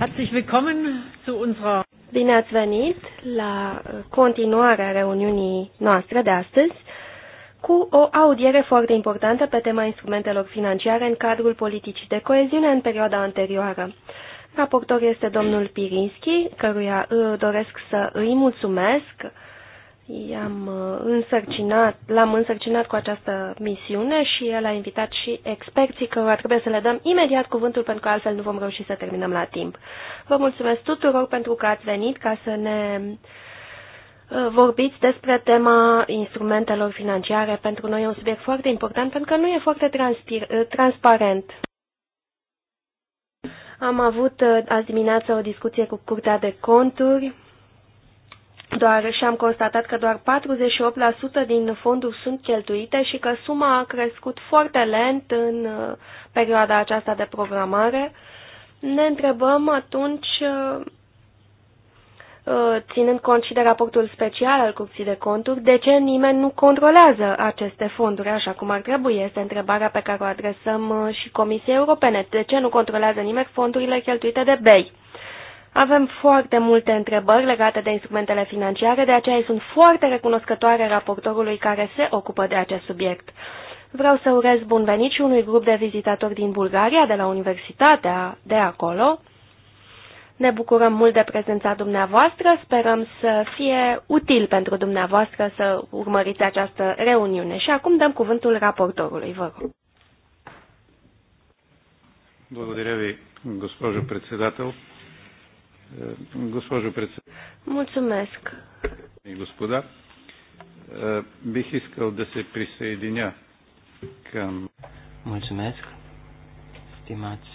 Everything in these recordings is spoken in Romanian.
Herzlich willkommen zu unserer Bine ați venit la uh, continuarea reuniunii noastre de astăzi cu o audiere foarte importantă pe tema instrumentelor financiare în cadrul politicii de coeziune în perioada anterioară. Raportor este domnul Pirinski, căruia uh, doresc să îi mulțumesc I-am uh, însărcinat, l-am însărcinat cu această misiune și el a invitat și experții că trebuie să le dăm imediat cuvântul pentru că altfel nu vom reuși să terminăm la timp. Vă mulțumesc tuturor pentru că ați venit ca să ne uh, vorbiți despre tema instrumentelor financiare. Pentru noi e un subiect foarte important pentru că nu e foarte uh, transparent. Am avut azi dimineață o discuție cu Curtea de Conturi doar și am constatat că doar 48% din fonduri sunt cheltuite și că suma a crescut foarte lent în uh, perioada aceasta de programare. Ne întrebăm atunci, uh, uh, ținând cont și de raportul special al Curții de Conturi, de ce nimeni nu controlează aceste fonduri așa cum ar trebui? Este întrebarea pe care o adresăm și Comisiei Europene. De ce nu controlează nimeni fondurile cheltuite de BEI? Avem foarte multe întrebări legate de instrumentele financiare, de aceea sunt foarte recunoscătoare raportorului care se ocupă de acest subiect. Vreau să urez bun venit și unui grup de vizitatori din Bulgaria, de la universitatea de acolo. Ne bucurăm mult de prezența dumneavoastră, sperăm să fie util pentru dumneavoastră să urmăriți această reuniune. Și acum dăm cuvântul raportorului, vă rog. Mulțumesc domnule președinte. Госпожо председател. Mulțumesc. Господа, бих искал да се присъединя към... Mulțumesc. Stimați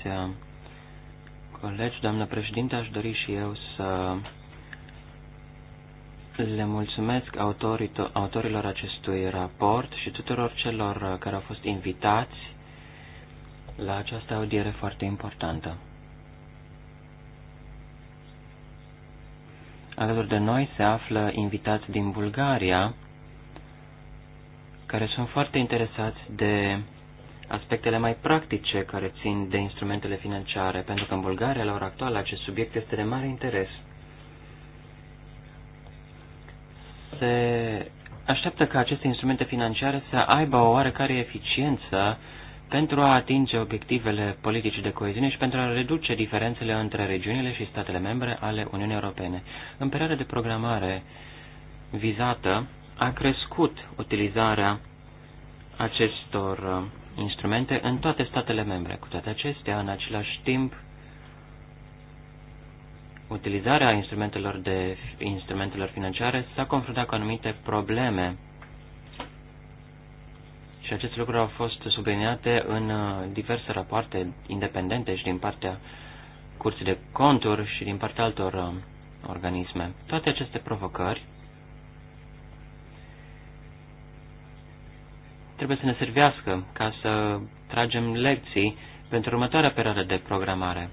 colegi, doamnă președinte, aș dori și eu să le mulțumesc autorilor acestui raport și tuturor celor care au fost invitați la această audiere foarte importantă. Alături de noi se află invitați din Bulgaria, care sunt foarte interesați de aspectele mai practice care țin de instrumentele financiare, pentru că în Bulgaria, la ora actuală, acest subiect este de mare interes. Se așteaptă ca aceste instrumente financiare să aibă o oarecare eficiență pentru a atinge obiectivele politice de coeziune și pentru a reduce diferențele între regiunile și statele membre ale Uniunii Europene. În perioada de programare vizată a crescut utilizarea acestor uh, instrumente în toate statele membre. Cu toate acestea, în același timp, utilizarea instrumentelor, de, instrumentelor financiare s-a confruntat cu anumite probleme și aceste lucruri au fost subliniate în uh, diverse rapoarte independente și din partea curții de conturi și din partea altor uh, organisme. Toate aceste provocări trebuie să ne servească ca să tragem lecții pentru următoarea perioadă de programare.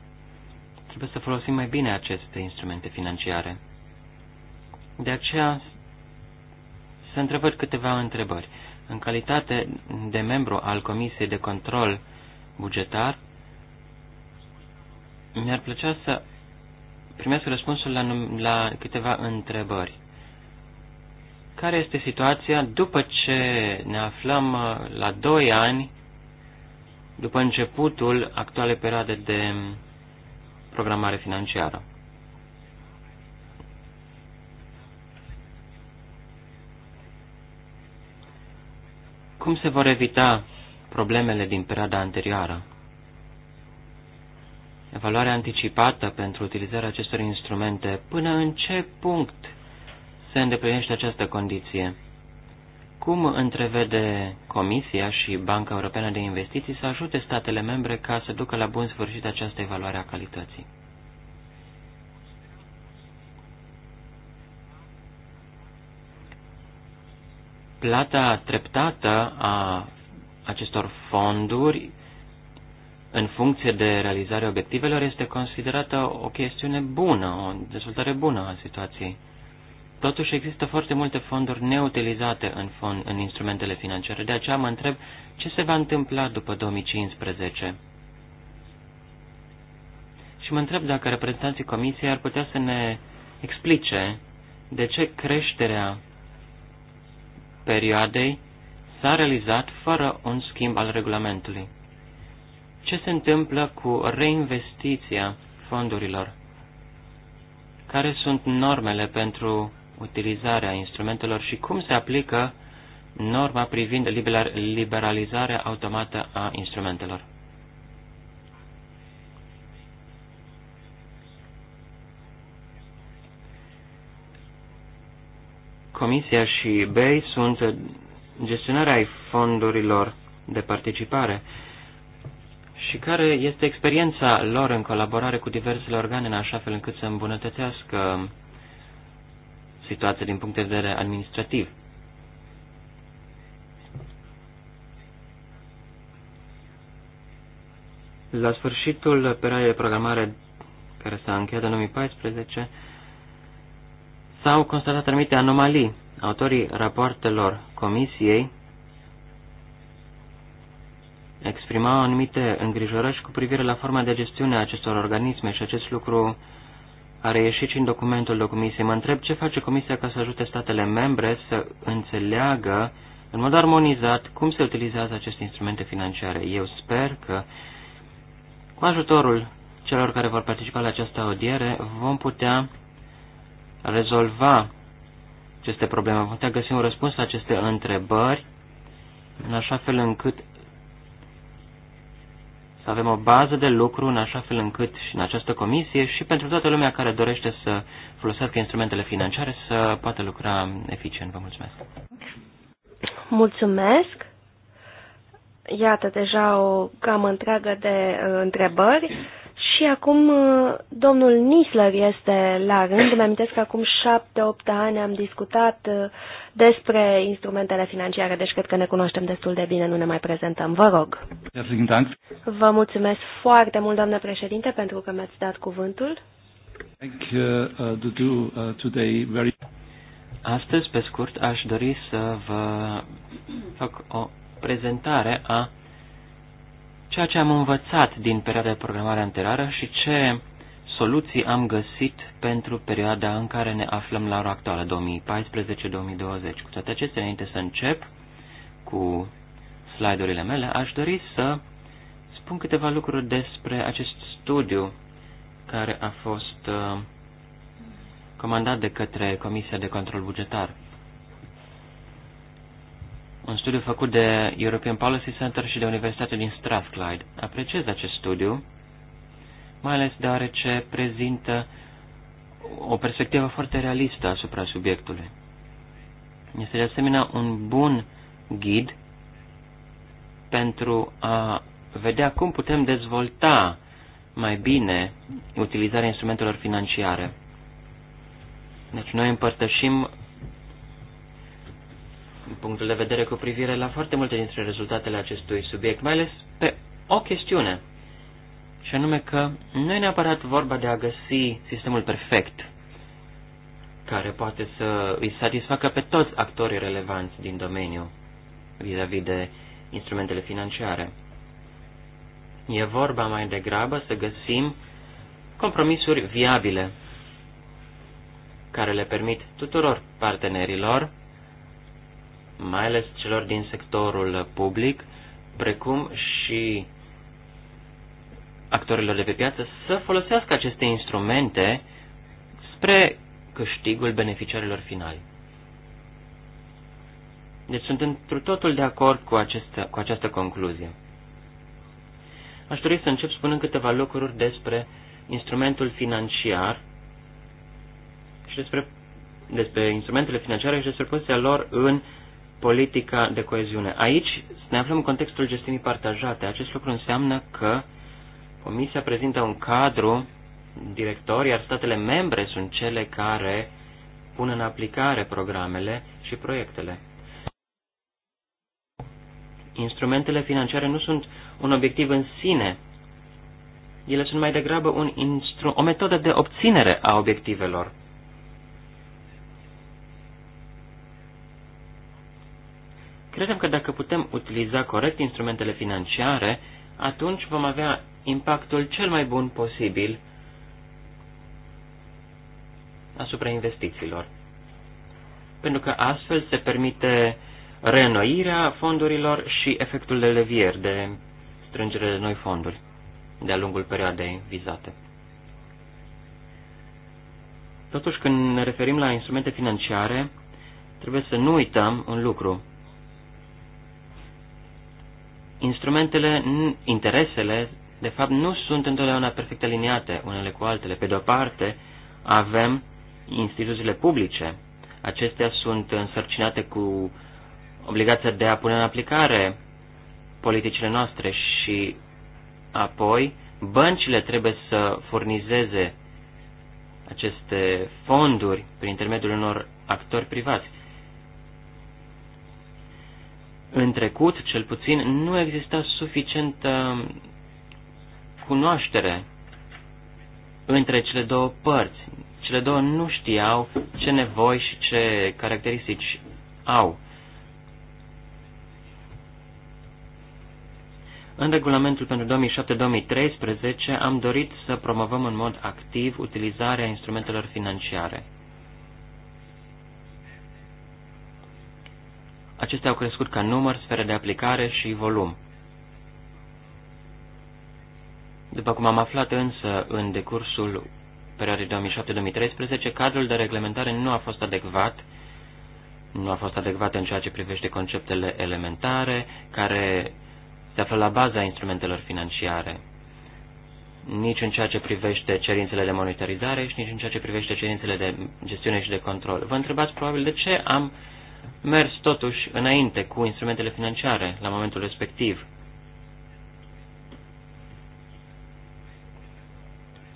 Trebuie să folosim mai bine aceste instrumente financiare. De aceea, să întrebări câteva întrebări. În calitate de membru al Comisiei de Control Bugetar, mi-ar plăcea să primesc răspunsul la, la câteva întrebări. Care este situația după ce ne aflăm uh, la doi ani după începutul actualei perioade de mm, programare financiară? Cum se vor evita problemele din perioada anterioară? Evaluarea anticipată pentru utilizarea acestor instrumente, până în ce punct se îndeplinește această condiție? Cum întrevede Comisia și Banca Europeană de Investiții să ajute statele membre ca să ducă la bun sfârșit această evaluare a calității? plata treptată a acestor fonduri în funcție de realizarea obiectivelor este considerată o chestiune bună, o dezvoltare bună a situației. Totuși există foarte multe fonduri neutilizate în, fond, în instrumentele financiare, de aceea mă întreb ce se va întâmpla după 2015. Și mă întreb dacă reprezentanții Comisiei ar putea să ne explice de ce creșterea perioadei s-a realizat fără un schimb al regulamentului. Ce se întâmplă cu reinvestiția fondurilor? Care sunt normele pentru utilizarea instrumentelor și cum se aplică norma privind liberalizarea automată a instrumentelor? Comisia și BEI sunt gestionarea fondurilor de participare și care este experiența lor în colaborare cu diversele organe în așa fel încât să îmbunătățească situația din punct de vedere administrativ. La sfârșitul perioadei de programare care s-a încheiat în 2014, S-au constatat anumite anomalii. Autorii rapoartelor comisiei exprimau anumite îngrijorări cu privire la forma de gestiune a acestor organisme și acest lucru a reieșit și în documentul de comisie. Mă întreb ce face comisia ca să ajute statele membre să înțeleagă în mod armonizat cum se utilizează aceste instrumente financiare. Eu sper că cu ajutorul celor care vor participa la această audiere vom putea rezolva aceste probleme, am putea găsi un răspuns la aceste întrebări, în așa fel încât să avem o bază de lucru, în așa fel încât și în această comisie și pentru toată lumea care dorește să folosească instrumentele financiare să poată lucra eficient. Vă mulțumesc! Mulțumesc! Iată deja o cam întreagă de uh, întrebări și acum uh, domnul Nisler este la rând. Îmi amintesc că acum șapte-opt ani am discutat uh, despre instrumentele financiare, deci cred că ne cunoaștem destul de bine, nu ne mai prezentăm. Vă rog. Vă mulțumesc foarte mult, doamnă președinte, pentru că mi-ați dat cuvântul. Uh, Astăzi, pe scurt, aș dori să vă fac o prezentare a ceea ce am învățat din perioada de programare anterioară și ce soluții am găsit pentru perioada în care ne aflăm la ora actuală, 2014-2020. Cu toate acestea, înainte să încep cu slide-urile mele, aș dori să spun câteva lucruri despre acest studiu care a fost uh, comandat de către Comisia de Control Bugetar un studiu făcut de European Policy Center și de Universitatea din Strathclyde. Apreciez acest studiu, mai ales deoarece prezintă o perspectivă foarte realistă asupra subiectului. Este de asemenea un bun ghid pentru a vedea cum putem dezvolta mai bine utilizarea instrumentelor financiare. Deci noi împărtășim punctul de vedere cu privire la foarte multe dintre rezultatele acestui subiect, mai ales pe o chestiune, și anume că nu e neapărat vorba de a găsi sistemul perfect care poate să îi satisfacă pe toți actorii relevanți din domeniu vis-a-vis -vis de instrumentele financiare. E vorba mai degrabă să găsim compromisuri viabile care le permit tuturor partenerilor mai ales celor din sectorul public, precum și actorilor de pe piață, să folosească aceste instrumente spre câștigul beneficiarilor finali. Deci sunt într totul de acord cu această, cu această concluzie. Aș dori să încep spunând câteva lucruri despre instrumentul financiar și despre, despre instrumentele financiare și despre poziția lor în politica de coeziune. Aici ne aflăm în contextul gestiunii partajate. Acest lucru înseamnă că Comisia prezintă un cadru director, iar statele membre sunt cele care pun în aplicare programele și proiectele. Instrumentele financiare nu sunt un obiectiv în sine. Ele sunt mai degrabă un instru- o metodă de obținere a obiectivelor. Credem că dacă putem utiliza corect instrumentele financiare, atunci vom avea impactul cel mai bun posibil asupra investițiilor. Pentru că astfel se permite reînnoirea fondurilor și efectul de levier de strângere de noi fonduri de-a lungul perioadei vizate. Totuși, când ne referim la instrumente financiare, trebuie să nu uităm un lucru instrumentele, interesele, de fapt, nu sunt întotdeauna perfect aliniate unele cu altele. Pe de-o parte, avem instituțiile publice. Acestea sunt însărcinate cu obligația de a pune în aplicare politicile noastre și apoi băncile trebuie să furnizeze aceste fonduri prin intermediul unor actori privați în trecut, cel puțin, nu exista suficientă cunoaștere între cele două părți. Cele două nu știau ce nevoi și ce caracteristici au. În regulamentul pentru 2007-2013 am dorit să promovăm în mod activ utilizarea instrumentelor financiare. Acestea au crescut ca număr, sferă de aplicare și volum. După cum am aflat însă în decursul perioadei 2007-2013, cadrul de reglementare nu a fost adecvat, nu a fost adecvat în ceea ce privește conceptele elementare care se află la baza instrumentelor financiare, nici în ceea ce privește cerințele de monitorizare și nici în ceea ce privește cerințele de gestiune și de control. Vă întrebați probabil de ce am uh, mers totuși înainte cu instrumentele financiare la momentul respectiv.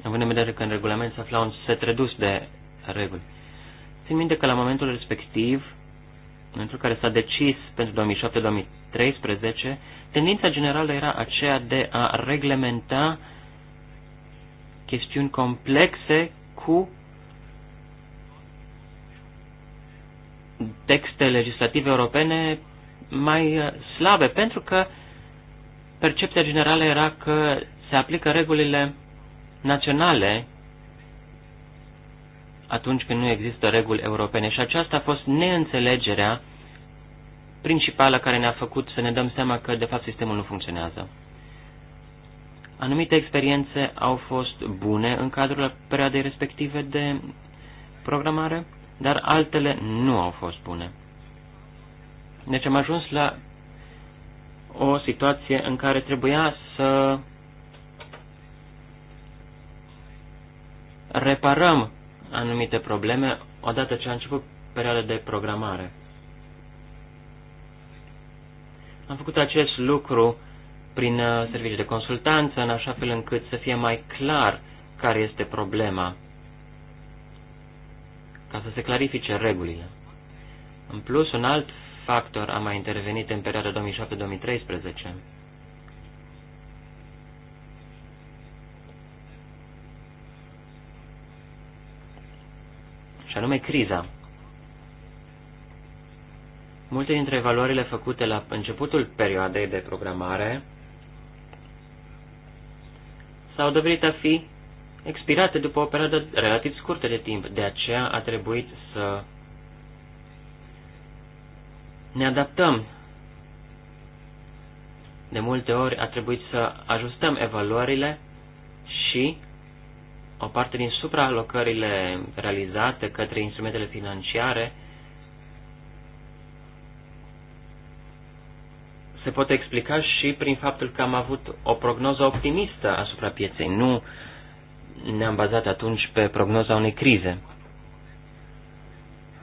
Având în vedere că în regulament se afla un set redus de reguli. Țin minte că la momentul respectiv, momentul care s-a decis pentru 2007-2013, tendința generală era aceea de a reglementa chestiuni complexe cu texte legislative europene mai uh, slabe, pentru că percepția generală era că se aplică regulile naționale atunci când nu există reguli europene. Și aceasta a fost neînțelegerea principală care ne-a făcut să ne dăm seama că, de fapt, sistemul nu funcționează. Anumite experiențe au fost bune în cadrul perioadei respective de programare, dar altele nu au fost bune. Deci am ajuns la o situație în care trebuia să reparăm anumite probleme odată ce a început perioada de programare. Am făcut acest lucru prin uh, servicii de consultanță, în așa fel încât să fie mai clar care este problema ca să se clarifice regulile. În plus, un alt factor a mai intervenit în perioada 2007-2013. Și anume criza. Multe dintre evaluările făcute la începutul perioadei de programare s-au dovedit a fi expirate după o perioadă relativ scurtă de timp. De aceea a trebuit să ne adaptăm. De multe ori a trebuit să ajustăm evaluările și o parte din supraalocările realizate către instrumentele financiare se pot explica și prin faptul că am avut o prognoză optimistă asupra pieței. Nu ne-am bazat atunci pe prognoza unei crize.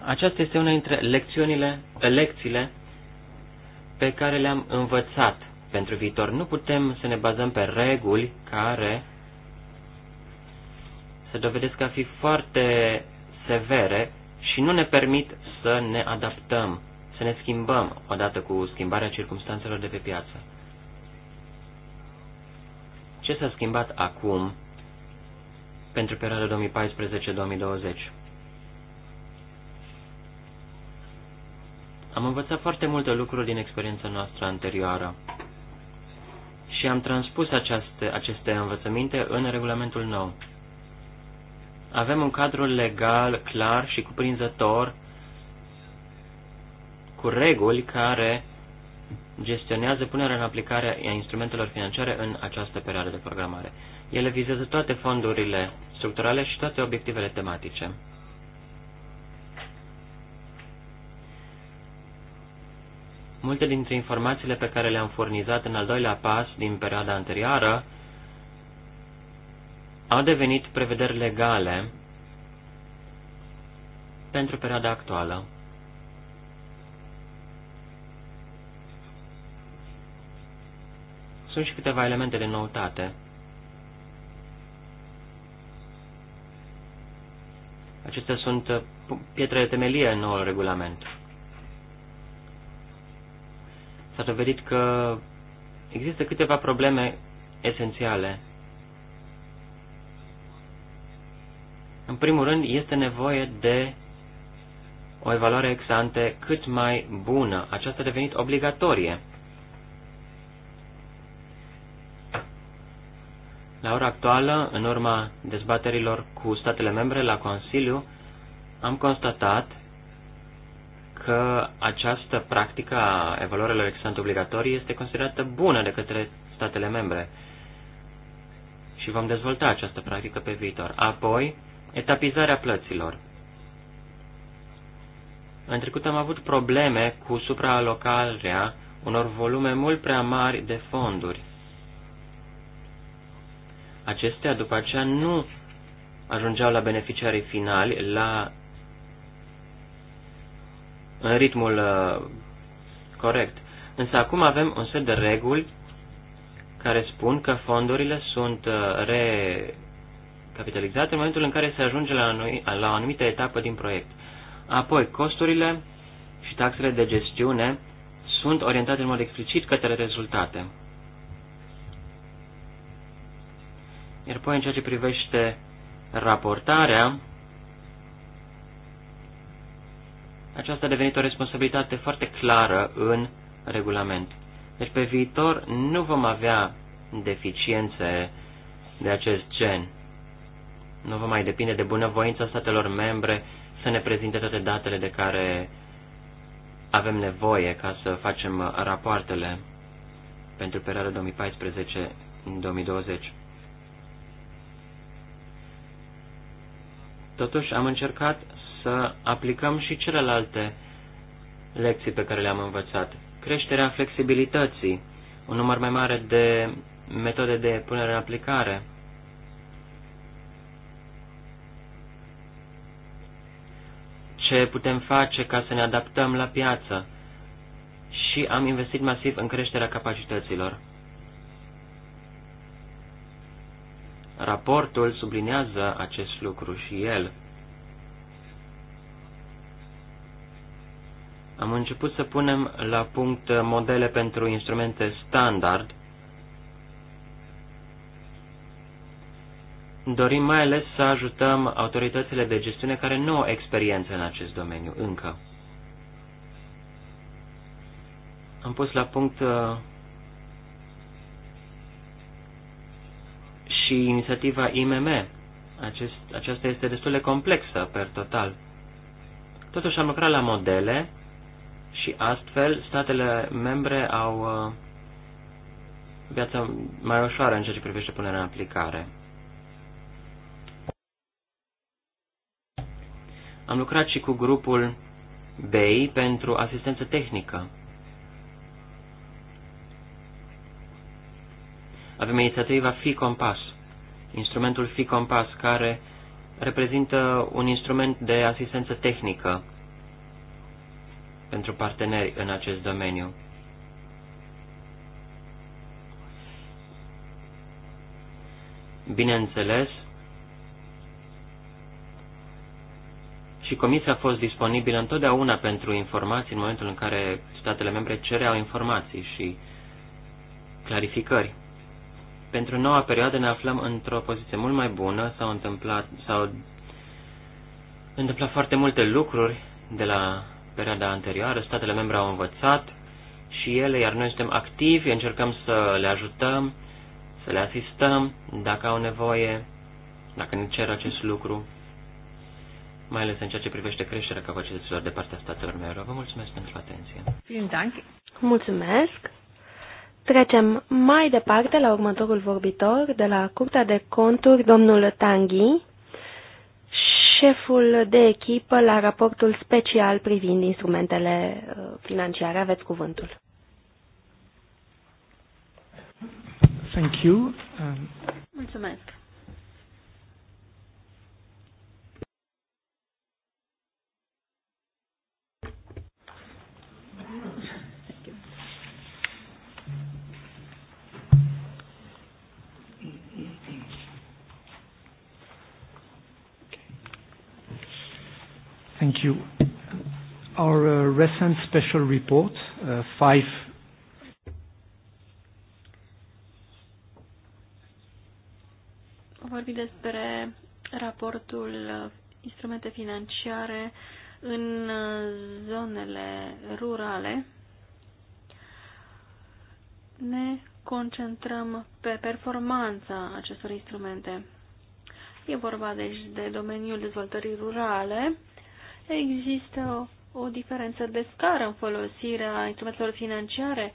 Aceasta este una dintre lecțiunile, lecțiile pe care le-am învățat pentru viitor. Nu putem să ne bazăm pe reguli care se dovedesc a fi foarte severe și nu ne permit să ne adaptăm, să ne schimbăm odată cu schimbarea circumstanțelor de pe piață. Ce s-a schimbat acum pentru perioada 2014-2020. Am învățat foarte multe lucruri din experiența noastră anterioară și am transpus aceste, aceste învățăminte în regulamentul nou. Avem un cadru legal clar și cuprinzător cu reguli care gestionează punerea în aplicare a instrumentelor financiare în această perioadă de programare. Ele vizează toate fondurile structurale și toate obiectivele tematice. Multe dintre informațiile pe care le-am furnizat în al doilea pas din perioada anterioară au devenit prevederi legale pentru perioada actuală. Sunt și câteva elemente de noutate. Acestea sunt uh, pietre de temelie în noul regulament. S-a dovedit că există câteva probleme esențiale. În primul rând, este nevoie de o evaluare ex ante cât mai bună. Aceasta a devenit obligatorie. La ora actuală, în urma dezbaterilor cu statele membre la Consiliu, am constatat că această practică a evaluărilor extant obligatorii este considerată bună de către statele membre și vom dezvolta această practică pe viitor. Apoi, etapizarea plăților. În trecut am avut probleme cu supraalocarea unor volume mult prea mari de fonduri acestea după aceea nu ajungeau la beneficiarii finali la în ritmul uh, corect. Însă acum avem un set de reguli care spun că fondurile sunt uh, recapitalizate în momentul în care se ajunge la, anui, la o anumită etapă din proiect. Apoi, costurile și taxele de gestiune sunt orientate în mod explicit către rezultate. Iar apoi în ceea ce privește raportarea, aceasta a devenit o responsabilitate foarte clară în regulament. Deci pe viitor nu vom avea deficiențe de acest gen. Nu va mai depinde de bunăvoința statelor membre să ne prezinte toate datele de care avem nevoie ca să facem rapoartele pentru perioada 2014-2020. Totuși, am încercat să aplicăm și celelalte lecții pe care le-am învățat. Creșterea flexibilității, un număr mai mare de metode de punere în aplicare. Ce putem face ca să ne adaptăm la piață? Și am investit masiv în creșterea capacităților. Raportul sublinează acest lucru și el. Am început să punem la punct modele pentru instrumente standard. Dorim mai ales să ajutăm autoritățile de gestiune care nu au experiență în acest domeniu încă. Am pus la punct uh, și inițiativa IMM. Acest, aceasta este destul de complexă per total. Totuși am lucrat la modele și astfel statele membre au uh, viața mai ușoară în ceea ce privește punerea în aplicare. Am lucrat și cu grupul BEI pentru asistență tehnică. Avem inițiativa Fi Compas instrumentul FICOMPAS, care reprezintă un instrument de asistență tehnică pentru parteneri în acest domeniu. Bineînțeles, și comisia a fost disponibilă întotdeauna pentru informații în momentul în care statele membre cereau informații și clarificări pentru noua perioadă ne aflăm într-o poziție mult mai bună, s-au întâmplat, s-au întâmplat foarte multe lucruri de la perioada anterioară, statele membre au învățat și ele, iar noi suntem activi, încercăm să le ajutăm, să le asistăm dacă au nevoie, dacă ne cer acest lucru, mai ales în ceea ce privește creșterea capacităților de partea statelor membre. Vă mulțumesc pentru atenție. Mulțumesc. Trecem mai departe la următorul vorbitor de la Curtea de Conturi, domnul Tanghi, șeful de echipă la raportul special privind instrumentele uh, financiare. Aveți cuvântul. Thank you. Um... Mulțumesc. Thank you. Our uh, recent special report, uh, five. Vorbim despre raportul uh, instrumente financiare în uh, zonele rurale. Ne concentrăm pe performanța acestor instrumente. E vorba deci de domeniul dezvoltării rurale există o diferență de scară în folosirea instrumentelor financiare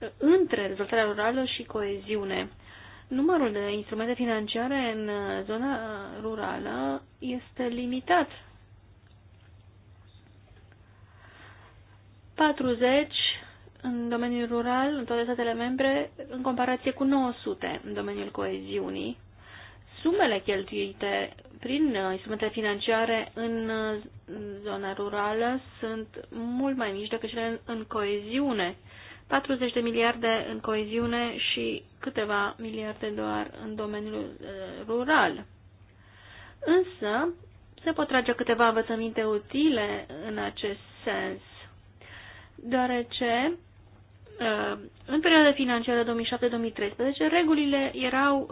uh, între dezvoltarea rurală și coeziune. Numărul de instrumente financiare în uh, zona uh, rurală este limitat. 40 în domeniul rural, în toate statele membre, în comparație cu 900 în domeniul coeziunii. Sumele cheltuite prin uh, instrumentele financiare în uh, zona rurală sunt mult mai mici decât cele în coeziune. 40 de miliarde în coeziune și câteva miliarde doar în domeniul uh, rural. Însă, se pot trage câteva învățăminte utile în acest sens, deoarece în perioada financiară 2007-2013 regulile erau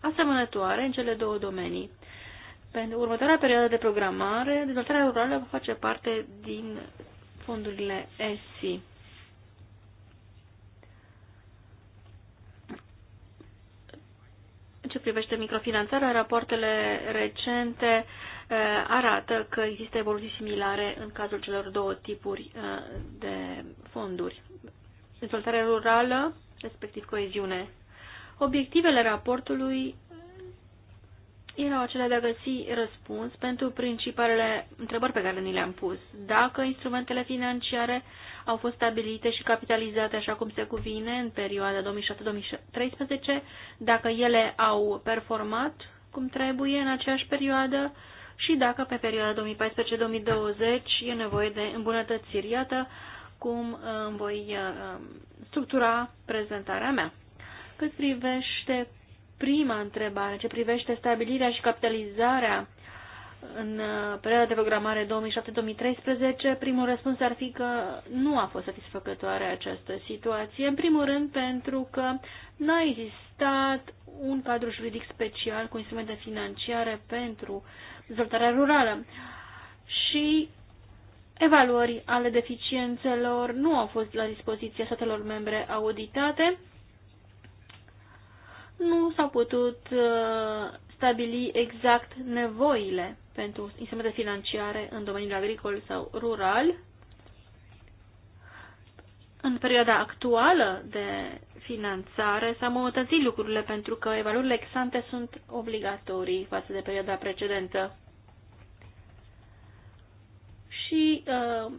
asemănătoare în cele două domenii. Pentru următoarea perioadă de programare, dezvoltarea rurală va face parte din fondurile ESI. În ce privește microfinanțarea, rapoartele recente eh, arată că există evoluții similare în cazul celor două tipuri eh, de fonduri. Dezvoltare rurală, respectiv coeziune. Obiectivele raportului erau acelea de a găsi răspuns pentru principalele întrebări pe care ni le-am pus. Dacă instrumentele financiare au fost stabilite și capitalizate așa cum se cuvine în perioada 2007-2013, dacă ele au performat cum trebuie în aceeași perioadă și dacă pe perioada 2014-2020 e nevoie de îmbunătățiri. Iată cum uh, îmi voi uh, um, structura prezentarea mea. Cât privește prima întrebare, ce privește stabilirea și capitalizarea în uh, perioada de programare 2007-2013, primul răspuns ar fi că nu a fost satisfăcătoare această situație. În primul rând pentru că n-a existat un cadru juridic special cu instrumente financiare pentru dezvoltarea rurală și evaluări ale deficiențelor nu au fost la dispoziția statelor membre auditate nu s-au putut uh, stabili exact nevoile pentru instrumente financiare în domeniul agricol sau rural. În perioada actuală de finanțare s-au îmbunătățit lucrurile pentru că evaluările exante sunt obligatorii față de perioada precedentă. Și uh,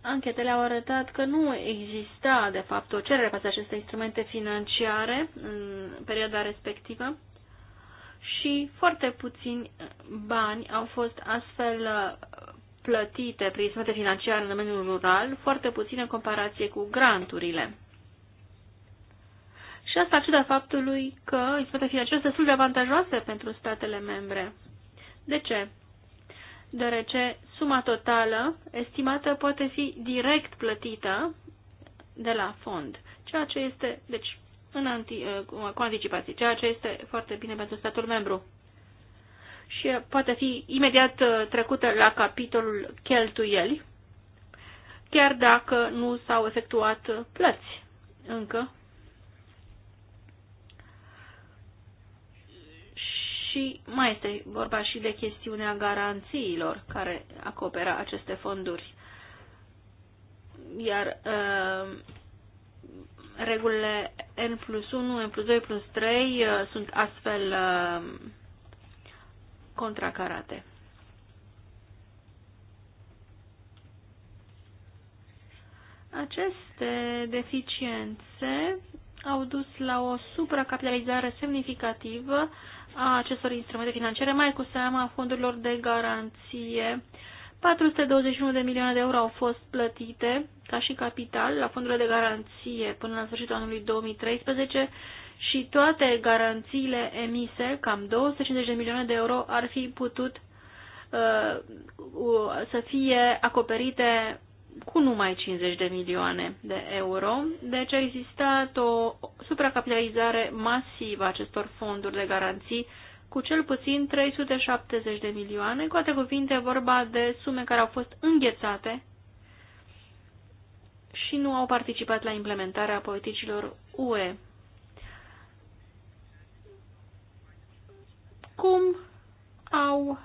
Anchetele au arătat că nu exista, de fapt, o cerere față aceste instrumente financiare în perioada respectivă și foarte puțini bani au fost astfel uh, plătite prin instrumente financiare în domeniul rural, foarte puțin în comparație cu granturile. Și asta ciuda faptului că instrumentele financiare sunt destul de avantajoase pentru statele membre. De ce? Deoarece Suma totală estimată poate fi direct plătită de la fond, ceea ce este, deci, în anti, uh, cu anticipație, ceea ce este foarte bine pentru statul membru. Și uh, poate fi imediat uh, trecută la capitolul cheltuieli, chiar dacă nu s-au efectuat plăți încă Și mai este vorba și de chestiunea garanțiilor care acoperă aceste fonduri. Iar uh, regulile N plus 1, N plus 2, plus 3 uh, sunt astfel uh, contracarate. Aceste deficiențe au dus la o supracapitalizare semnificativă a acestor instrumente financiare, mai cu seama a fondurilor de garanție. 421 de milioane de euro au fost plătite ca și capital la fondurile de garanție până la sfârșitul anului 2013 și toate garanțiile emise, cam 250 de milioane de euro, ar fi putut uh, să fie acoperite cu numai 50 de milioane de euro. Deci a existat o supracapitalizare masivă a acestor fonduri de garanții cu cel puțin 370 de milioane. Cu alte cuvinte, vorba de sume care au fost înghețate și nu au participat la implementarea politicilor UE. Cum au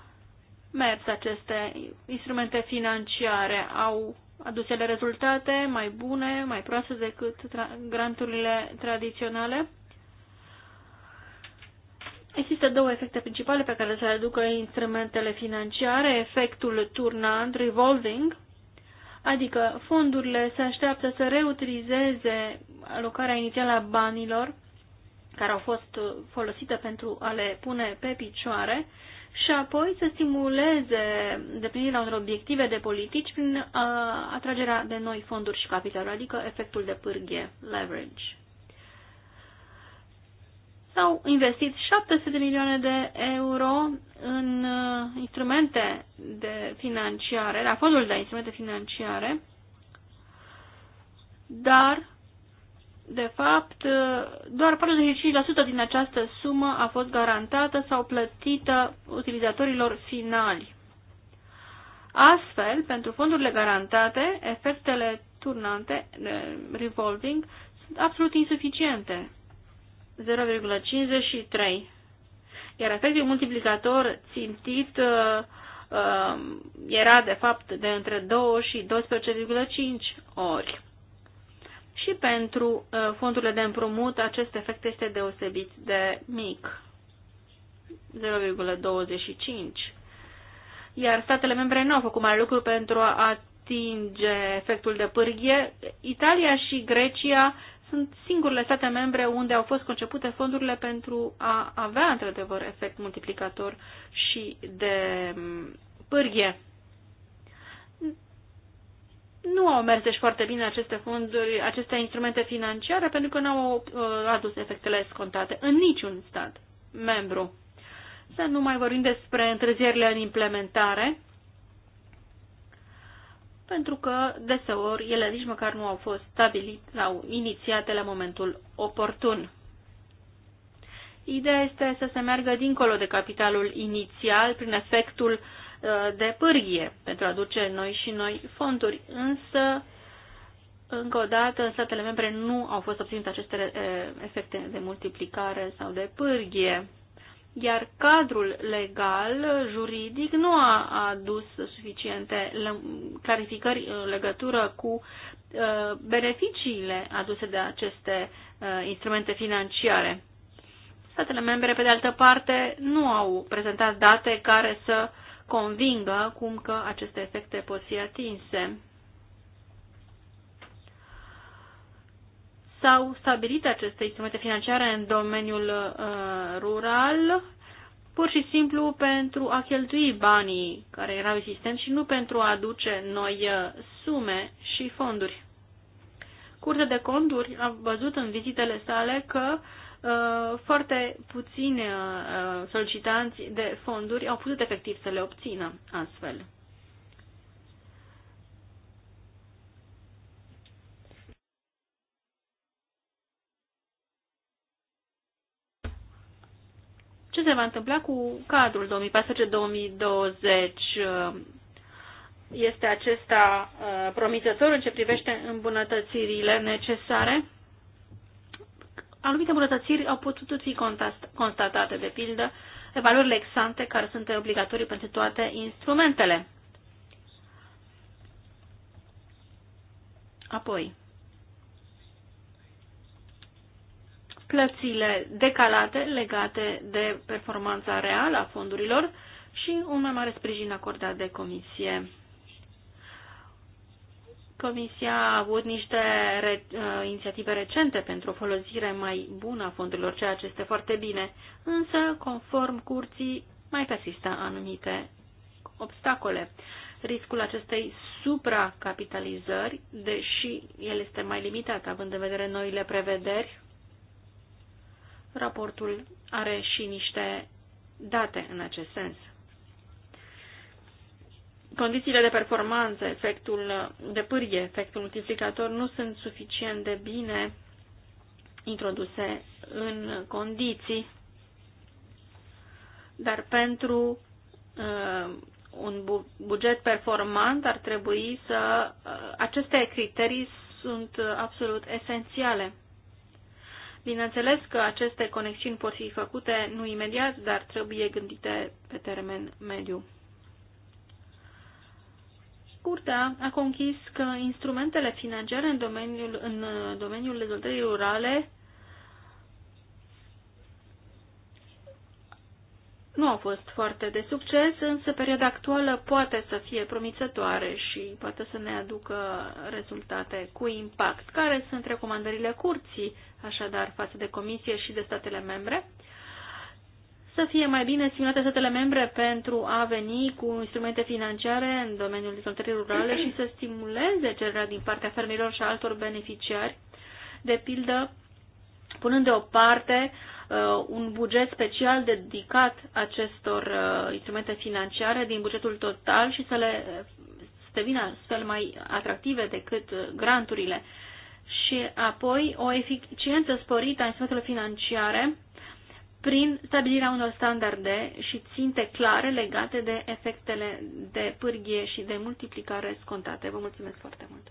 mers aceste instrumente financiare? Au adusele rezultate mai bune, mai proaste decât tra- granturile tradiționale. Există două efecte principale pe care se aducă instrumentele financiare, efectul turnant, revolving, adică fondurile se așteaptă să reutilizeze alocarea inițială a banilor care au fost folosite pentru a le pune pe picioare și apoi să stimuleze deplinirea unor obiective de politici prin uh, atragerea de noi fonduri și capital, adică efectul de pârghie, leverage. S-au investit 700 de milioane de euro în uh, instrumente de financiare, la fondul de instrumente financiare, dar de fapt, doar 45% din această sumă a fost garantată sau plătită utilizatorilor finali. Astfel, pentru fondurile garantate, efectele turnante, revolving, sunt absolut insuficiente. 0,53. Iar efectul multiplicator țintit uh, uh, era, de fapt, de între 2 și 12,5 ori și pentru uh, fondurile de împrumut acest efect este deosebit de mic, 0,25. Iar statele membre nu au făcut mai lucru pentru a atinge efectul de pârghie. Italia și Grecia sunt singurele state membre unde au fost concepute fondurile pentru a avea într-adevăr efect multiplicator și de mm, pârghie nu au mers deci foarte bine aceste fonduri, aceste instrumente financiare, pentru că nu au uh, adus efectele scontate în niciun stat membru. Să nu mai vorbim despre întârzierile în implementare, pentru că deseori ele nici măcar nu au fost stabilite sau inițiate la momentul oportun. Ideea este să se meargă dincolo de capitalul inițial prin efectul uh, Uh, de pârghie pentru a aduce noi și noi fonduri, însă încă o dată, în statele membre nu au fost obținute aceste uh, efecte de multiplicare sau de pârghie, iar cadrul legal, juridic, nu a adus suficiente clarificări în legătură cu uh, beneficiile aduse de aceste instrumente financiare. Statele membre, pe de altă parte, nu au prezentat date care să convingă cum că aceste efecte pot fi atinse. S-au stabilit aceste instrumente financiare în domeniul uh, rural pur și simplu pentru a cheltui banii care erau existenți și nu pentru a aduce noi uh, sume și fonduri. Curtea de conturi a văzut în vizitele sale că uh, Uh, foarte puțini uh, solicitanți de fonduri au putut efectiv să le obțină astfel. Ce se va întâmpla cu cadrul 2014-2020? Uh, este acesta promițător în ce privește îmbunătățirile necesare? Anumite îmbunătățiri au putut fi constatate, de pildă, evaluările exante care sunt obligatorii pentru toate instrumentele. Apoi, plățile decalate legate de performanța reală a fondurilor și un mai mare sprijin acordat de comisie Comisia a avut niște re, uh, inițiative recente pentru o folosire mai bună a fondurilor, ceea ce este foarte bine, însă, conform curții, mai persistă anumite obstacole. Riscul acestei supracapitalizări, deși el este mai limitat având în vedere noile prevederi, raportul are și niște date în acest sens condițiile de performanță, efectul de pârghie, efectul multiplicator nu sunt suficient de bine introduse în condiții, dar pentru uh, un bu buget performant ar trebui să uh, aceste criterii sunt absolut esențiale. Bineînțeles că aceste conexiuni pot fi făcute nu imediat, dar trebuie gândite pe termen mediu. Curtea a conchis că instrumentele financiare în domeniul, în domeniul dezvoltării rurale nu au fost foarte de succes, însă perioada actuală poate să fie promițătoare și poate să ne aducă rezultate cu impact. Care sunt recomandările curții, așadar, față de Comisie și de statele membre? să fie mai bine stimulate statele membre pentru a veni cu instrumente financiare în domeniul dezvoltării rurale și să stimuleze cererea din partea fermierilor și altor beneficiari, de pildă punând deoparte uh, un buget special dedicat acestor uh, instrumente financiare din bugetul total și să le să devină astfel mai atractive decât uh, granturile. Și apoi o eficiență sporită a instrumentelor financiare prin stabilirea unor standarde și ținte clare legate de efectele de pârghie și de multiplicare scontate. Vă mulțumesc foarte mult!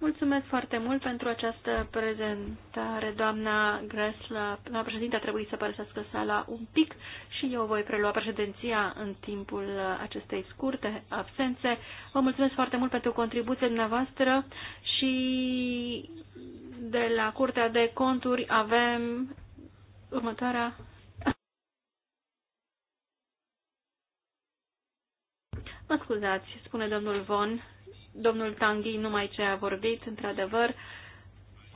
Mulțumesc foarte mult pentru această prezentare, doamna Gresla. Doamna președinte a trebuit să părăsească sala un pic și eu voi prelua președinția în timpul acestei scurte absențe. Vă mulțumesc foarte mult pentru contribuția dumneavoastră și de la Curtea de Conturi avem următoarea Mă scuzați, spune domnul Von, domnul Tanghi numai ce a vorbit, într-adevăr,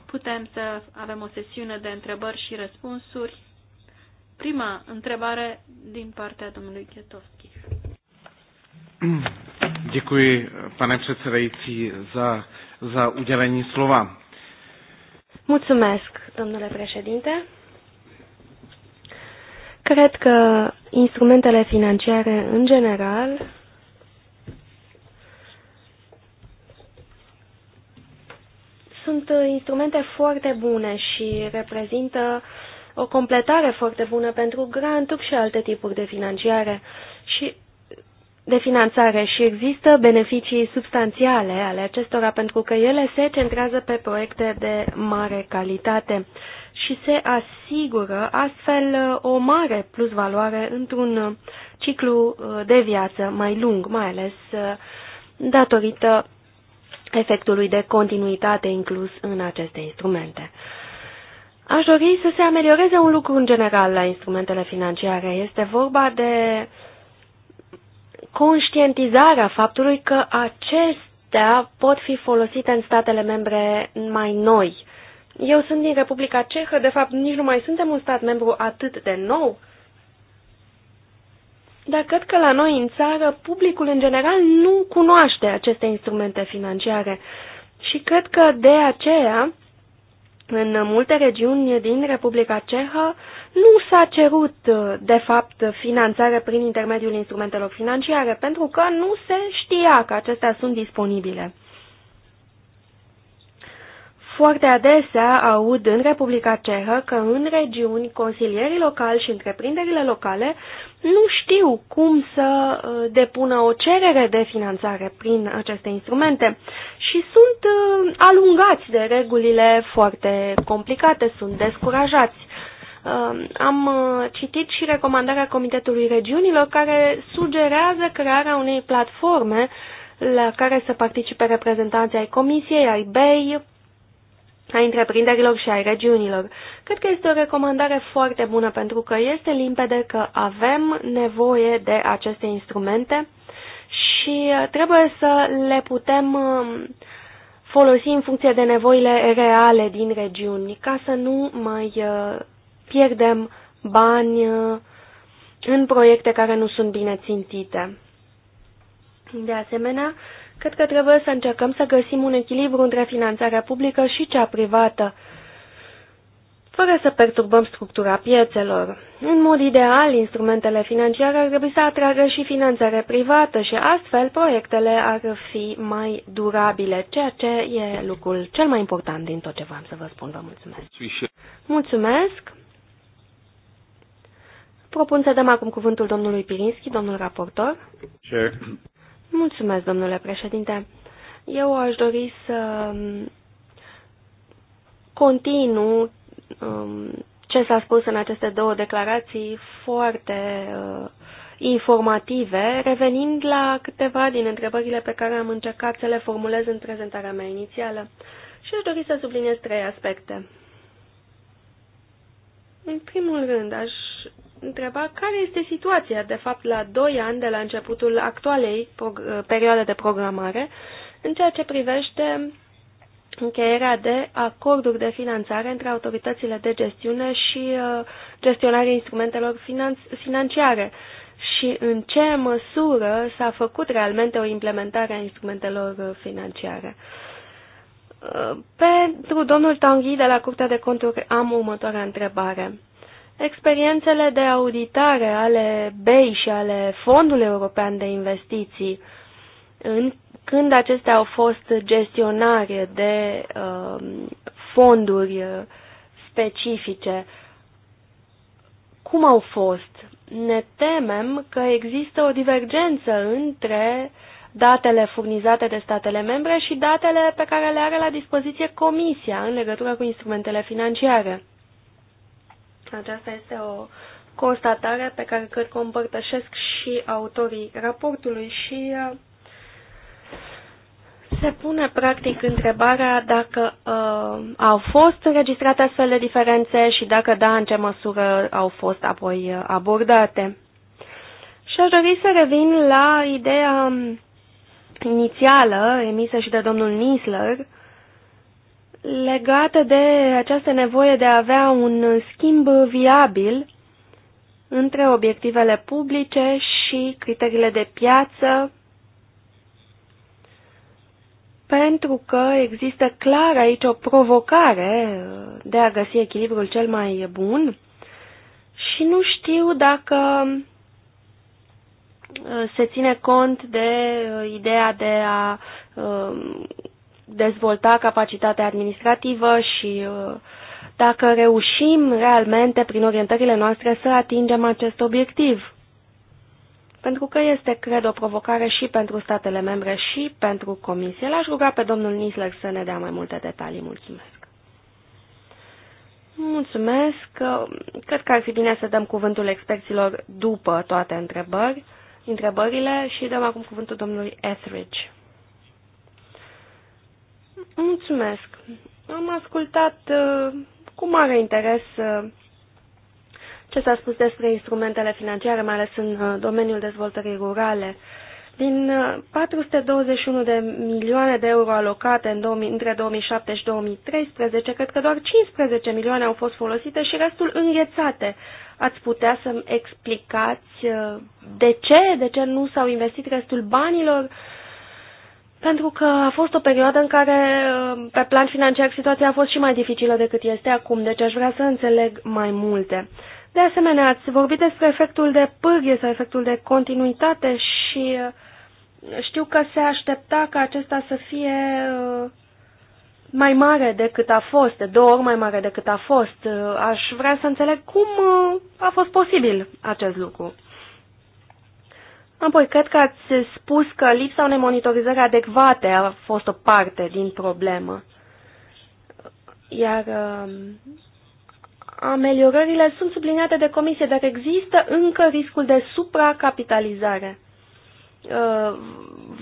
putem să avem o sesiune de întrebări și răspunsuri. Prima întrebare din partea domnului Chetovski. Děkuji, pane předsedající, za, za udělení slova. Mulțumesc, domnule președinte. Cred că instrumentele financiare în general sunt uh, instrumente foarte bune și reprezintă o completare foarte bună pentru granturi și alte tipuri de financiare și de finanțare și există beneficii substanțiale ale acestora pentru că ele se centrează pe proiecte de mare calitate și se asigură astfel o mare plus valoare într-un uh, ciclu uh, de viață mai lung, mai ales uh, datorită efectului de continuitate inclus în aceste instrumente. Aș dori să se amelioreze un lucru în general la instrumentele financiare. Este vorba de conștientizarea faptului că acestea pot fi folosite în statele membre mai noi eu sunt din Republica Cehă, de fapt nici nu mai suntem un stat membru atât de nou, dar cred că la noi în țară publicul în general nu cunoaște aceste instrumente financiare și cred că de aceea în multe regiuni din Republica Cehă nu s-a cerut, de fapt, finanțare prin intermediul instrumentelor financiare, pentru că nu se știa că acestea sunt disponibile. Foarte adesea aud în Republica Cehă că în regiuni consilierii locali și întreprinderile locale nu știu cum să uh, depună o cerere de finanțare prin aceste instrumente și sunt uh, alungați de regulile foarte complicate, sunt descurajați. Uh, am citit și recomandarea Comitetului Regiunilor care sugerează crearea unei platforme la care să participe reprezentanții ai Comisiei, ai BEI, a întreprinderilor și a regiunilor. Cred că este o recomandare foarte bună pentru că este limpede că avem nevoie de aceste instrumente și trebuie să le putem um, folosi în funcție de nevoile reale din regiuni, ca să nu mai uh, pierdem bani uh, în proiecte care nu sunt bine țintite. De asemenea, Cred că trebuie să încercăm să găsim un echilibru între finanțarea publică și cea privată, fără să perturbăm structura piețelor. În mod ideal, instrumentele financiare ar trebui să atragă și finanțare privată și astfel proiectele ar fi mai durabile, ceea ce e lucrul cel mai important din tot ce v-am să vă spun. Vă mulțumesc! Mulțumesc! Propun să dăm acum cuvântul domnului Pirinski, domnul raportor. Sure. Mulțumesc, domnule președinte. Eu aș dori să um, continu um, ce s-a spus în aceste două declarații foarte uh, informative, revenind la câteva din întrebările pe care am încercat să le formulez în prezentarea mea inițială. Și aș dori să subliniez trei aspecte. În primul rând, aș întreba care este situația, de fapt, la doi ani de la începutul actualei uh, perioade de programare, în ceea ce privește încheierea de acorduri de finanțare între autoritățile de gestiune și uh, gestionarea instrumentelor finanț- financiare și în ce măsură s-a făcut realmente o implementare a instrumentelor uh, financiare. Pentru domnul Tanghi de la Curtea de Conturi am următoarea întrebare experiențele de auditare ale BEI și ale Fondului European de Investiții, în, când acestea au fost gestionare de um, uh, fonduri specifice, cum au fost? Ne temem că există o divergență între datele furnizate de statele membre și datele pe care le are la dispoziție Comisia în legătură cu instrumentele financiare. Aceasta este o constatare pe care cred că o împărtășesc și autorii raportului și uh, se pune practic întrebarea dacă uh, au fost înregistrate astfel de diferențe și dacă da, în ce măsură au fost apoi uh, abordate. Și aș dori să revin la ideea um, inițială emisă și de domnul Nisler, uh, legată de această nevoie de a avea un schimb viabil între obiectivele publice și criteriile de piață, pentru că există clar aici o provocare de a găsi echilibrul cel mai bun și nu știu dacă uh, se ține cont de uh, ideea de a uh, dezvolta capacitatea administrativă și uh, dacă reușim realmente prin orientările noastre să atingem acest obiectiv. Pentru că este, cred, o provocare și pentru statele membre și pentru Comisie. L-aș ruga pe domnul Nisler să ne dea mai multe detalii. Mulțumesc! Mulțumesc! Cred că ar fi bine să dăm cuvântul experților după toate întrebări, întrebările și dăm acum cuvântul domnului Etheridge. Mulțumesc. Am ascultat uh, cu mare interes uh, ce s-a spus despre instrumentele financiare, mai ales în uh, domeniul dezvoltării rurale. Din 421 de milioane de euro alocate în 2000, între 2007 și 2013, cred că doar 15 milioane au fost folosite și restul înghețate. Ați putea să-mi explicați de ce, de ce nu s-au investit restul banilor pentru că a fost o perioadă în care, uh, pe plan financiar, situația a fost și mai dificilă decât este acum, deci aș vrea să înțeleg mai multe. De asemenea, ați vorbit despre efectul de pârghie sau efectul de continuitate și uh, știu că se aștepta ca acesta să fie uh, mai mare decât a fost, de două ori mai mare decât a fost. Aș vrea să înțeleg cum a fost posibil acest lucru. Apoi, cred că ați spus că lipsa unei monitorizări adecvate a fost o parte din problemă. Iar uh, ameliorările sunt subliniate de comisie, dar există încă riscul de supracapitalizare. Uh,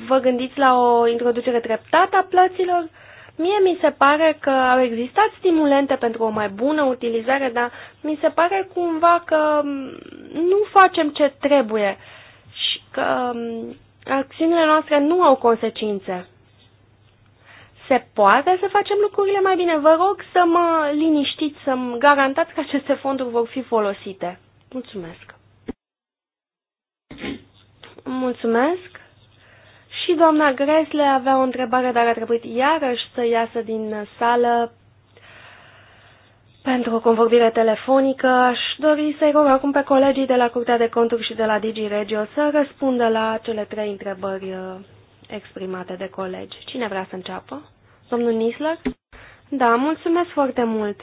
vă gândiți la o introducere treptată a plăților? Mie mi se pare că au existat stimulente pentru o mai bună utilizare, dar mi se pare cumva că um, nu facem ce trebuie. Uh, că um, acțiunile noastre nu au consecințe. Se poate să facem lucrurile mai bine. Vă rog să mă liniștiți, să-mi garantați că aceste fonduri vor fi folosite. Mulțumesc. Mulțumesc. Și doamna Gresle avea o întrebare, dar a trebuit iarăși să iasă din sală pentru o convorbire telefonică aș dori să-i rog acum pe colegii de la Curtea de Conturi și de la Digi Regio să răspundă la cele trei întrebări uh, exprimate de colegi. Cine vrea să înceapă? Domnul Nisler? Da, mulțumesc foarte mult.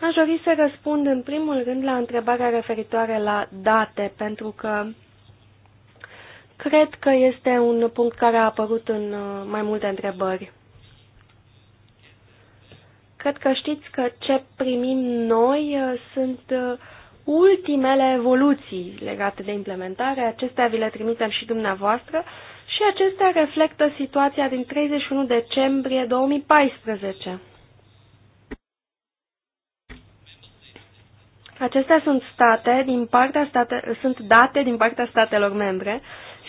Aș dori să răspund în primul rând la întrebarea referitoare la date, pentru că cred că este un punct care a apărut în uh, mai multe întrebări. Cred că știți că ce primim noi uh, sunt uh, ultimele evoluții legate de implementare. Acestea vi le trimitem și dumneavoastră și acestea reflectă situația din 31 decembrie 2014. Acestea sunt, state din partea state, sunt date din partea statelor membre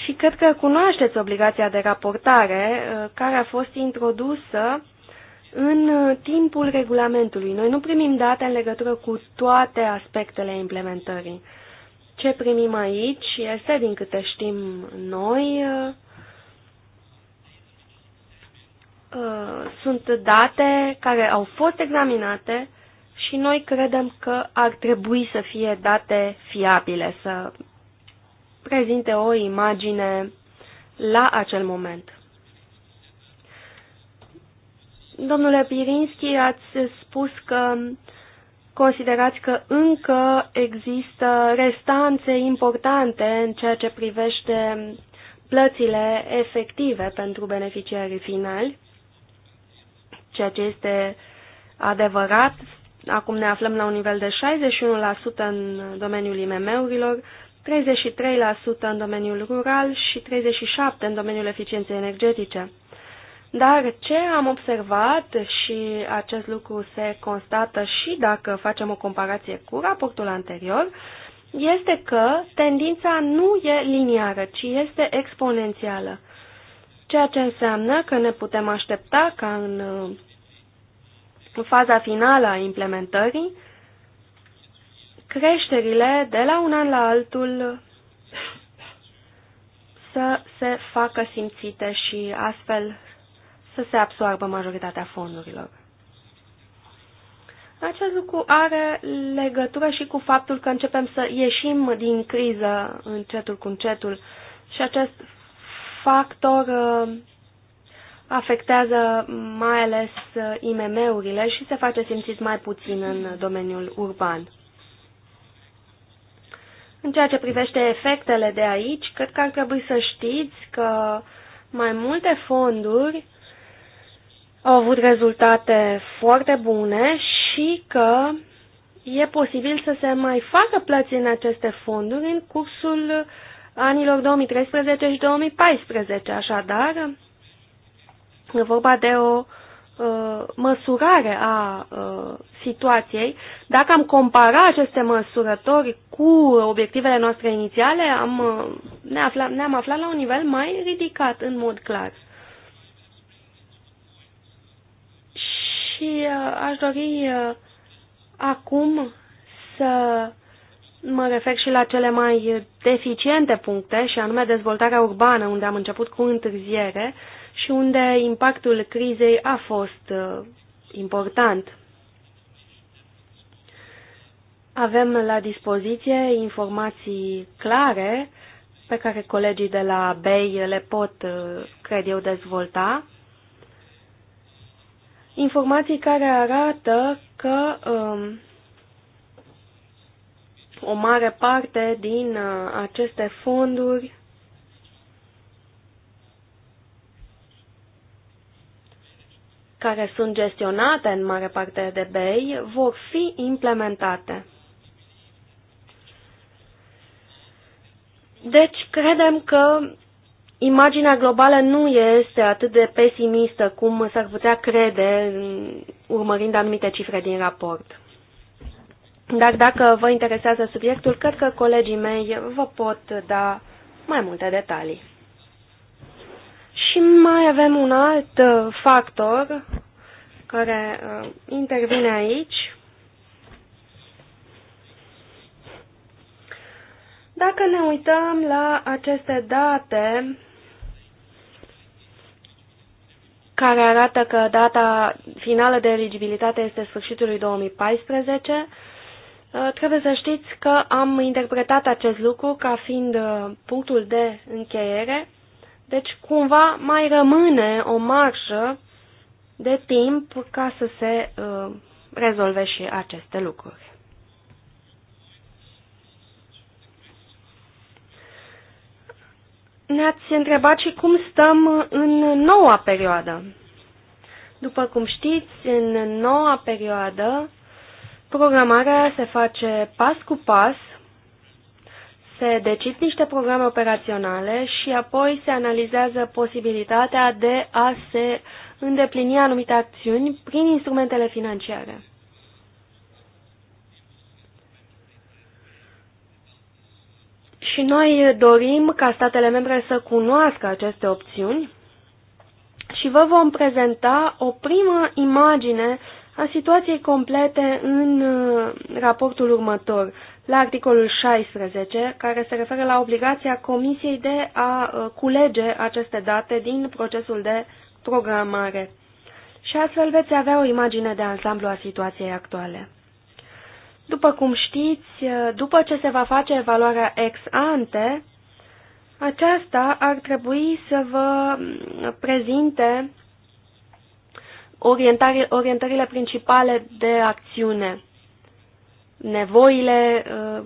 și cred că cunoașteți obligația de raportare uh, care a fost introdusă în uh, timpul regulamentului. Noi nu primim date în legătură cu toate aspectele implementării. Ce primim aici este, din câte știm noi, uh, uh, sunt date care au fost examinate și noi credem că ar trebui să fie date fiabile, să prezinte o imagine la acel moment. Domnule Pirinski, ați spus că considerați că încă există restanțe importante în ceea ce privește plățile efective pentru beneficiarii finali, ceea ce este adevărat. Acum ne aflăm la un nivel de 61% în domeniul IMM-urilor, 33% în domeniul rural și 37% în domeniul eficienței energetice. Dar ce am observat și acest lucru se constată și dacă facem o comparație cu raportul anterior, este că tendința nu e liniară, ci este exponențială. Ceea ce înseamnă că ne putem aștepta ca în, în faza finală a implementării, creșterile de la un an la altul să se facă simțite și astfel să se absoarbă majoritatea fondurilor. Acest lucru are legătură și cu faptul că începem să ieșim din criză încetul cu încetul și acest factor uh, afectează mai ales uh, IMM-urile și se face simțit mai puțin în domeniul urban. În ceea ce privește efectele de aici, cred că ar trebui să știți că mai multe fonduri au avut rezultate foarte bune și că e posibil să se mai facă plăți în aceste fonduri în cursul anilor 2013 și 2014. Așadar, e vorba de o uh, măsurare a uh, situației. Dacă am compara aceste măsurători cu obiectivele noastre inițiale, am, ne afla, ne-am aflat la un nivel mai ridicat, în mod clar. și uh, aș dori uh, acum să mă refer și la cele mai deficiente puncte, și anume dezvoltarea urbană, unde am început cu întârziere și unde impactul crizei a fost uh, important. Avem la dispoziție informații clare pe care colegii de la BEI le pot, cred eu, dezvolta informații care arată că um, o mare parte din uh, aceste fonduri care sunt gestionate în mare parte de BEI vor fi implementate. Deci, credem că imaginea globală nu este atât de pesimistă cum s-ar putea crede urmărind anumite cifre din raport. Dar dacă vă interesează subiectul, cred că colegii mei vă pot da mai multe detalii. Și mai avem un alt factor care uh, intervine aici. Dacă ne uităm la aceste date, care arată că data finală de eligibilitate este sfârșitul lui 2014. Uh, trebuie să știți că am interpretat acest lucru ca fiind uh, punctul de încheiere, deci cumva mai rămâne o marșă de timp ca să se uh, rezolve și aceste lucruri. Ne-ați întrebat și cum stăm în noua perioadă. După cum știți, în noua perioadă, programarea se face pas cu pas, se decid niște programe operaționale și apoi se analizează posibilitatea de a se îndeplini anumite acțiuni prin instrumentele financiare. Și noi dorim ca statele membre să cunoască aceste opțiuni și vă vom prezenta o primă imagine a situației complete în uh, raportul următor, la articolul 16, care se referă la obligația Comisiei de a uh, culege aceste date din procesul de programare. Și astfel veți avea o imagine de ansamblu a situației actuale. După cum știți, după ce se va face evaluarea ex ante, aceasta ar trebui să vă prezinte orientările principale de acțiune, nevoile uh,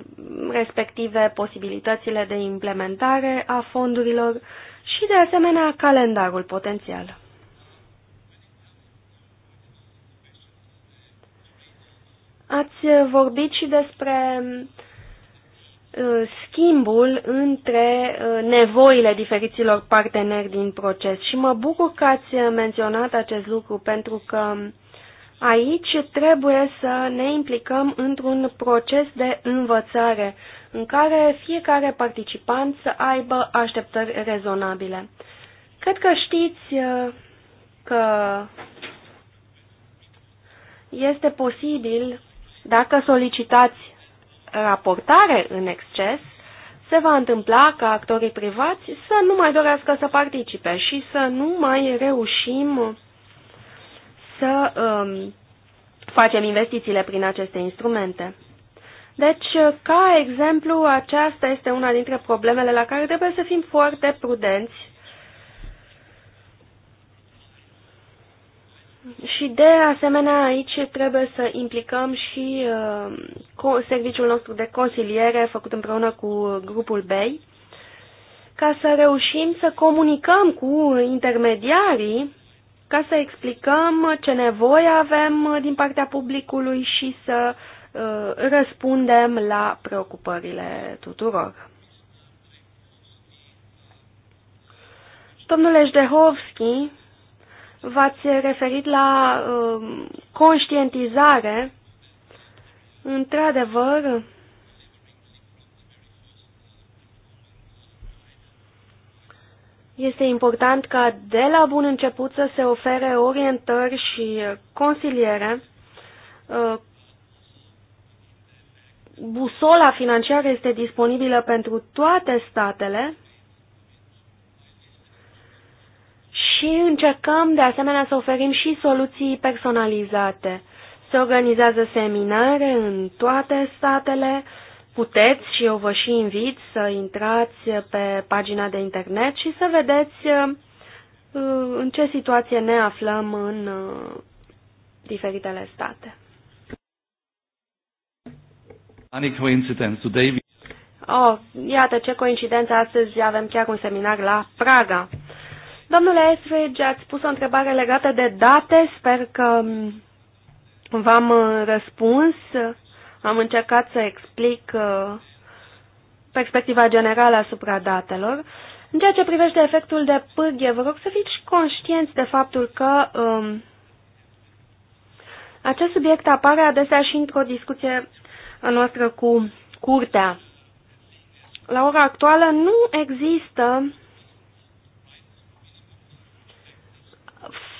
respective, posibilitățile de implementare a fondurilor și, de asemenea, calendarul potențial. Ați vorbit și despre uh, schimbul între uh, nevoile diferiților parteneri din proces și mă bucur că ați menționat acest lucru pentru că aici trebuie să ne implicăm într-un proces de învățare în care fiecare participant să aibă așteptări rezonabile. Cred că știți uh, că este posibil dacă solicitați raportare în exces, se va întâmpla ca actorii privați să nu mai dorească să participe și să nu mai reușim să um, facem investițiile prin aceste instrumente. Deci, ca exemplu, aceasta este una dintre problemele la care trebuie să fim foarte prudenți Și de asemenea aici trebuie să implicăm și uh, serviciul nostru de consiliere făcut împreună cu grupul BEI ca să reușim să comunicăm cu intermediarii ca să explicăm ce nevoie avem din partea publicului și să uh, răspundem la preocupările tuturor. Domnule Jdehovski, V-ați referit la uh, conștientizare. Într-adevăr, este important ca de la bun început să se ofere orientări și consiliere. Uh, busola financiară este disponibilă pentru toate statele și încercăm de asemenea să oferim și soluții personalizate. Se organizează seminare în toate statele, puteți și eu vă și invit să intrați pe pagina de internet și să vedeți uh, uh, în ce situație ne aflăm în uh, diferitele state. Oh, iată ce coincidență, astăzi avem chiar un seminar la Praga. Domnule Esridge, ați pus o întrebare legată de date. Sper că mm, v-am uh, răspuns. Am încercat să explic uh, perspectiva generală asupra datelor. În ceea ce privește efectul de pârghie, vă rog să fiți conștienți de faptul că um, acest subiect apare adesea și într-o discuție a noastră cu curtea. La ora actuală nu există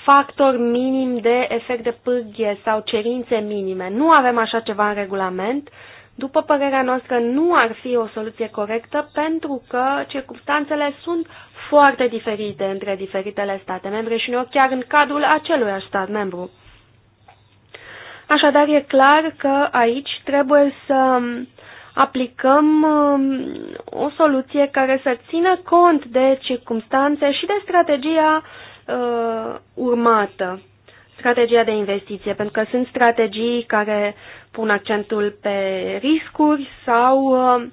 factor minim de efect de pârghie sau cerințe minime. Nu avem așa ceva în regulament. După părerea noastră, nu ar fi o soluție corectă pentru că circumstanțele sunt foarte diferite între diferitele state membre și uneori chiar în cadrul acelui stat membru. Așadar, e clar că aici trebuie să aplicăm um, o soluție care să țină cont de circumstanțe și de strategia uh, uh, urmată strategia de investiție, pentru că sunt strategii care pun accentul pe riscuri sau uh,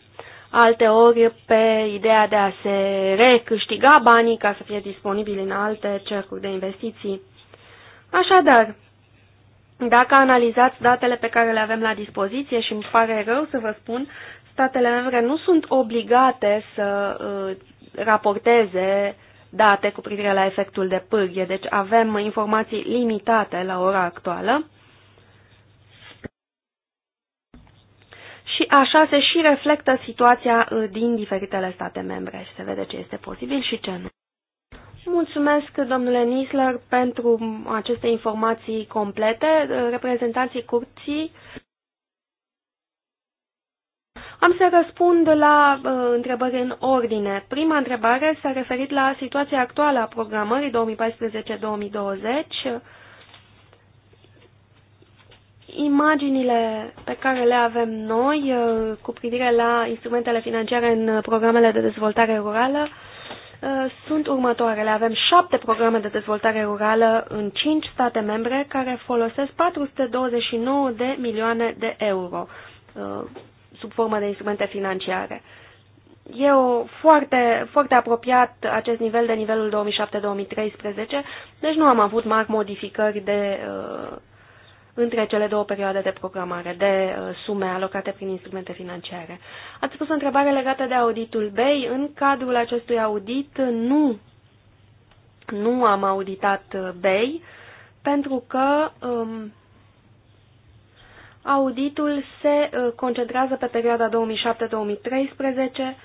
alte ori pe ideea de a se recâștiga banii ca să fie disponibili în alte cercuri de investiții. Așadar, dacă analizați datele pe care le avem la dispoziție și îmi pare rău să vă spun, statele membre nu sunt obligate să uh, raporteze date cu privire la efectul de pârghie, deci avem informații limitate la ora actuală. Și așa se și reflectă situația uh, din diferitele state membre și se vede ce este posibil și ce nu. Mulțumesc, domnule Nisler, pentru aceste informații complete. Uh, reprezentanții curții am să răspund la uh, întrebări în ordine. Prima întrebare s-a referit la situația actuală a programării 2014-2020. Imaginile pe care le avem noi uh, cu privire la instrumentele financiare în programele de dezvoltare rurală uh, sunt următoarele. Avem șapte programe de dezvoltare rurală în cinci state membre care folosesc 429 de milioane de euro. Uh, sub formă de instrumente financiare. E o foarte, foarte apropiat acest nivel de nivelul 2007-2013, deci nu am avut mari modificări de, uh, între cele două perioade de programare, de uh, sume alocate prin instrumente financiare. Ați pus o întrebare legată de auditul BEI. În cadrul acestui audit nu, nu am auditat uh, BEI, pentru că um, Auditul se uh, concentrează pe perioada 2007-2013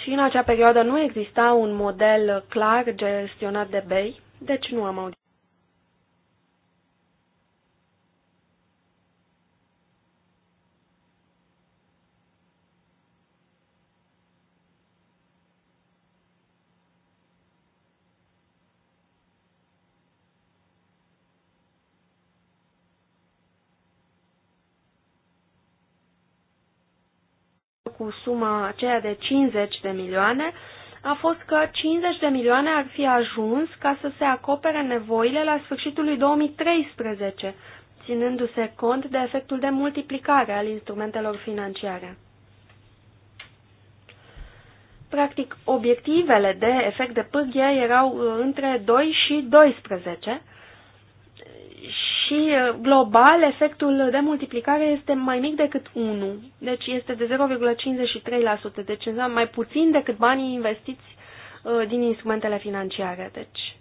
și în acea perioadă nu exista un model clar gestionat de BEI, deci nu am auditat. cu suma aceea de 50 de milioane a fost că 50 de milioane ar fi ajuns ca să se acopere nevoile la sfârșitul lui 2013, ținându-se cont de efectul de multiplicare al instrumentelor financiare. Practic, obiectivele de efect de pârghie erau uh, între 2 și 12, și uh, global efectul de multiplicare este mai mic decât 1, deci este de 0,53%, deci înseamnă mai puțin decât banii investiți uh, din instrumentele financiare. Deci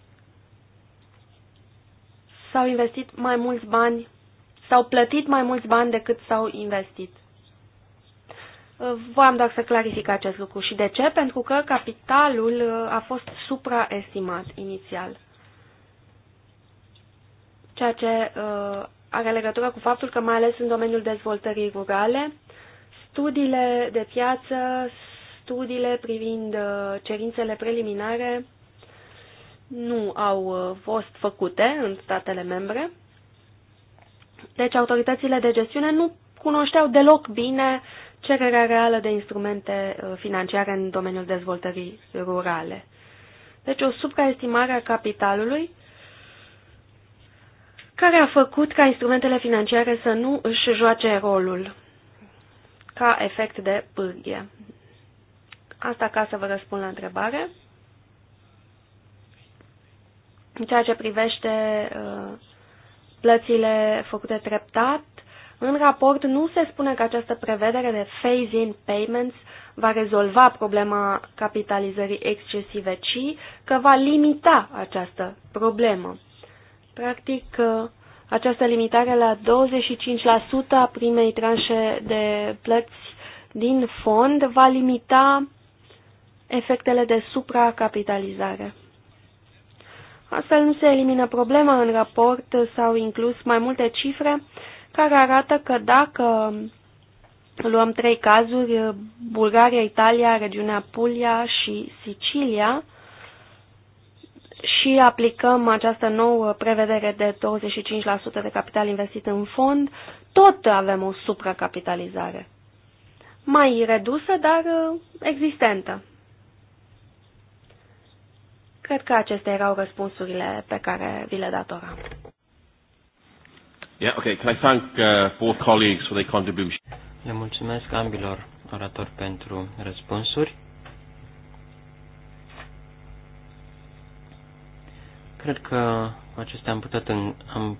s-au investit mai mulți bani, s-au plătit mai mulți bani decât s-au investit. Uh, voiam doar să clarific acest lucru. Și de ce? Pentru că capitalul a fost supraestimat inițial ceea ce uh, are legătură cu faptul că, mai ales în domeniul dezvoltării rurale, studiile de piață, studiile privind uh, cerințele preliminare nu au uh, fost făcute în statele membre. Deci autoritățile de gestiune nu cunoșteau deloc bine cererea reală de instrumente uh, financiare în domeniul dezvoltării rurale. Deci o supraestimare a capitalului care a făcut ca instrumentele financiare să nu își joace rolul ca efect de pârghie. Asta ca să vă răspund la întrebare. În ceea ce privește uh, plățile făcute treptat, în raport nu se spune că această prevedere de phase-in payments va rezolva problema capitalizării excesive, ci că va limita această problemă. Practic, uh, această limitare la 25% a primei tranșe de plăți din fond va limita efectele de supracapitalizare. Astfel nu se elimină problema în raport, uh, s-au inclus mai multe cifre care arată că dacă luăm trei cazuri, uh, Bulgaria, Italia, regiunea Puglia și Sicilia, și aplicăm această nouă prevedere de 25% de capital investit în fond, tot avem o supracapitalizare. Mai redusă, dar uh, existentă. Cred că acestea erau răspunsurile pe care vi le datoram. Yeah, okay. Can I thank uh, both colleagues for their contribution? Le mulțumesc ambilor oratori pentru răspunsuri. Cred că acestea am, putut în, am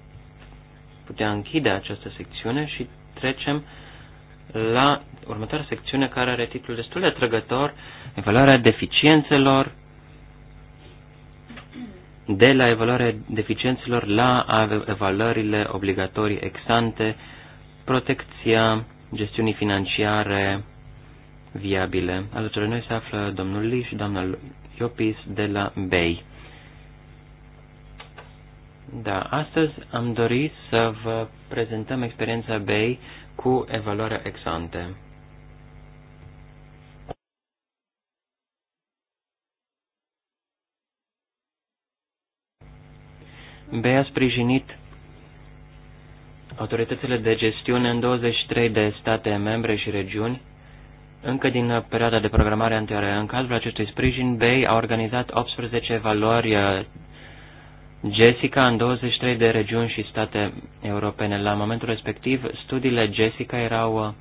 putea închide această secțiune și trecem la următoarea secțiune care are titlul destul de atrăgător, evaluarea deficiențelor de la evaluarea deficiențelor la evaluările obligatorii exante, protecția gestiunii financiare viabile. Alături de noi se află domnul Lee și doamna Iopis de la BEI. Da, astăzi am dorit să vă prezentăm experiența BEI cu evaluarea ex-ante. BEI a sprijinit autoritățile de gestiune în 23 de state membre și regiuni încă din perioada de programare anterioară. În cazul acestui sprijin, BEI a organizat 18 evaluări. Uh, Jessica în 23 de regiuni și state europene. La momentul respectiv, studiile Jessica erau uh,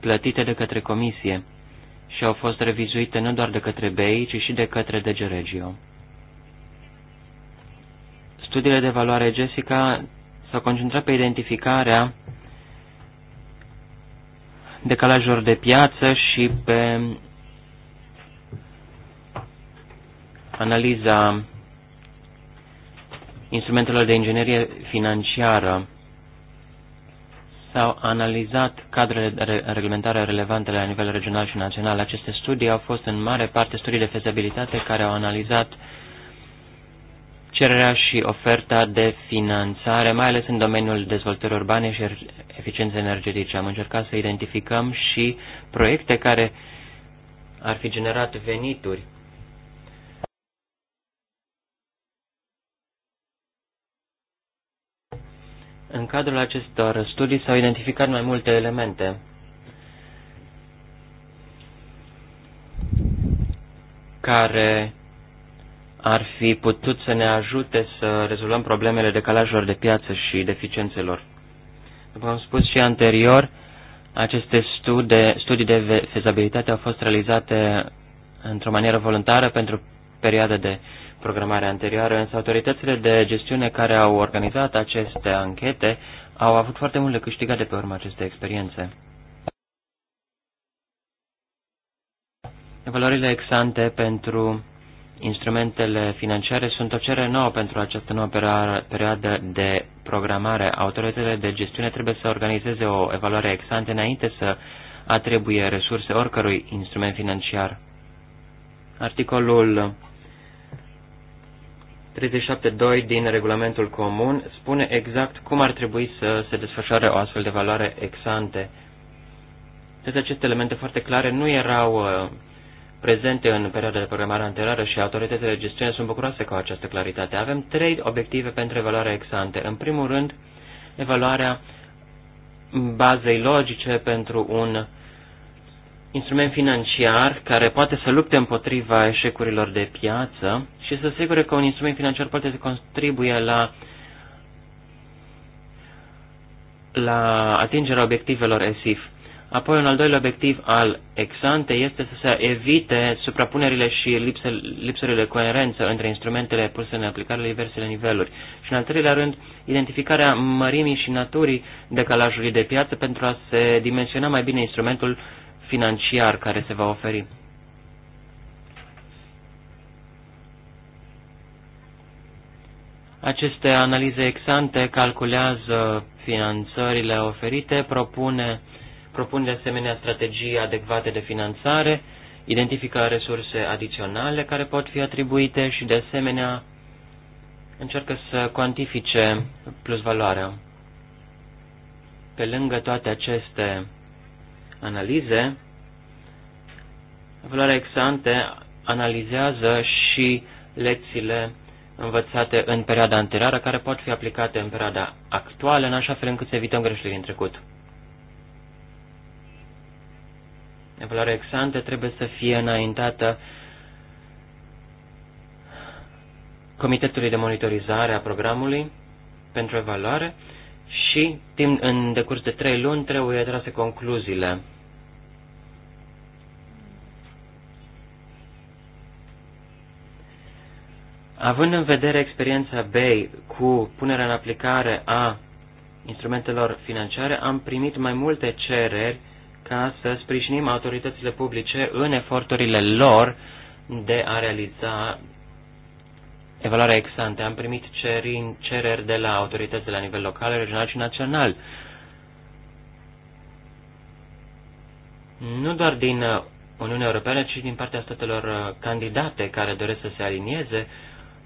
plătite de către comisie și au fost revizuite nu doar de către BEI, ci și de către DG Regio. Studiile de valoare Jessica s-au concentrat pe identificarea decalajelor de piață și pe analiza instrumentelor de inginerie financiară. S-au analizat cadrele reglementare relevante la nivel regional și național. Aceste studii au fost în mare parte studii de fezabilitate care au analizat cererea și oferta de finanțare, mai ales în domeniul dezvoltării urbane și er- eficienței energetice. Am încercat să identificăm și proiecte care ar fi generat venituri În cadrul acestor studii s-au identificat mai multe elemente. care ar fi putut să ne ajute să rezolvăm problemele decalajelor de piață și deficiențelor. După cum am spus și anterior, aceste studii, studii de fezabilitate au fost realizate într-o manieră voluntară pentru perioada de programarea anterioară, însă autoritățile de gestiune care au organizat aceste anchete au avut foarte mult de câștigat de pe urma acestei experiențe. Valorile exante pentru instrumentele financiare sunt o cerere nouă pentru această nouă perioadă de programare. Autoritățile de gestiune trebuie să organizeze o evaluare exante înainte să atribuie resurse oricărui instrument financiar. Articolul 37.2 din regulamentul comun spune exact cum ar trebui să se desfășoare o astfel de valoare ex-ante. Deci aceste elemente foarte clare nu erau uh, prezente în perioada de programare anterioară și autoritățile de gestiune sunt bucuroase cu această claritate. Avem trei obiective pentru evaluarea ex-ante. În primul rând, evaluarea bazei logice pentru un instrument financiar care poate să lupte împotriva eșecurilor de piață și să asigure că un instrument financiar poate să contribuie la, la atingerea obiectivelor ESIF. Apoi, un al doilea obiectiv al exante este să se evite suprapunerile și lipsurile de coerență între instrumentele puse în aplicare la diversele niveluri. Și, în al treilea rând, identificarea mărimii și naturii decalajului de piață pentru a se dimensiona mai bine instrumentul financiar care se va oferi. Aceste analize exante calculează finanțările oferite, propune, propune de asemenea strategii adecvate de finanțare, identifică resurse adiționale care pot fi atribuite și de asemenea încearcă să cuantifice plusvaloarea. Pe lângă toate aceste analize, valoarea exante analizează și lecțiile învățate în perioada anterioară, care pot fi aplicate în perioada actuală, în așa fel încât să evităm greșelile din trecut. Evaluarea exante trebuie să fie înaintată Comitetului de Monitorizare a Programului pentru Evaluare și timp în decurs de trei luni trebuie trase concluziile. Având în vedere experiența BEI cu punerea în aplicare a instrumentelor financiare, am primit mai multe cereri ca să sprijinim autoritățile publice în eforturile lor de a realiza evaluarea ex ante. Am primit cerin, cereri de la autorități de la nivel local, regional și național. Nu doar din uh, Uniunea Europeană, ci din partea statelor uh, candidate care doresc să se alinieze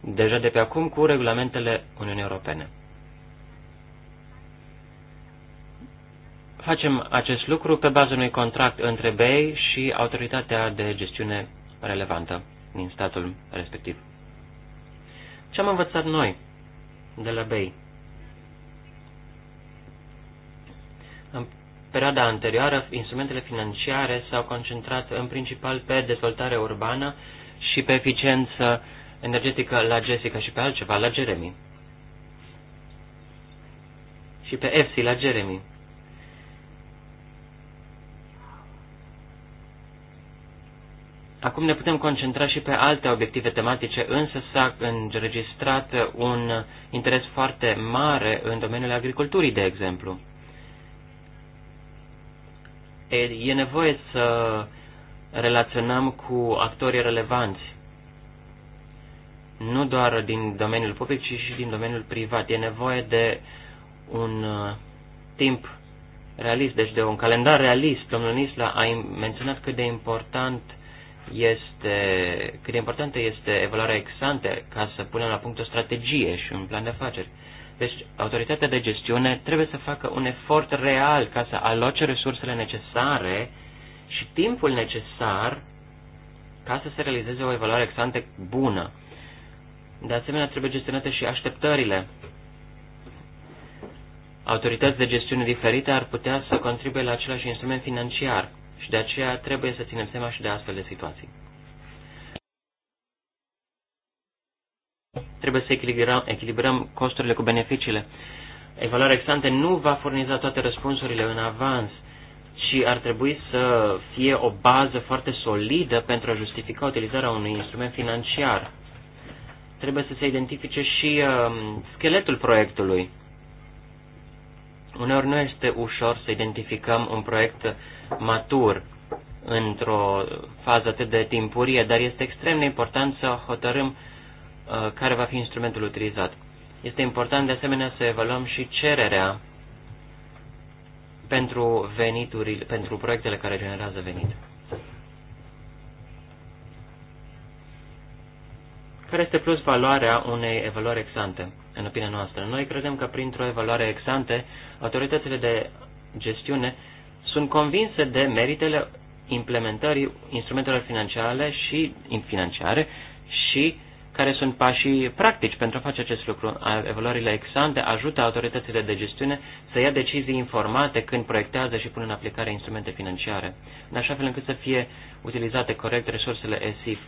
deja de pe acum cu regulamentele Uniunii Europene. Facem acest lucru pe baza unui contract între BEI și autoritatea de gestiune relevantă din statul respectiv. Ce am învățat noi de la BEI? În perioada anterioară, instrumentele financiare s-au concentrat în principal pe dezvoltare urbană și pe eficiență energetică la Jessica și pe altceva la Jeremy. Și pe EFSI la Jeremy. Acum ne putem concentra și pe alte obiective tematice, însă s-a înregistrat un interes foarte mare în domeniul agriculturii, de exemplu. E nevoie să relaționăm cu actorii relevanți, nu doar din domeniul public, ci și din domeniul privat. E nevoie de un uh, timp realist, deci de un calendar realist. Domnul Nisla a menționat cât de important uh, este, cât de importantă este evaluarea ex-ante ca să punem la punct o strategie și un plan de afaceri. Deci, autoritatea de gestiune trebuie să facă un efort real ca să aloce resursele necesare și timpul necesar ca să se realizeze o evaluare ex-ante bună. De asemenea, trebuie gestionate și așteptările. Autorități de gestiune diferite ar putea să contribuie la același instrument financiar – și de aceea trebuie să ținem seama și de astfel de situații. Trebuie să echilibrăm, echilibrăm costurile cu beneficiile. Evaluarea ex nu va furniza toate răspunsurile în avans, ci ar trebui să fie o bază foarte solidă pentru a justifica utilizarea unui instrument financiar. Trebuie să se identifice și uh, scheletul proiectului. Uneori nu este ușor să identificăm un proiect matur într-o fază atât de timpurie, dar este extrem de important să hotărâm uh, care va fi instrumentul utilizat. Este important de asemenea să evaluăm și cererea pentru venituri, pentru proiectele care generează venit. Care este plus valoarea unei evaluări exante, în opinia noastră? Noi credem că printr-o evaluare exante, autoritățile de gestiune sunt convinse de meritele implementării instrumentelor financiare și financiare și care sunt pașii practici pentru a face acest lucru. Evaluările ex-ante ajută autoritățile de gestiune să ia decizii informate când proiectează și pun în aplicare instrumente financiare, în așa fel încât să fie utilizate corect resursele ESIF.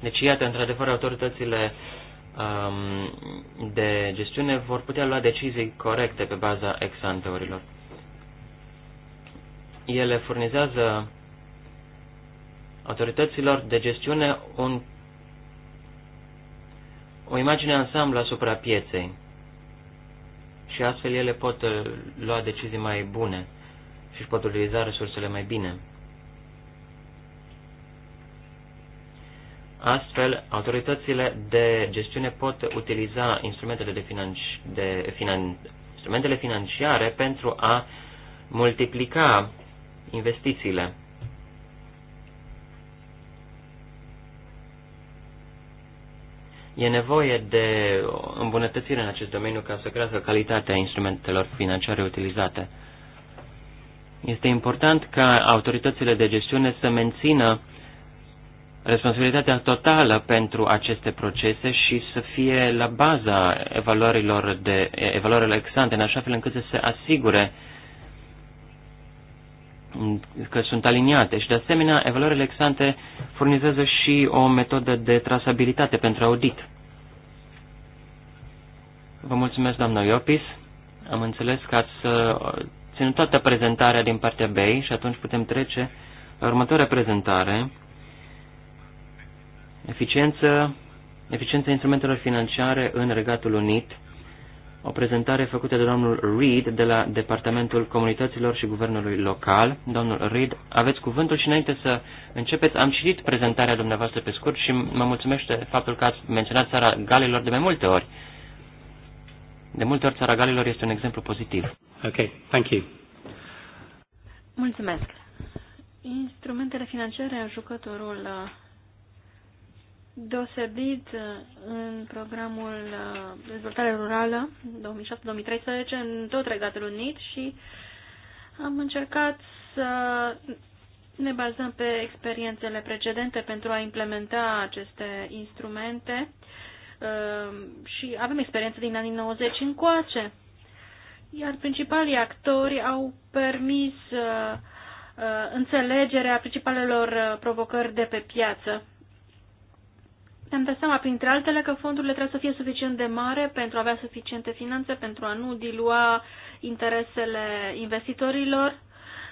Deci, iată, într-adevăr, autoritățile um, de gestiune vor putea lua decizii corecte pe baza exanteurilor. Ele furnizează autorităților de gestiune un, o imagine ansamblu asupra pieței și astfel ele pot uh, lua decizii mai bune și își pot utiliza resursele mai bine. Astfel, autoritățile de gestiune pot utiliza instrumentele, de financi, de finan, instrumentele financiare pentru a multiplica investițiile. E nevoie de îmbunătățire în acest domeniu ca să crească calitatea instrumentelor financiare utilizate. Este important ca autoritățile de gestiune să mențină uh, responsabilitatea totală pentru aceste procese și să fie la baza evaluărilor, de, evaluare exante, în așa fel încât să se asigure că sunt aliniate. Și de asemenea, evaluările exante furnizează și o metodă de trasabilitate pentru audit. Vă mulțumesc, doamna Iopis. Am înțeles că ați uh, ținut toată prezentarea din partea BEI și atunci putem trece la următoarea prezentare. Eficiență, eficiența instrumentelor financiare în Regatul Unit, o prezentare făcută de domnul Reed de la Departamentul Comunităților și Guvernului Local. Domnul Reed, aveți cuvântul și înainte să începeți, am citit prezentarea dumneavoastră pe scurt și mă mulțumește faptul că ați menționat țara Galilor de mai multe ori. De multe ori țara Galilor este un exemplu pozitiv. Ok, thank you. Mulțumesc. Instrumentele financiare au jucat un rol uh, deosebit uh, în programul uh, Dezvoltare Rurală 2007-2013 în tot Regatul Unit și am încercat să ne bazăm pe experiențele precedente pentru a implementa aceste instrumente uh, și avem experiență din anii 90 încoace. Iar principalii actori au permis înțelegerea principalelor provocări de pe piață ne-am dat seama, printre altele, că fondurile trebuie să fie suficient de mare pentru a avea suficiente finanțe, pentru a nu dilua interesele investitorilor.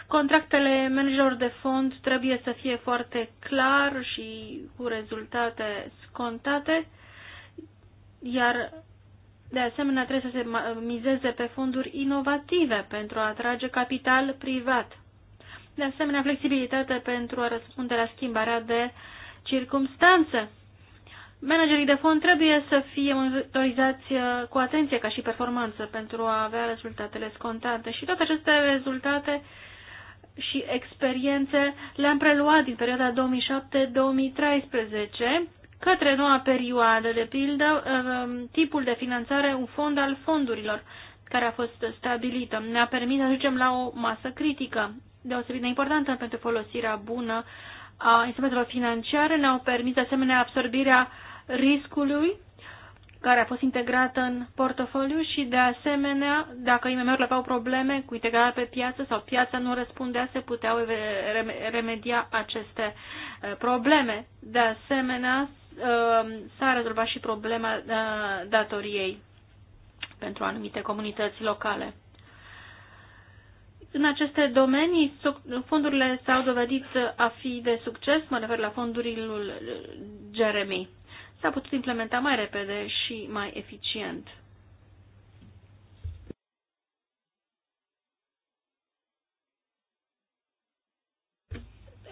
Contractele managerilor de fond trebuie să fie foarte clar și cu rezultate scontate, iar de asemenea trebuie să se mizeze pe fonduri inovative pentru a atrage capital privat. De asemenea, flexibilitate pentru a răspunde la schimbarea de circumstanțe Managerii de fond trebuie să fie monitorizați uh, cu atenție ca și performanță pentru a avea rezultatele scontate și toate aceste rezultate și experiențe le-am preluat din perioada 2007-2013 către noua perioadă, de pildă, uh, um, tipul de finanțare, un fond al fondurilor care a fost stabilită. Ne-a permis să ajungem la o masă critică deosebit de importantă pentru folosirea bună a instrumentelor financiare, ne-au permis de asemenea absorbirea uh, riscului care a fost integrată în portofoliu și, de asemenea, dacă IMM-urile aveau probleme cu integrarea pe piață sau piața nu răspundea, se puteau remedia aceste uh, probleme. De asemenea, uh, s-a rezolvat și problema uh, datoriei pentru anumite comunități locale. În aceste domenii, fondurile s-au dovedit a fi de succes, mă refer la fondurile Jeremy s-a putut implementa mai repede și mai eficient.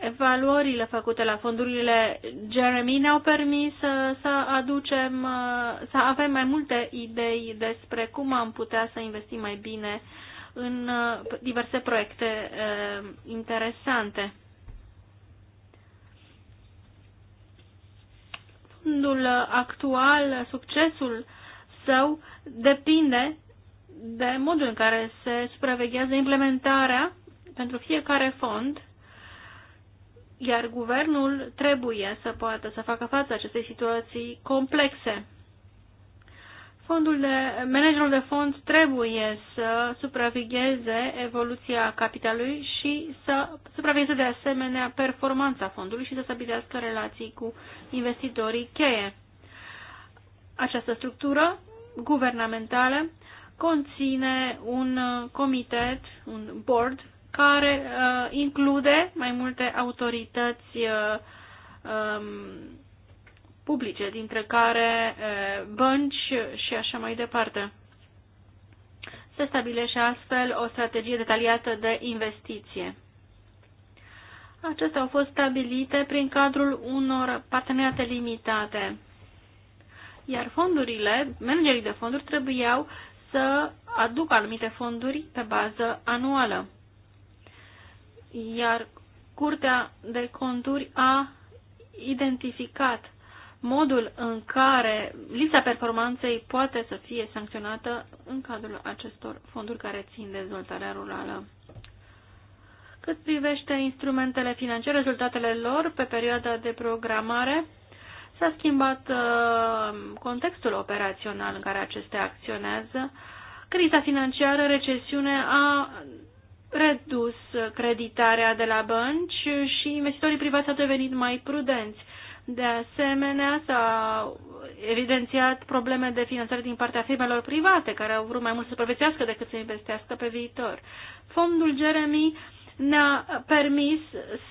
Evaluările făcute la fondurile Jeremy ne-au permis să, să aducem, să avem mai multe idei despre cum am putea să investim mai bine în diverse proiecte eh, interesante. fondul actual, succesul său, depinde de modul în care se supraveghează implementarea pentru fiecare fond, iar guvernul trebuie să poată să facă față acestei situații complexe. Fondul de, managerul de fond trebuie să supravegheze evoluția capitalului și să supravegheze de asemenea performanța fondului și să stabilească relații cu investitorii cheie. Această structură guvernamentală conține un comitet, un board, care uh, include mai multe autorități uh, um, publice, dintre care bănci și așa mai departe. Se stabilește astfel o strategie detaliată de investiție. Acestea au fost stabilite prin cadrul unor parteneriate limitate, iar fondurile, managerii de fonduri trebuiau să aducă anumite fonduri pe bază anuală. Iar Curtea de Conturi a identificat modul în care lipsa performanței poate să fie sancționată în cadrul acestor fonduri care țin de dezvoltarea rurală. Cât privește instrumentele financiare, rezultatele lor pe perioada de programare, s-a schimbat uh, contextul operațional în care acestea acționează. Criza financiară, recesiune a redus creditarea de la bănci și investitorii privați au devenit mai prudenți de asemenea, s-au evidențiat probleme de finanțare din partea firmelor private, care au vrut mai mult să supraviețuiască decât să investească pe viitor. Fondul Jeremy ne-a permis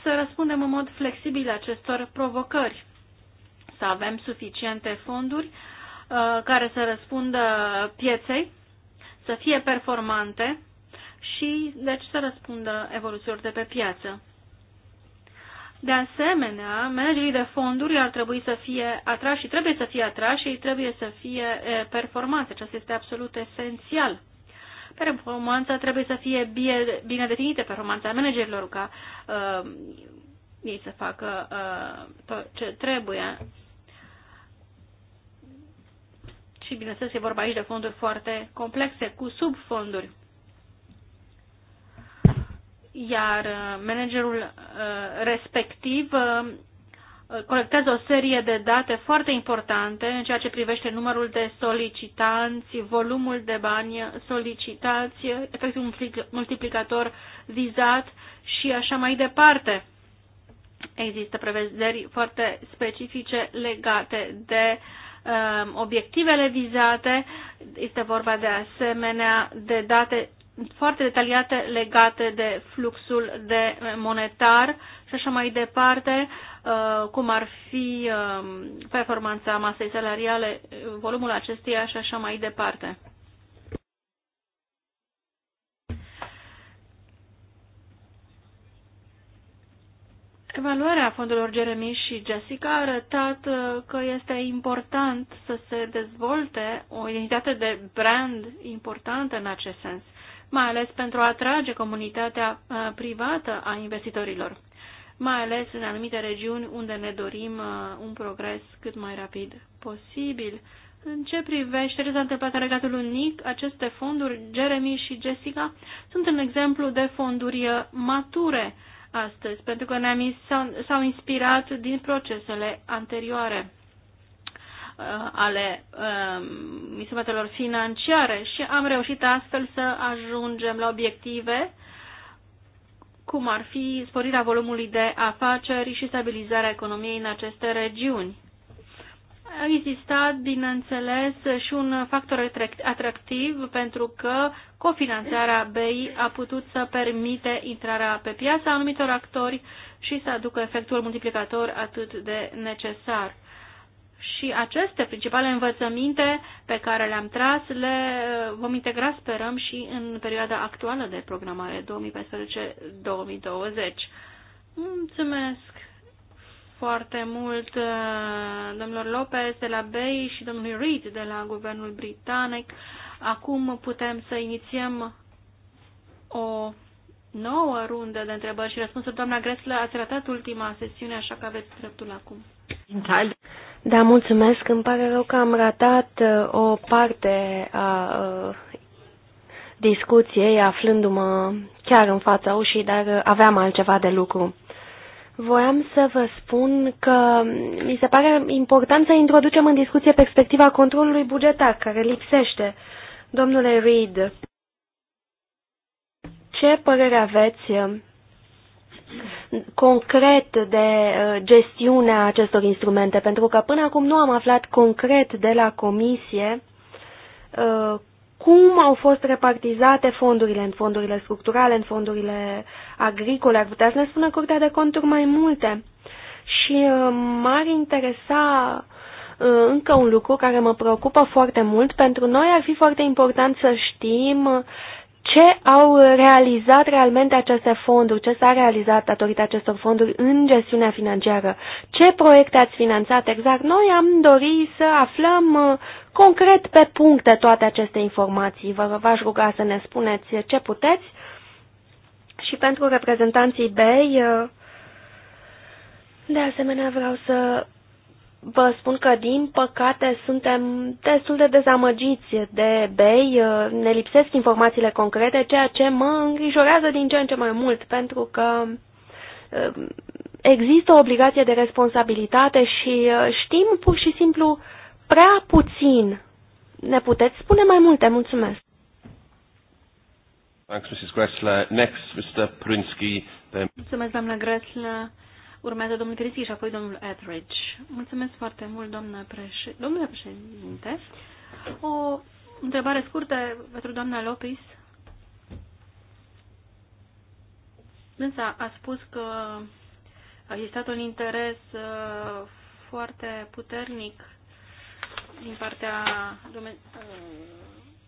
să răspundem în mod flexibil acestor provocări, să avem suficiente fonduri uh, care să răspundă pieței, să fie performante și, deci, să răspundă evoluțiilor de pe piață. De asemenea, managerii de fonduri ar trebui să fie atrași și trebuie să fie atrași și trebuie să fie performanți. Aceasta este absolut esențial. Performanța trebuie să fie bine definită, performanța managerilor, ca uh, ei să facă uh, tot ce trebuie. Și bineînțeles, e vorba aici de fonduri foarte complexe, cu subfonduri iar uh, managerul uh, respectiv uh, colectează o serie de date foarte importante în ceea ce privește numărul de solicitanți, volumul de bani solicitați, efectul multiplicator vizat și așa mai departe. Există prevederi foarte specifice legate de obiectivele vizate. Este vorba de asemenea de date foarte detaliate legate de fluxul de eh, monetar și așa mai departe, eh, cum ar fi eh, performanța masei salariale, volumul acesteia și așa mai departe. Evaluarea fondurilor Jeremy și Jessica a arătat că este important să se dezvolte o identitate de brand importantă în acest sens mai ales pentru a atrage comunitatea uh, privată a investitorilor, mai ales în anumite regiuni unde ne dorim uh, un progres cât mai rapid posibil. În ce privește ce s-a întâmplat în Regatul Unic, aceste fonduri, Jeremy și Jessica, sunt un exemplu de fonduri uh, mature astăzi, pentru că ne-am, s-au inspirat din procesele anterioare. Uh, ale uh, instrumentelor financiare și am reușit astfel să ajungem la obiective cum ar fi sporirea volumului de afaceri și stabilizarea economiei în aceste regiuni. A existat, bineînțeles, și un factor atractiv pentru că cofinanțarea BEI a putut să permite intrarea pe piață a anumitor actori și să aducă efectul multiplicator atât de necesar și aceste principale învățăminte pe care le-am tras le uh, vom integra, sperăm, și în perioada actuală de programare 2014-2020. Mulțumesc foarte mult uh, domnilor Lopez de la BEI și domnului Reid de la Guvernul Britanic. Acum putem să inițiem o nouă rundă de întrebări și răspunsuri. Doamna Greslă, ați ratat ultima sesiune, așa că aveți dreptul acum. Da, mulțumesc. Îmi pare rău că am ratat uh, o parte a uh, discuției, aflându-mă chiar în fața ușii, dar uh, aveam altceva de lucru. Voiam să vă spun că mi se pare important să introducem în discuție perspectiva controlului bugetar, care lipsește. Domnule Reid, ce părere aveți concret de uh, gestiunea acestor instrumente, pentru că până acum nu am aflat concret de la comisie uh, cum au fost repartizate fondurile în fondurile structurale, în fondurile agricole. Ar putea să ne spună Curtea de Conturi mai multe. Și uh, m-ar interesa încă un lucru care mă preocupă foarte mult. Pentru noi ar fi foarte important să știm ce au realizat realmente aceste fonduri, ce s-a realizat datorită acestor fonduri în gestiunea financiară, ce proiecte ați finanțat exact. Noi am dorit să aflăm uh, concret pe puncte toate aceste informații. Vă v-aș ruga să ne spuneți ce puteți și pentru reprezentanții BEI, uh, de asemenea vreau să vă spun că, din păcate, suntem destul de dezamăgiți de bei, ne lipsesc informațiile concrete, ceea ce mă îngrijorează din ce în ce mai mult, pentru că um, există o obligație de responsabilitate și uh, știm pur și simplu prea puțin. Ne puteți spune mai multe? Mulțumesc. Thanks, Mrs. Gressler. Next, Mr. Mulțumesc, doamna Gressler. Urmează domnul Cristi și apoi domnul Etheridge. Mulțumesc foarte mult, doamnă președ... domnule președinte. O întrebare scurtă pentru doamna Lopis. Însă a spus că a existat un interes uh, foarte puternic din partea uh,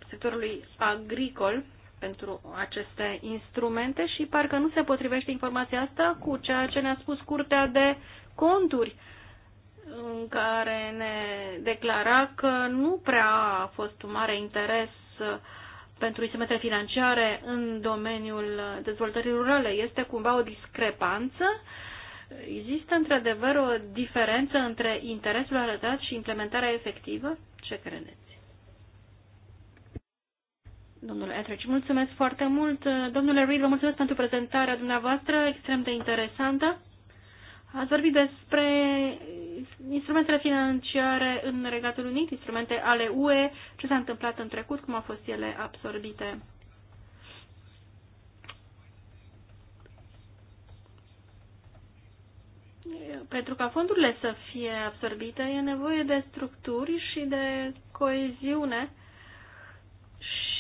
sectorului agricol pentru aceste instrumente și parcă nu se potrivește informația asta cu ceea ce ne-a spus Curtea de Conturi, în care ne declara că nu prea a fost un mare interes uh, pentru instrumente financiare în domeniul dezvoltării rurale. Este cumva o discrepanță Există într-adevăr o diferență între interesul arătat și implementarea efectivă? Ce credeți? Domnule Etreci, mulțumesc foarte mult. Domnule Reid, vă mulțumesc pentru prezentarea dumneavoastră, extrem de interesantă. Ați vorbit despre instrumentele financiare în Regatul Unit, instrumente ale UE, ce s-a întâmplat în trecut, cum au fost ele absorbite. Pentru ca fondurile să fie absorbite, e nevoie de structuri și de coeziune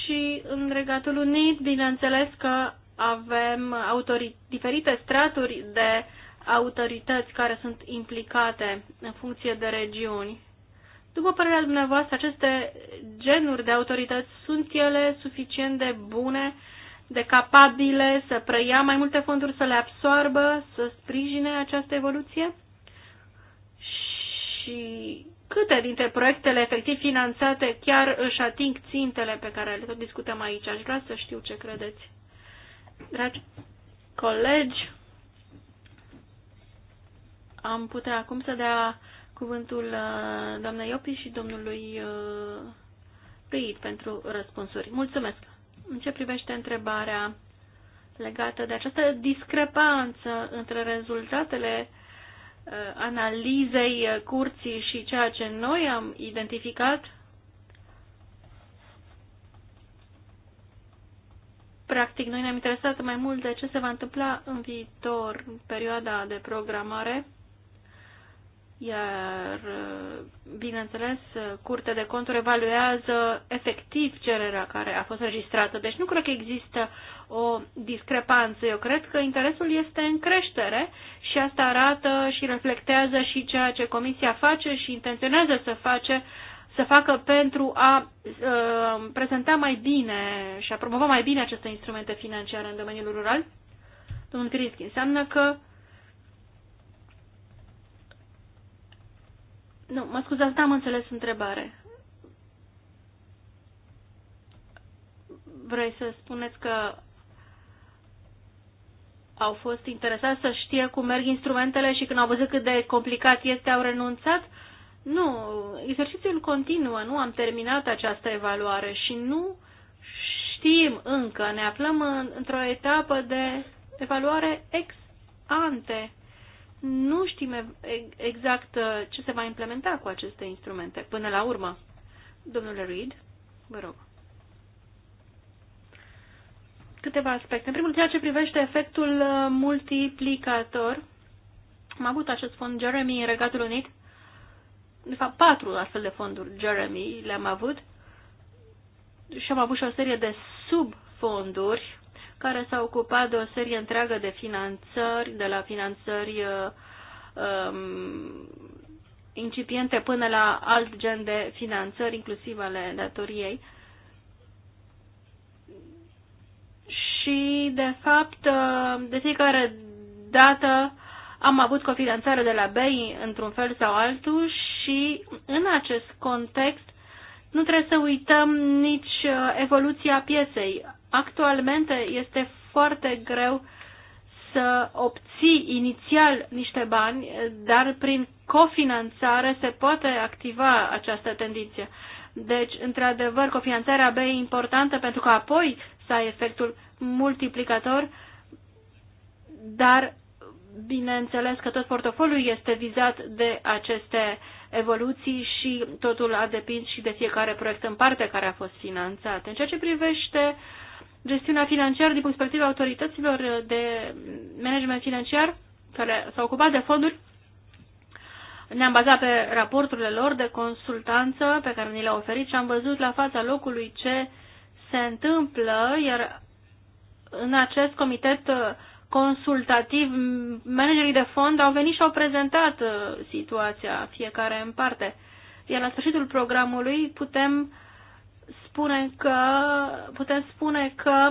și în Regatul Unit, bineînțeles că avem diferite straturi de autorități care sunt implicate în funcție de regiuni. După părerea dumneavoastră, aceste genuri de autorități sunt ele suficient de bune, de capabile să preia mai multe fonduri, să le absorbă, să sprijine această evoluție? Și câte dintre proiectele efectiv finanțate chiar își ating țintele pe care le tot discutăm aici. Aș vrea să știu ce credeți. Dragi colegi, am putea acum să dea cuvântul uh, doamnei Iopi și domnului uh, Peit pentru răspunsuri. Mulțumesc! În ce privește întrebarea legată de această discrepanță între rezultatele Uh, analizei uh, curții și ceea ce noi am identificat, practic noi ne-am interesat mai mult de ce se va întâmpla în viitor, în perioada de programare iar, uh, bineînțeles, Curtea de Conturi evaluează efectiv cererea care a fost registrată. Deci nu cred că există o discrepanță. Eu cred că interesul este în creștere și asta arată și reflectează și ceea ce Comisia face și intenționează să face să facă pentru a uh, prezenta mai bine și a promova mai bine aceste instrumente financiare în domeniul rural? Domnul Criski, înseamnă că uh, Nu, mă scuzați, n-am înțeles întrebare. Vrei să spuneți că au fost interesați să știe cum merg instrumentele și când au văzut cât de complicat este, au renunțat? Nu, exercițiul continuă, nu am terminat această evaluare și nu știm încă, ne aflăm în, într-o etapă de evaluare ex ante nu știm exact uh, ce se va implementa cu aceste instrumente până la urmă. Domnule Reid, vă rog. Câteva aspecte. În primul ceea ce privește efectul uh, multiplicator, am avut acest fond Jeremy în Regatul Unit. De fapt, patru astfel de fonduri Jeremy le-am avut și am avut și o serie de subfonduri care s-a ocupat de o serie întreagă de finanțări, de la finanțări um, incipiente până la alt gen de finanțări, inclusiv ale datoriei. Și, de fapt, uh, de fiecare dată am avut cofinanțare de la BEI într-un fel sau altul și, în acest context, nu trebuie să uităm nici uh, evoluția pieței. Actualmente este foarte greu să obții inițial niște bani, dar prin cofinanțare se poate activa această tendință. Deci, într-adevăr, cofinanțarea B e importantă pentru că apoi să ai efectul multiplicator, dar bineînțeles că tot portofoliul este vizat de aceste evoluții și totul a depins și de fiecare proiect în parte care a fost finanțat. În ceea ce privește uh, gestiunea financiară din perspectiva autorităților de management financiar care s-au ocupat de fonduri. Ne-am bazat pe raporturile lor de consultanță pe care ni le-au oferit și am văzut la fața locului ce se întâmplă, iar în acest comitet consultativ, managerii de fond au venit și au prezentat uh, situația fiecare în parte. Iar la sfârșitul programului putem spune că, putem spune că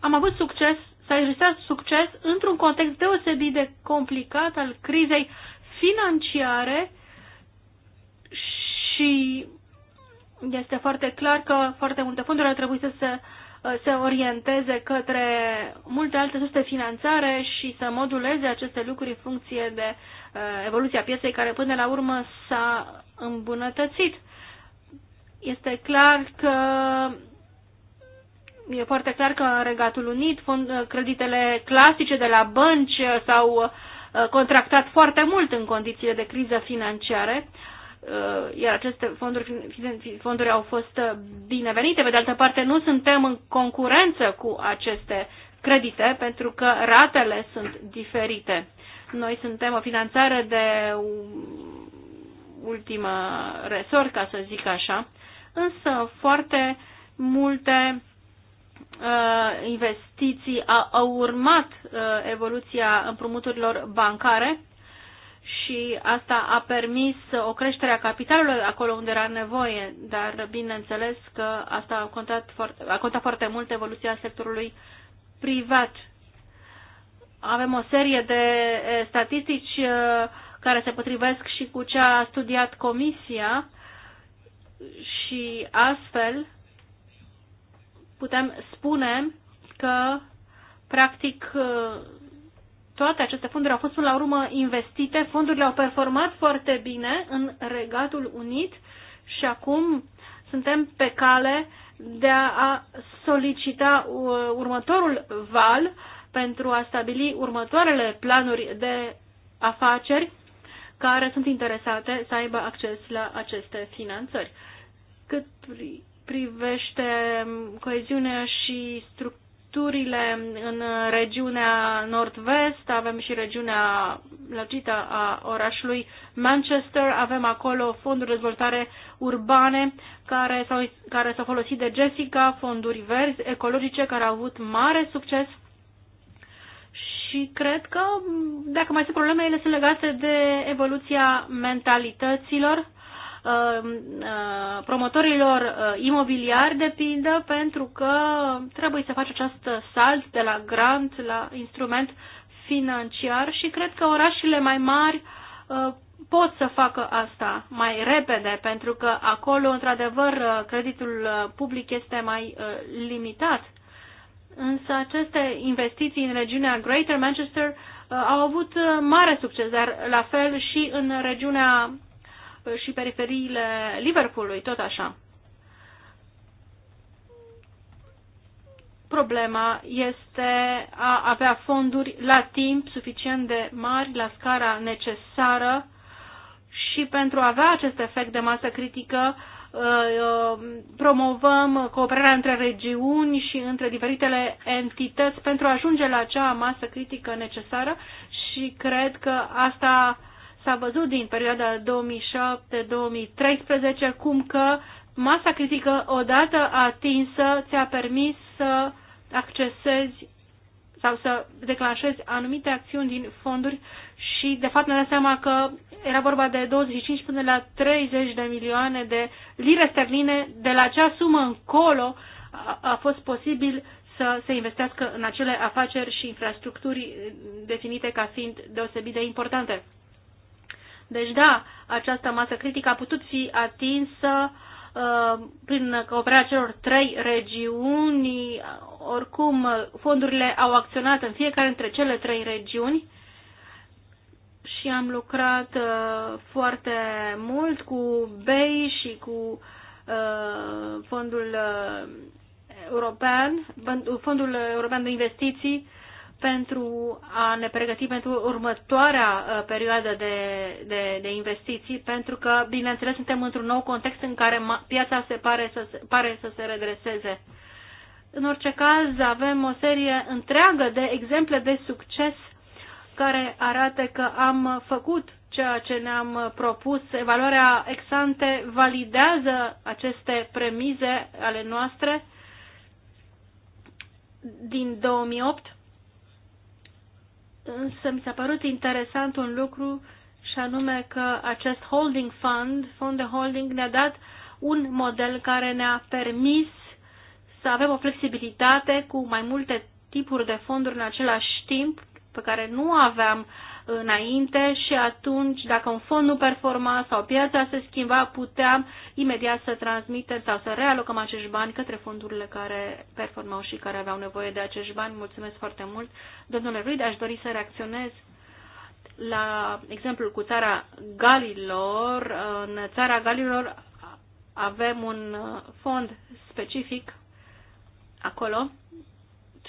am avut succes, s-a înregistrat succes într-un context deosebit de complicat al crizei financiare și este foarte clar că foarte multe fonduri ar trebui să se, se orienteze către multe alte surse de finanțare și să moduleze aceste lucruri în funcție de uh, evoluția pieței care până la urmă s-a îmbunătățit. Este clar că e foarte clar că în Regatul Unit fond, creditele clasice de la bănci s-au uh, contractat foarte mult în condițiile de criză financiară, uh, iar aceste fonduri, fonduri au fost binevenite. Pe de altă parte, nu suntem în concurență cu aceste credite pentru că ratele sunt diferite. Noi suntem o finanțare de ultimă resort, ca să zic așa, însă foarte multe uh, investiții au, au urmat uh, evoluția împrumuturilor bancare și asta a permis o creștere a capitalului acolo unde era nevoie, dar bineînțeles că asta a contat foarte, a contat foarte mult evoluția sectorului privat. Avem o serie de eh, statistici eh, care se potrivesc și cu ce a studiat Comisia și astfel putem spune că practic toate aceste fonduri au fost până la urmă investite, fondurile au performat foarte bine în Regatul Unit și acum suntem pe cale de a solicita uh, următorul val pentru a stabili următoarele planuri de afaceri care sunt interesate să aibă acces la aceste finanțări. Cât privește coeziunea și structurile în regiunea nord-vest, avem și regiunea lărgită a orașului Manchester, avem acolo fonduri de dezvoltare urbane care s-au, care s-au folosit de Jessica, fonduri verzi ecologice care au avut mare succes și cred că dacă mai sunt probleme, ele sunt legate de evoluția mentalităților uh, uh, promotorilor uh, imobiliari de pildă pentru că trebuie să faci acest salt de la grant la instrument financiar și cred că orașele mai mari pot să facă asta mai repede pentru că acolo într-adevăr creditul public este mai limitat Însă aceste investiții în regiunea Greater Manchester uh, au avut uh, mare succes, dar la fel și în regiunea uh, și periferiile Liverpoolului, tot așa. Problema este a avea fonduri la timp suficient de mari, la scara necesară și pentru a avea acest efect de masă critică, Uh, um, promovăm cooperarea între regiuni și între diferitele entități pentru a ajunge la acea masă critică necesară și cred că asta s-a văzut din perioada 2007-2013 cum că masa critică odată atinsă ți-a permis să accesezi sau să declanșezi anumite acțiuni din fonduri și de fapt ne dăm seama că era vorba de 25 până la 30 de milioane de lire sterline, de la acea sumă încolo a, a fost posibil să se investească în acele afaceri și infrastructuri definite ca fiind deosebit de importante. Deci da, această masă critică a putut fi atinsă Uh, prin cooperarea celor trei regiuni, uh, oricum fondurile au acționat în fiecare dintre cele trei regiuni și am lucrat uh, foarte mult cu BEI și cu fondul european, fondul european de investiții pentru a ne pregăti pentru următoarea uh, perioadă de, de, de investiții, pentru că, bineînțeles, suntem într-un nou context în care piața se pare să, pare să se regreseze. În orice caz, avem o serie întreagă de exemple de succes care arată că am făcut ceea ce ne-am propus. Evaluarea exante validează aceste premize ale noastre din 2008 însă mi s-a părut interesant un lucru și anume că acest holding fund, fond de holding, ne-a dat un model care ne-a permis să avem o flexibilitate cu mai multe tipuri de fonduri în același timp pe care nu aveam înainte și atunci, dacă un fond nu performa sau piața se schimba, puteam imediat să transmitem sau să realocăm acești bani către fondurile care performau și care aveau nevoie de acești bani. Mulțumesc foarte mult. Domnule Reid, aș dori să reacționez la exemplul cu țara Galilor. În țara Galilor avem un fond specific acolo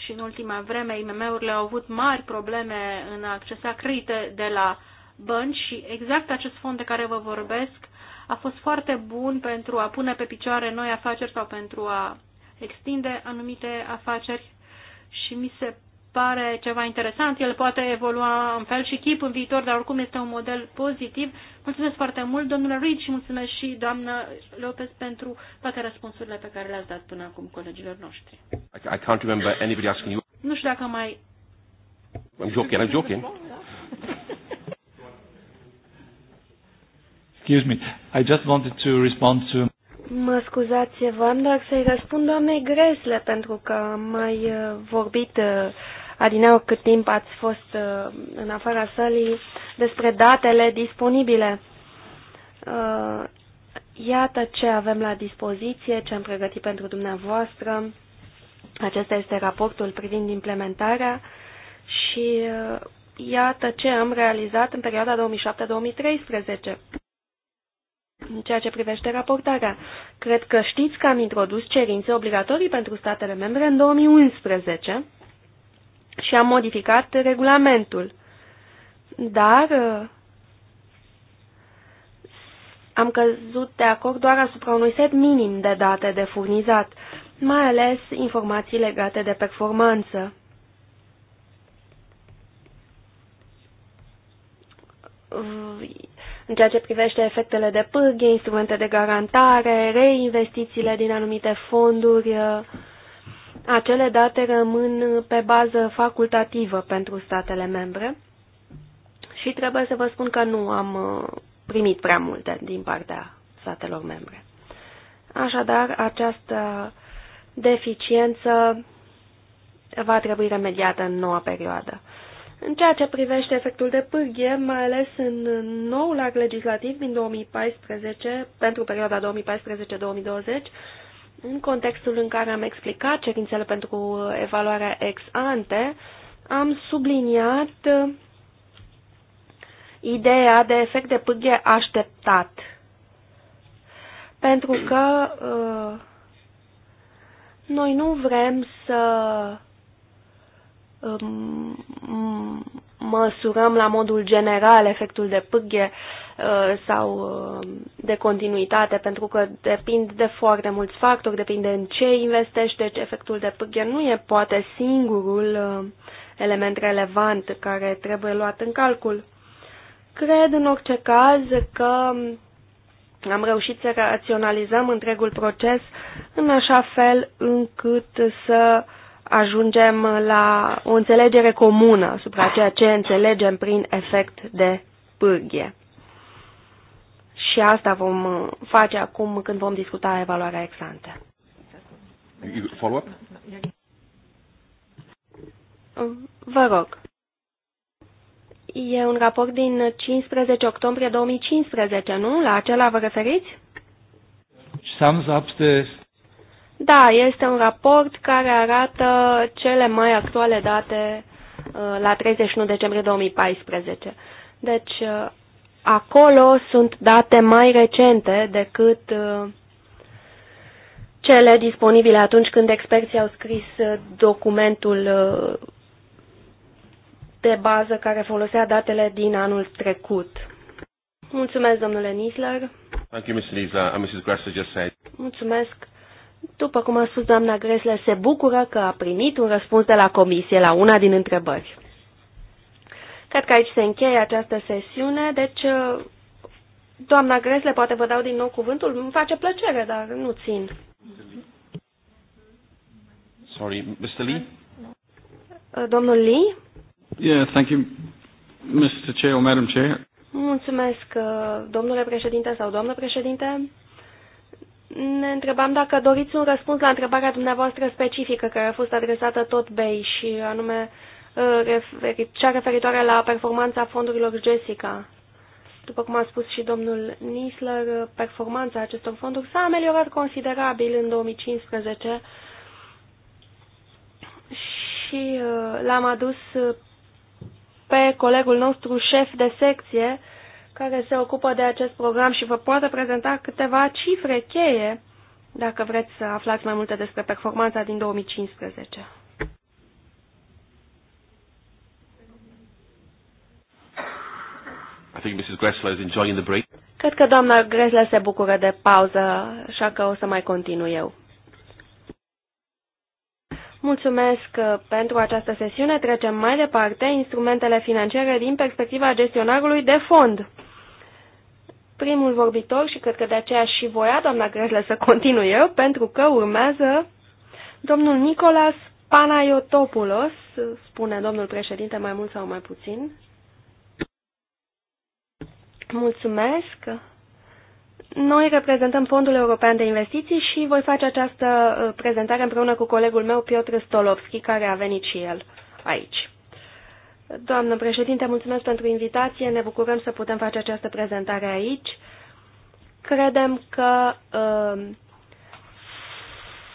și în ultima vreme IMM-urile au avut mari probleme în a accesa credite de la bănci și exact acest fond de care vă vorbesc a fost foarte bun pentru a pune pe picioare noi afaceri sau pentru a extinde anumite afaceri și mi se pare ceva interesant. El poate evolua în fel și chip în viitor, dar oricum este un model pozitiv. Mulțumesc foarte mult, domnule Reid, și mulțumesc și doamnă Lopez pentru toate răspunsurile pe care le-ați dat până acum colegilor noștri. I can't remember anybody asking you. Nu știu dacă mai... I'm joking, I'm joking. Excuse me, I just wanted to respond to... Mă scuzați, v-am dar să-i răspund doamnei Gresle, pentru că am mai uh, vorbit uh, Adineau cât timp ați fost uh, în afara sălii, despre datele disponibile. Uh, iată ce avem la dispoziție, ce am pregătit pentru dumneavoastră. Acesta este raportul privind implementarea și uh, iată ce am realizat în perioada 2007-2013 în ceea ce privește raportarea. Cred că știți că am introdus cerințe obligatorii pentru statele membre în 2011 și a modificat regulamentul. Dar uh, am căzut de acord doar asupra unui set minim de date de furnizat, mai ales informații legate de performanță. În ceea ce privește efectele de pârghie, instrumente de garantare, reinvestițiile din anumite fonduri, uh, acele date rămân pe bază facultativă pentru statele membre și trebuie să vă spun că nu am uh, primit prea multe din partea statelor membre. Așadar, această deficiență va trebui remediată în noua perioadă. În ceea ce privește efectul de pârghie, mai ales în noul act legislativ din 2014, pentru perioada 2014-2020, în contextul în care am explicat cerințele pentru evaluarea ex ante, am subliniat uh, ideea de efect de pâghe așteptat. Pentru că uh, noi nu vrem să um, măsurăm la modul general efectul de pâghe Uh, sau uh, de continuitate, pentru că depind de foarte mulți factori, depinde în ce investești, deci efectul de pârghie nu e poate singurul uh, element relevant care trebuie luat în calcul. Cred în orice caz că am reușit să raționalizăm întregul proces în așa fel încât să ajungem la o înțelegere comună asupra ceea ce înțelegem prin efect de pârghie. Și asta vom uh, face acum când vom discuta evaluarea ex-ante. Follow-up? Uh, vă rog. E un raport din 15 octombrie 2015, nu? La acela vă referiți? Sums up the... Da, este un raport care arată cele mai actuale date uh, la 31 decembrie 2014. Deci acolo sunt date mai recente decât uh, cele disponibile atunci când experții au scris uh, documentul uh, de bază care folosea datele din anul trecut. Mulțumesc, domnule Nisler. Thank you, Mrs. Nisler. And Mrs. Gressler just said. Mulțumesc. După cum a spus doamna Gressler, se bucură că a primit un răspuns de la comisie la una din întrebări. Cred că aici se încheie această sesiune, deci uh, doamna Gresle, poate vă dau din nou cuvântul. Îmi face plăcere, dar nu țin. Sorry, Mr. Lee? Uh, domnul Lee? Yeah, thank you, Mr. Chair or Madam Chair. Mulțumesc, uh, domnule președinte sau doamnă președinte. Ne întrebam dacă doriți un răspuns la întrebarea dumneavoastră specifică care a fost adresată tot BEI și anume cea referitoare la performanța fondurilor Jessica. După cum a spus și domnul Nisler, performanța acestor fonduri s-a ameliorat considerabil în 2015 și uh, l-am adus pe colegul nostru șef de secție care se ocupă de acest program și vă poate prezenta câteva cifre cheie dacă vreți să aflați mai multe despre performanța din 2015. think Mrs. Gressler is enjoying the break. Cred că doamna Gressler se bucură de pauză, așa că o să mai continu eu. Mulțumesc uh, pentru această sesiune. Trecem mai departe instrumentele financiare din perspectiva gestionarului de fond. Primul vorbitor, și cred că de aceea și voia doamna Gressler să continu eu, pentru că urmează domnul Nicolas Panayotopoulos, spune domnul președinte mai mult sau mai puțin, Mulțumesc. Noi reprezentăm Fondul European de Investiții și voi face această uh, prezentare împreună cu colegul meu, Piotr Stolovski, care a venit și el aici. Doamnă președinte, mulțumesc pentru invitație. Ne bucurăm să putem face această prezentare aici. Credem că uh,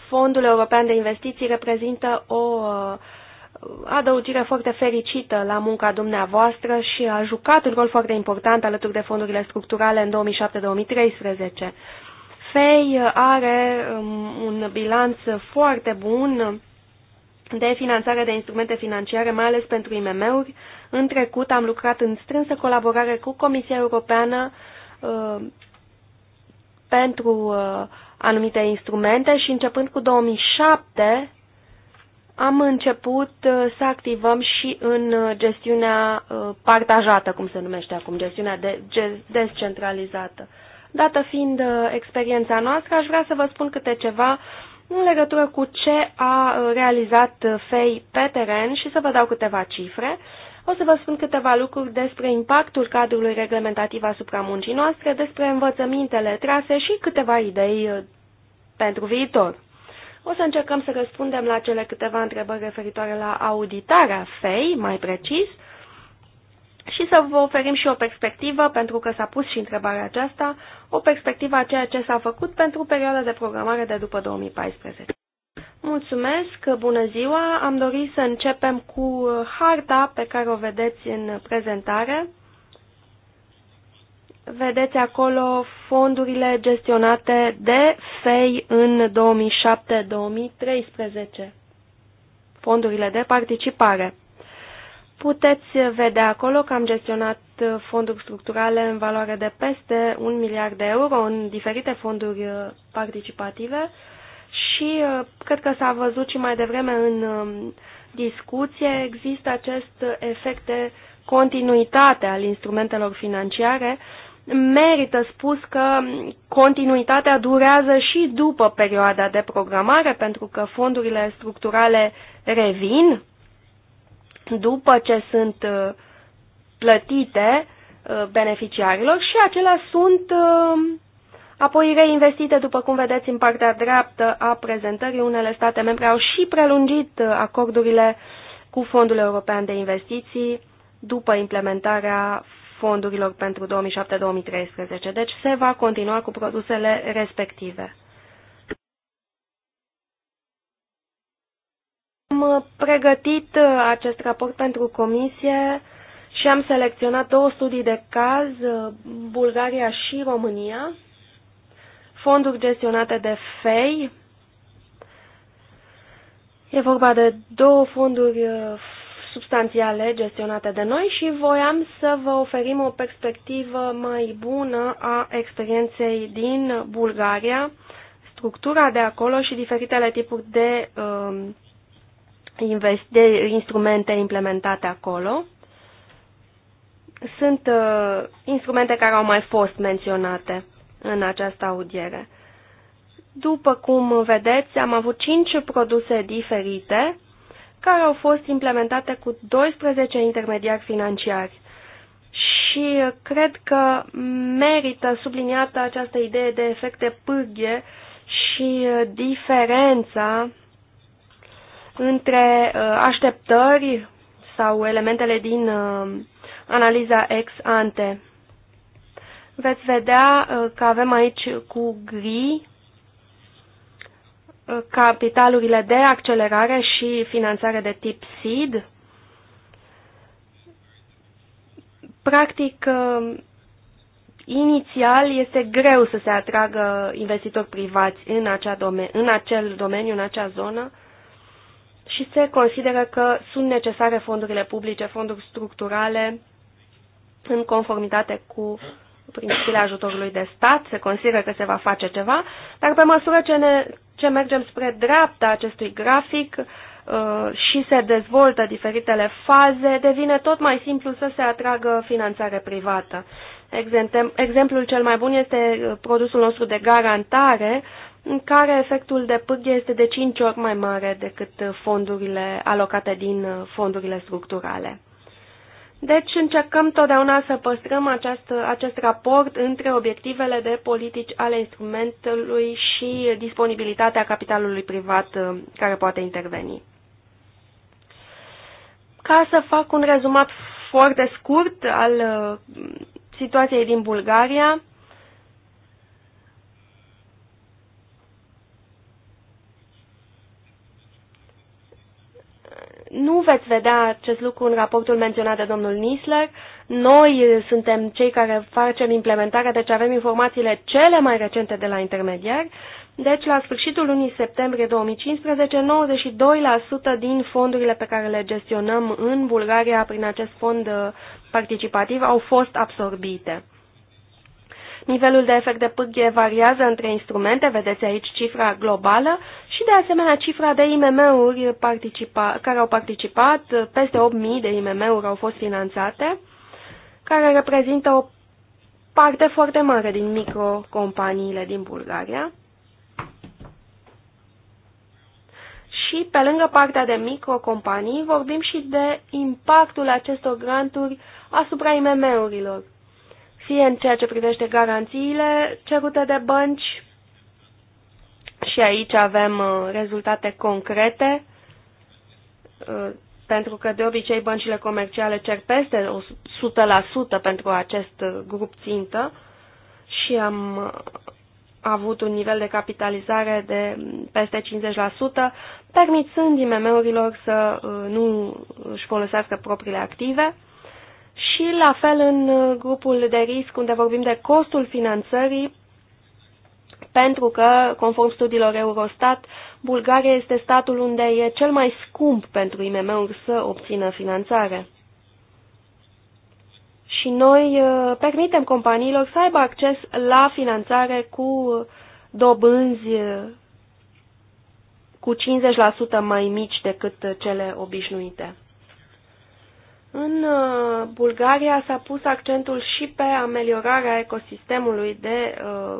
Fondul European de Investiții reprezintă o uh, adăugire foarte fericită la munca dumneavoastră și a jucat un rol foarte important alături de fondurile structurale în 2007-2013. FEI are um, un bilanț foarte bun de finanțare de instrumente financiare, mai ales pentru IMM-uri. În trecut am lucrat în strânsă colaborare cu Comisia Europeană uh, pentru uh, anumite instrumente și începând cu 2007 am început uh, să activăm și în uh, gestiunea uh, partajată, cum se numește acum, gestiunea de, descentralizată. Dată fiind experiența noastră, aș vrea să vă spun câte ceva în legătură cu ce a realizat FEI pe teren și să vă dau câteva cifre. O să vă spun câteva lucruri despre impactul cadrului reglementativ asupra muncii noastre, despre învățămintele trase și câteva idei pentru viitor. O să încercăm să răspundem la cele câteva întrebări referitoare la auditarea FEI, mai precis, și să vă oferim și o perspectivă, pentru că s-a pus și întrebarea aceasta, o perspectivă a ceea ce s-a făcut pentru perioada de programare de după 2014. Mulțumesc, bună ziua! Am dorit să începem cu harta pe care o vedeți în prezentare vedeți acolo fondurile gestionate de FEI în 2007-2013, fondurile de participare. Puteți vedea acolo că am gestionat fonduri structurale în valoare de peste 1 miliard de euro în diferite fonduri uh, participative și uh, cred că s-a văzut și mai devreme în um, discuție, există acest efect de continuitate al instrumentelor financiare merită spus că continuitatea durează și după perioada de programare, pentru că fondurile structurale revin după ce sunt uh, plătite uh, beneficiarilor și acelea sunt uh, apoi reinvestite, după cum vedeți în partea dreaptă a prezentării. Unele state membre au și prelungit acordurile cu Fondul European de Investiții după implementarea fondurilor pentru 2007-2013, deci se va continua cu produsele respective. Am pregătit uh, acest raport pentru comisie și am selecționat două studii de caz, uh, Bulgaria și România, fonduri gestionate de FEI. E vorba de două fonduri uh, substanțiale gestionate de noi și voiam să vă oferim o perspectivă mai bună a experienței din Bulgaria, structura de acolo și diferitele tipuri de, um, de instrumente implementate acolo. Sunt uh, instrumente care au mai fost menționate în această audiere. După cum vedeți, am avut cinci produse diferite care au fost implementate cu 12 intermediari financiari. Și cred că merită subliniată această idee de efecte pârghie și diferența între uh, așteptări sau elementele din uh, analiza ex ante. Veți vedea uh, că avem aici cu gri capitalurile de accelerare și finanțare de tip SEED. Practic, uh, inițial este greu să se atragă investitori privați în, acea domen- în acel domeniu, în acea zonă și se consideră că sunt necesare fondurile publice, fonduri structurale în conformitate cu prin stile ajutorului de stat, se consideră că se va face ceva, dar pe măsură ce, ne, ce mergem spre dreapta acestui grafic uh, și se dezvoltă diferitele faze, devine tot mai simplu să se atragă finanțare privată. exemplul cel mai bun este uh, produsul nostru de garantare, în care efectul de pârghie este de 5 ori mai mare decât uh, fondurile alocate din uh, fondurile structurale. Deci încercăm totdeauna să păstrăm acest, acest raport între obiectivele de politici ale instrumentului și disponibilitatea capitalului privat uh, care poate interveni. Ca să fac un rezumat foarte scurt al uh, situației din Bulgaria, Nu veți vedea acest lucru în raportul menționat de domnul Nisler. Noi suntem cei care facem implementarea, deci avem informațiile cele mai recente de la intermediari. Deci, la sfârșitul lunii septembrie 2015, 92% din fondurile pe care le gestionăm în Bulgaria prin acest fond uh, participativ au fost absorbite. Nivelul de efect de pârghie variază între instrumente, vedeți aici cifra globală și de asemenea cifra de IMM-uri care au participat, peste 8.000 de IMM-uri au fost finanțate, care reprezintă o parte foarte mare din microcompaniile din Bulgaria. Și pe lângă partea de microcompanii vorbim și de impactul acestor granturi asupra IMM-urilor fie în ceea ce privește garanțiile cerute de bănci, și aici avem uh, rezultate concrete, uh, pentru că de obicei băncile comerciale cer peste 100% pentru acest uh, grup țintă și am avut un nivel de capitalizare de mm, peste 50%, permițând IMM-urilor să nu își folosească propriile active. Și la fel în uh, grupul de risc unde vorbim de costul finanțării, pentru că, conform studiilor Eurostat, Bulgaria este statul unde e cel mai scump pentru IMM-uri să obțină finanțare. Și noi uh, permitem companiilor să aibă acces la finanțare cu dobânzi uh, cu 50% mai mici decât cele obișnuite. În uh, Bulgaria s-a pus accentul și pe ameliorarea ecosistemului de uh,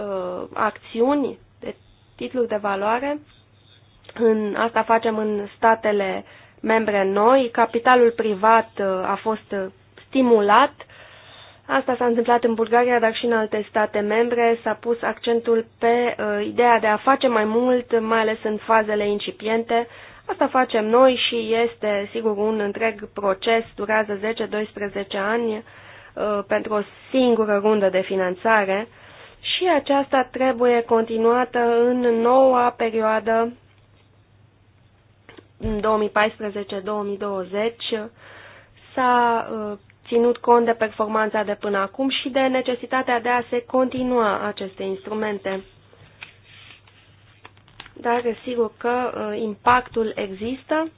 uh, acțiuni, de titluri de valoare. În, asta facem în statele membre noi. Capitalul privat uh, a fost stimulat. Asta s-a întâmplat în Bulgaria, dar și în alte state membre. S-a pus accentul pe uh, ideea de a face mai mult, mai ales în fazele incipiente, uh, Asta facem noi și este, sigur, un întreg proces, durează 10-12 ani uh, pentru o singură rundă de finanțare și aceasta trebuie continuată în noua perioadă 2014-2020 s-a uh, ținut cont de performanța de până acum și de necesitatea de a se continua aceste instrumente dar desigur că uh, impactul există.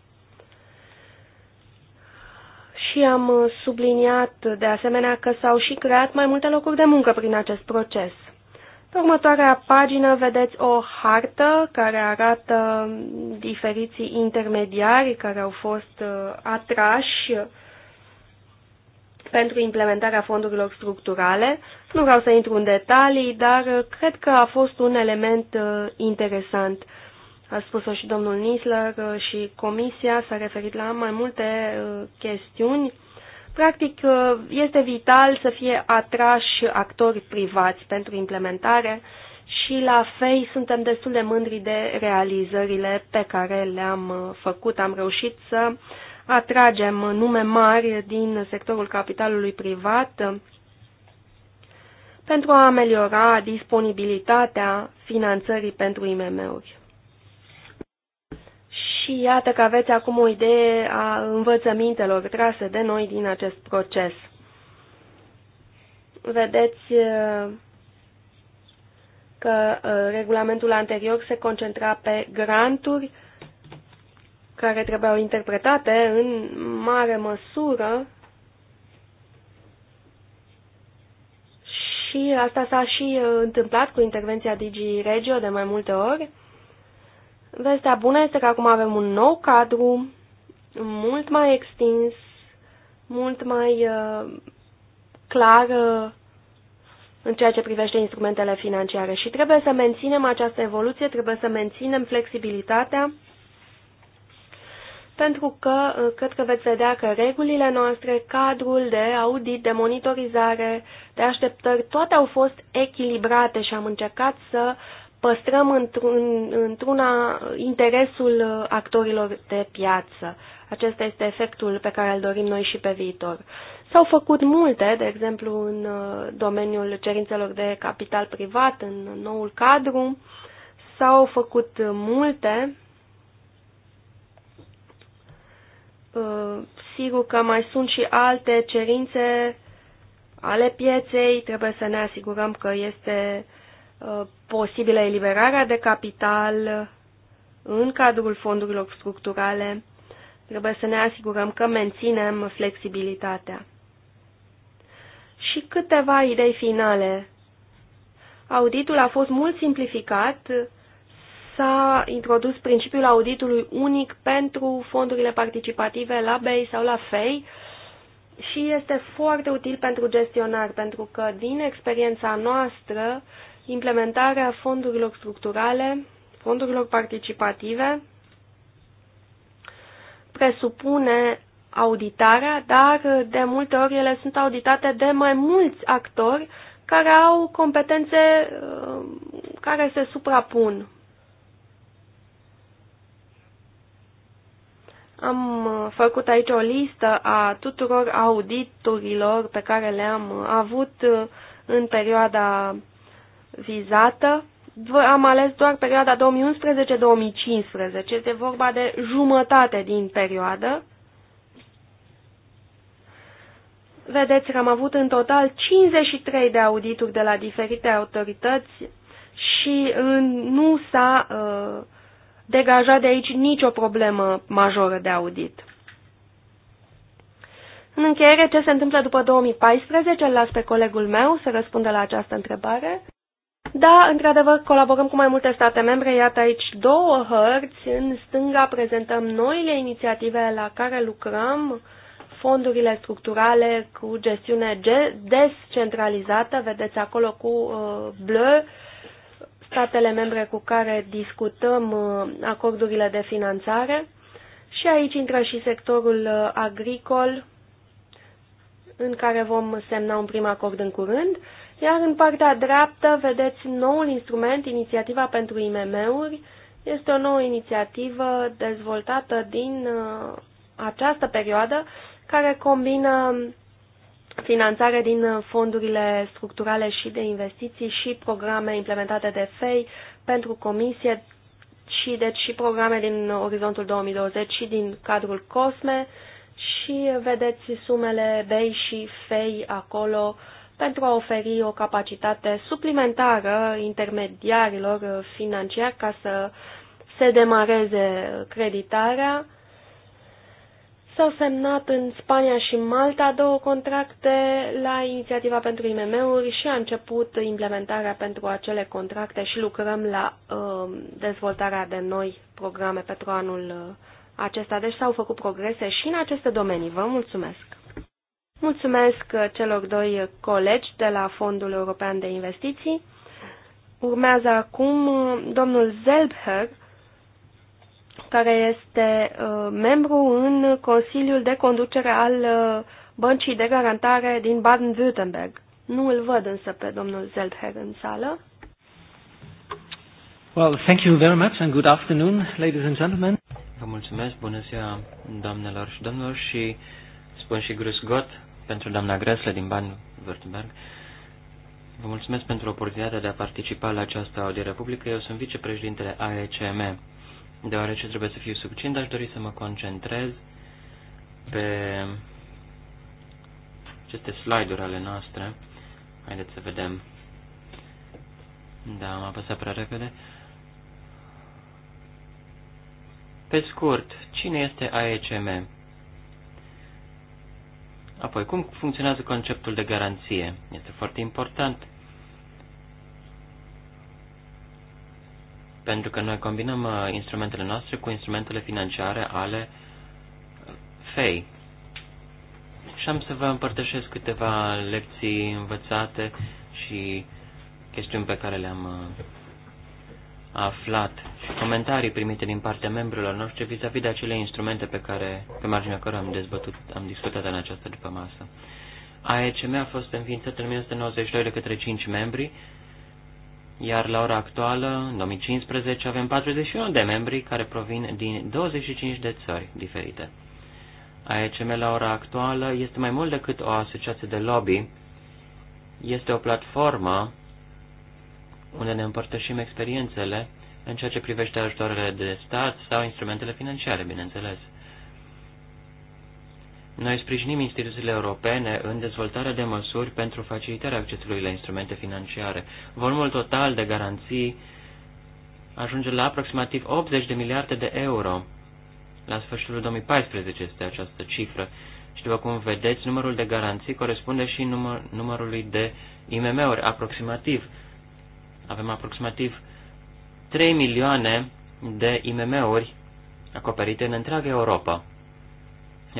Și am uh, subliniat de asemenea că s-au și creat mai multe locuri de muncă prin acest proces. Pe următoarea pagină vedeți o hartă care arată diferiții intermediari care au fost uh, atrași pentru implementarea fondurilor structurale. Nu vreau să intru în detalii, dar uh, cred că a fost un element uh, interesant. A spus-o și domnul Nisler uh, și comisia s-a referit la mai multe uh, chestiuni. Practic, uh, este vital să fie atrași actori privați pentru implementare și la FEI suntem destul de mândri de realizările pe care le-am uh, făcut. Am reușit să uh, atragem nume mari din sectorul capitalului privat uh, pentru a ameliora disponibilitatea finanțării pentru IMM-uri. Și iată că aveți acum o idee a învățămintelor trase de noi din acest proces. Vedeți uh, că uh, regulamentul anterior se concentra pe granturi, care trebuiau interpretate în mare măsură și asta s-a și uh, întâmplat cu intervenția Digi Regio de mai multe ori. Vestea bună este că acum avem un nou cadru mult mai extins, mult mai uh, clar uh, în ceea ce privește instrumentele financiare și trebuie să menținem această evoluție, trebuie să menținem flexibilitatea pentru că uh, cred că veți vedea că regulile noastre, cadrul de audit, de monitorizare, de așteptări, toate au fost echilibrate și am încercat să păstrăm într-una interesul uh, actorilor de piață. Acesta este efectul pe care îl dorim noi și pe viitor. S-au făcut multe, de exemplu, în uh, domeniul cerințelor de capital privat, în noul cadru, s-au făcut multe Uh, sigur că mai sunt și alte cerințe ale pieței, trebuie să ne asigurăm că este uh, posibilă eliberarea de capital în cadrul fondurilor structurale, trebuie să ne asigurăm că menținem flexibilitatea. Și câteva idei finale. Auditul a fost mult simplificat, s-a introdus principiul auditului unic pentru fondurile participative la BEI sau la FEI și este foarte util pentru gestionari, pentru că din experiența noastră, implementarea fondurilor structurale, fondurilor participative, presupune auditarea, dar de multe ori ele sunt auditate de mai mulți actori care au competențe uh, care se suprapun. Am uh, făcut aici o listă a tuturor auditurilor pe care le-am uh, avut uh, în perioada vizată. Am ales doar perioada 2011-2015. Este vorba de jumătate din perioadă. Vedeți că am avut în total 53 de audituri de la diferite autorități și nu s-a uh, degaja de aici nicio problemă majoră de audit. În încheiere, ce se întâmplă după 2014? Îl las pe colegul meu să răspundă la această întrebare. Da, într-adevăr, colaborăm cu mai multe state membre. Iată aici două hărți. În stânga prezentăm noile inițiative la care lucrăm, fondurile structurale cu gestiune descentralizată, vedeți acolo cu uh, bleu, statele membre cu care discutăm uh, acordurile de finanțare și aici intră și sectorul uh, agricol, în care vom semna un prim acord în curând, iar în partea dreaptă vedeți noul instrument, inițiativa pentru IMM-uri. Este o nouă inițiativă dezvoltată din uh, această perioadă care combină finanțare din fondurile structurale și de investiții și programe implementate de FEI pentru comisie și deci și programe din Orizontul 2020 și din cadrul COSME și vedeți sumele BEI și FEI acolo pentru a oferi o capacitate suplimentară intermediarilor financiari ca să se demareze creditarea S-au semnat în Spania și Malta două contracte la inițiativa pentru IMM-uri și a început implementarea pentru acele contracte și lucrăm la uh, dezvoltarea de noi programe pentru anul uh, acesta. Deci s-au făcut progrese și în aceste domenii. Vă mulțumesc! Mulțumesc uh, celor doi colegi de la Fondul European de Investiții. Urmează acum uh, domnul Zelbherr, care este uh, membru în Consiliul de Conducere al uh, Băncii de Garantare din Baden-Württemberg. Nu îl văd însă pe domnul Zeldher în sală. Well, thank you very much and good afternoon, ladies and gentlemen. Vă mulțumesc, bună ziua, doamnelor și domnilor și spun și grus got pentru doamna Gresle din Baden-Württemberg. Vă mulțumesc pentru oportunitatea de a participa la această audiere publică. Eu sunt vicepreședintele AECM. Deoarece trebuie să fiu succint, aș dori să mă concentrez pe aceste slide-uri ale noastre. Haideți să vedem. Da, am apăsat prea repede. Pe scurt, cine este AECM? Apoi, cum funcționează conceptul de garanție? Este foarte important pentru că noi combinăm uh, instrumentele noastre cu instrumentele financiare ale uh, FEI. Și am să vă împărtășesc câteva lecții învățate și chestiuni pe care le-am uh, aflat și comentarii primite din partea membrilor noștri vis-a-vis -vis de acele instrumente pe care, pe marginea cărora am dezbătut, am discutat în această după masă. AECM a fost înființată în 1992 de către 5 membri iar la ora actuală, în 2015, avem 41 de membri care provin din 25 de țări diferite. AECM la ora actuală este mai mult decât o asociație de lobby, este o platformă unde ne împărtășim experiențele în ceea ce privește ajutoarele de stat sau instrumentele financiare, bineînțeles. Noi sprijinim instituțiile europene în dezvoltarea de măsuri pentru facilitarea accesului la instrumente financiare. Volumul total de garanții ajunge la aproximativ 80 de miliarde de euro. La sfârșitul 2014 este această cifră. Și după cum vedeți, numărul de garanții corespunde și număr, numărului de IMM-uri, aproximativ. Avem aproximativ 3 milioane de IMM-uri acoperite în întreaga Europa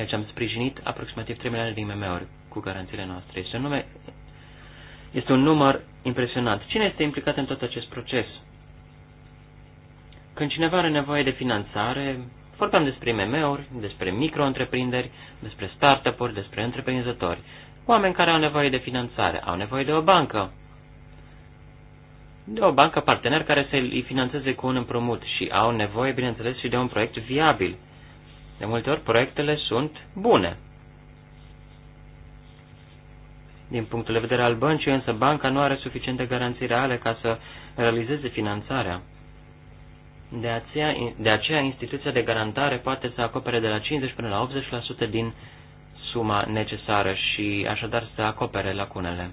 ce am sprijinit aproximativ 3 milioane de IMM-uri cu garanțiile noastre. Este un, nume, este un număr impresionant. Cine este implicat în tot acest proces? Când cineva are nevoie de finanțare, vorbeam despre IMM-uri, despre micro-întreprinderi, despre startup-uri, despre întreprinzători. Oameni care au nevoie de finanțare, au nevoie de o bancă, de o bancă partener care să îi financeze cu un împrumut și au nevoie, bineînțeles, și de un proiect viabil. De multe ori proiectele sunt bune. Din punctul de vedere al băncii, însă banca nu are suficiente garanții reale ca să realizeze finanțarea. De aceea, de aceea instituția de garantare poate să acopere de la 50 până la 80% din suma necesară și așadar să acopere lacunele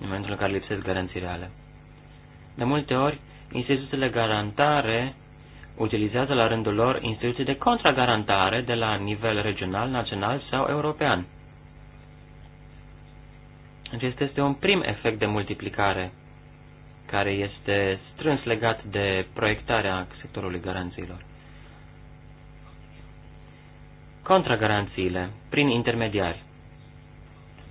în momentul în care lipsesc garanții reale. De multe ori, instituțiile de garantare utilizează la rândul lor instituții de contragarantare de la nivel regional, național sau european. Acesta este un prim efect de multiplicare care este strâns legat de proiectarea sectorului garanțiilor. Contragaranțiile prin intermediari.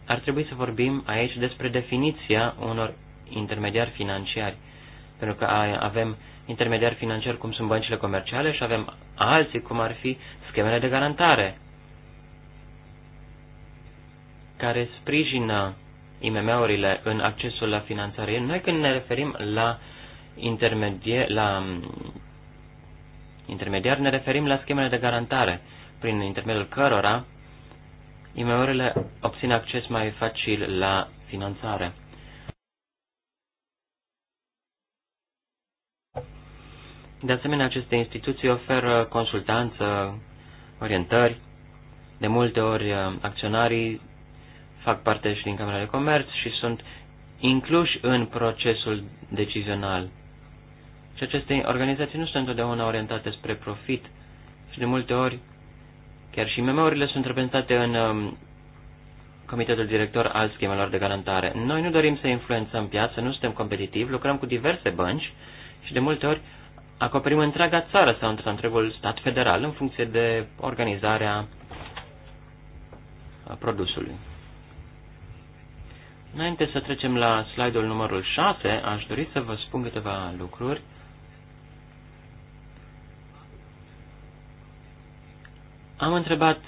Ar trebui să vorbim aici despre definiția unor intermediari financiari, pentru că avem intermediari financiari, cum sunt băncile comerciale, și avem alții, cum ar fi schemele de garantare, care sprijină IMM-urile în accesul la finanțare. Noi când ne referim la mm, intermediar, la intermediari, ne referim la schemele de garantare, prin intermediul cărora IMM-urile obțin acces mai facil la finanțare. De asemenea, aceste instituții oferă consultanță, orientări. De multe ori, uh, acționarii fac parte și din Camera de Comerț și sunt incluși în procesul decizional. Și aceste organizații nu sunt întotdeauna orientate spre profit și de multe ori chiar și memoriile sunt reprezentate în um, comitetul director al schemelor de garantare. Noi nu dorim să influențăm piața, nu suntem competitivi, lucrăm cu diverse bănci și de multe ori acoperim întreaga țară sau întregul stat federal în funcție de organizarea produsului. Înainte să trecem la slide-ul numărul 6, aș dori să vă spun câteva lucruri. Am întrebat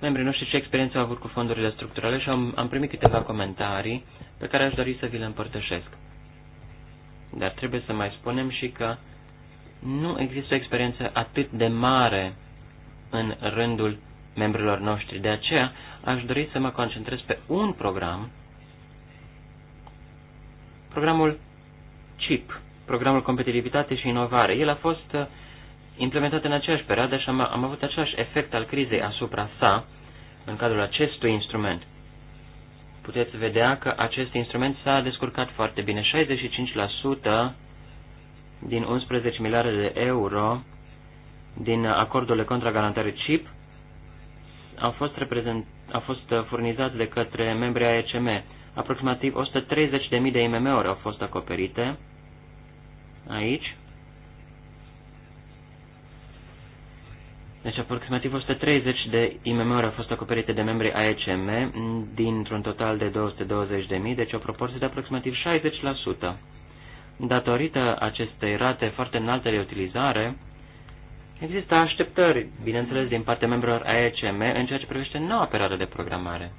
membrii noștri ce experiență au avut cu fondurile structurale și am, am primit câteva comentarii pe care aș dori să vi le împărtășesc. Dar trebuie să mai spunem și că nu există o experiență atât de mare în rândul membrilor noștri. De aceea aș dori să mă concentrez pe un program, programul CIP, programul Competitivitate și Inovare. El a fost uh, implementat în aceeași perioadă și am, am avut același efect al crizei asupra sa în cadrul acestui instrument puteți vedea că acest instrument s-a descurcat foarte bine. 65% din 11 miliarde de euro din acordurile contra garantare CIP au fost, au fost uh, furnizați de către membrii AECM. Aproximativ 130.000 de IMM-uri au fost acoperite aici. Deci aproximativ 130 de IMM-uri au fost acoperite de membrii AECM dintr-un total de 220.000, deci o proporție de aproximativ 60%. Datorită acestei rate foarte înalte de utilizare, există așteptări, bineînțeles, din partea membrilor AECM în ceea ce privește noua perioadă de programare.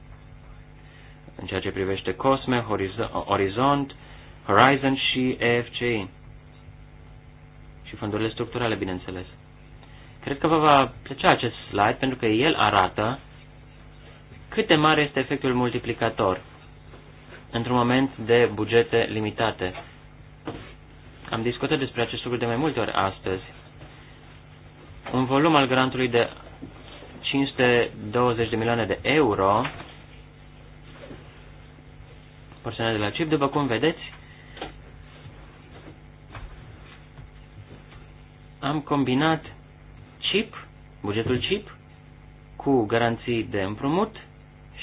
În ceea ce privește COSME, Horizont, Horizon și EFCI. Și fondurile structurale, bineînțeles. Cred că vă va plăcea acest slide pentru că el arată cât de mare este efectul multiplicator într-un moment de bugete limitate. Am discutat despre acest lucru de mai multe ori astăzi. Un volum al grantului de 520 de milioane de euro porționat de la CIP, după cum vedeți, am combinat CIP, bugetul CIP, cu garanții de împrumut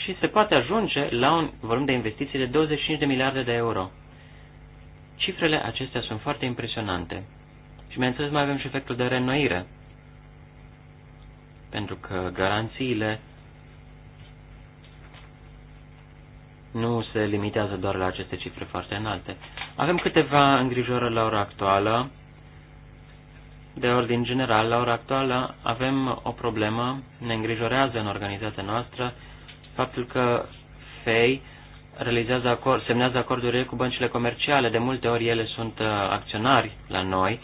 și se poate ajunge la un volum de investiții de 25 de miliarde de euro. Cifrele acestea sunt foarte impresionante. Și bineînțeles mai avem și efectul de reînnoire. Pentru că garanțiile nu se limitează doar la aceste cifre foarte înalte. Avem câteva îngrijorări la ora actuală de ordin general, la ora actuală avem o problemă, ne îngrijorează în organizația noastră faptul că FEI realizează acord, semnează acorduri cu băncile comerciale. De multe ori ele sunt uh, acționari la noi,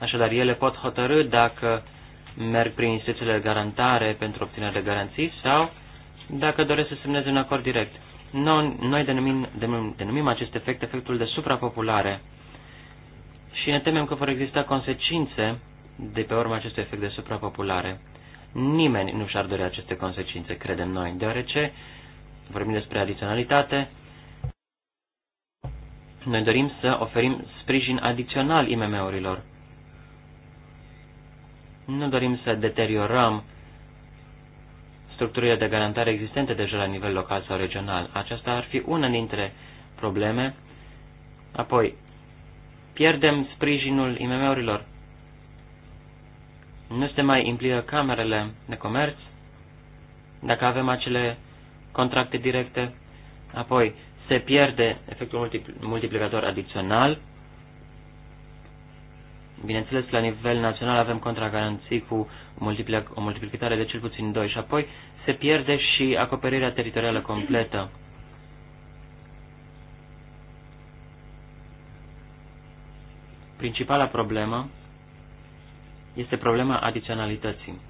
așadar ele pot hotărâ dacă merg prin instituțiile de garantare pentru obținerea de garanții sau dacă doresc să semneze un acord direct. Noi denumim, denumim, denumim acest efect efectul de suprapopulare și ne temem că vor exista consecințe de pe urma acestui efect de suprapopulare. Nimeni nu și-ar dori aceste consecințe, credem noi, deoarece vorbim despre adiționalitate, noi dorim să oferim sprijin adițional IMM-urilor. Nu dorim să deteriorăm structurile de garantare existente deja la nivel local sau regional. Aceasta ar fi una dintre probleme. Apoi, pierdem sprijinul IMM-urilor nu se mai implică camerele de comerț, dacă avem acele contracte directe, apoi se pierde efectul multiplicator adițional. Bineînțeles, la nivel național avem contragaranții cu o multiplicare de cel puțin 2 și apoi se pierde și acoperirea teritorială completă. Principala problemă este problema adiționalității.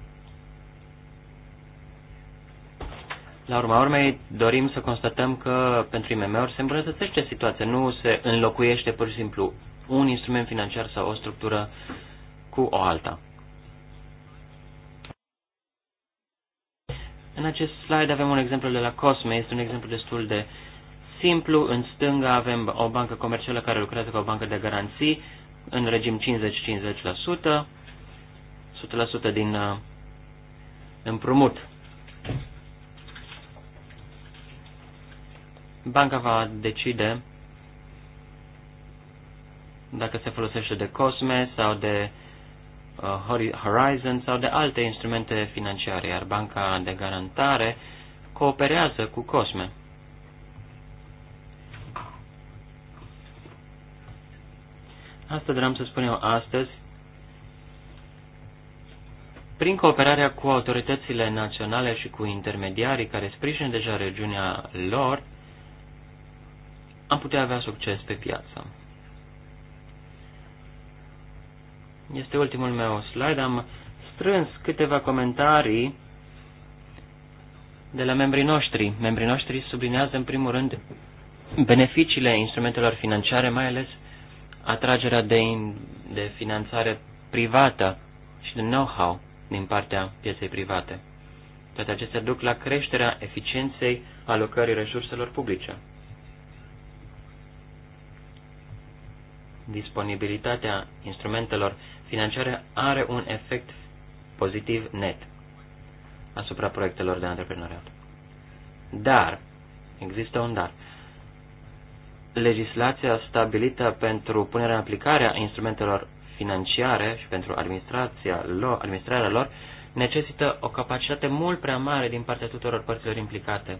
La urma urmei, dorim să constatăm că pentru IMM-uri se îmbunătățește situația, nu se înlocuiește pur și simplu un instrument financiar sau o structură cu o alta. În acest slide avem un exemplu de la Cosme, este un exemplu destul de simplu. În stânga avem o bancă comercială care lucrează cu o bancă de garanții în regim 50-50%. 100% din uh, împrumut. Banca va decide dacă se folosește de COSME sau de uh, Horizon sau de alte instrumente financiare, iar banca de garantare cooperează cu COSME. Asta vreau să spun eu astăzi prin cooperarea cu autoritățile naționale și cu intermediarii care sprijină deja regiunea lor, am putea avea succes pe piață. Este ultimul meu slide. Am strâns câteva comentarii de la membrii noștri. Membrii noștri sublinează în primul rând beneficiile instrumentelor financiare, mai ales atragerea de, de finanțare privată și de know-how din partea pieței private. Toate acestea duc la creșterea eficienței alocării resurselor publice. Disponibilitatea instrumentelor financiare are un efect pozitiv net asupra proiectelor de antreprenoriat. Dar, există un dar, legislația stabilită pentru punerea în aplicare a instrumentelor financiare și pentru administrația lor, administrarea lor necesită o capacitate mult prea mare din partea tuturor părților implicate.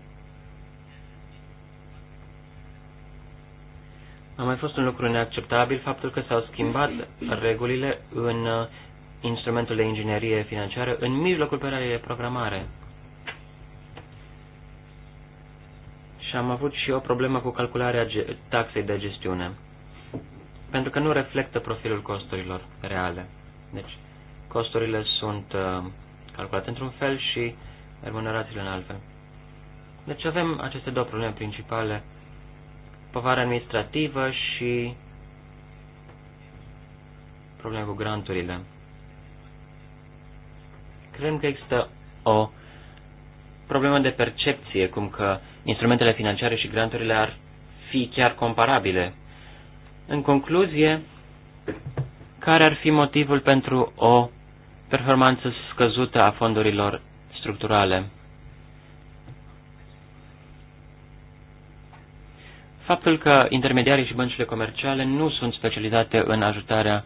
A mai fost un lucru neacceptabil faptul că s-au schimbat regulile în uh, instrumentul de inginerie financiară în mijlocul perioadei de programare. Și am avut și o problemă cu calcularea taxei de gestiune pentru că nu reflectă profilul costurilor reale. Deci, costurile sunt uh, calculate într-un fel și remunerațiile în altfel. Deci avem aceste două probleme principale, povara administrativă și probleme cu granturile. Credem că există o problemă de percepție, cum că instrumentele financiare și granturile ar fi chiar comparabile în concluzie, care ar fi motivul pentru o performanță scăzută a fondurilor structurale? Faptul că intermediarii și băncile comerciale nu sunt specializate în ajutarea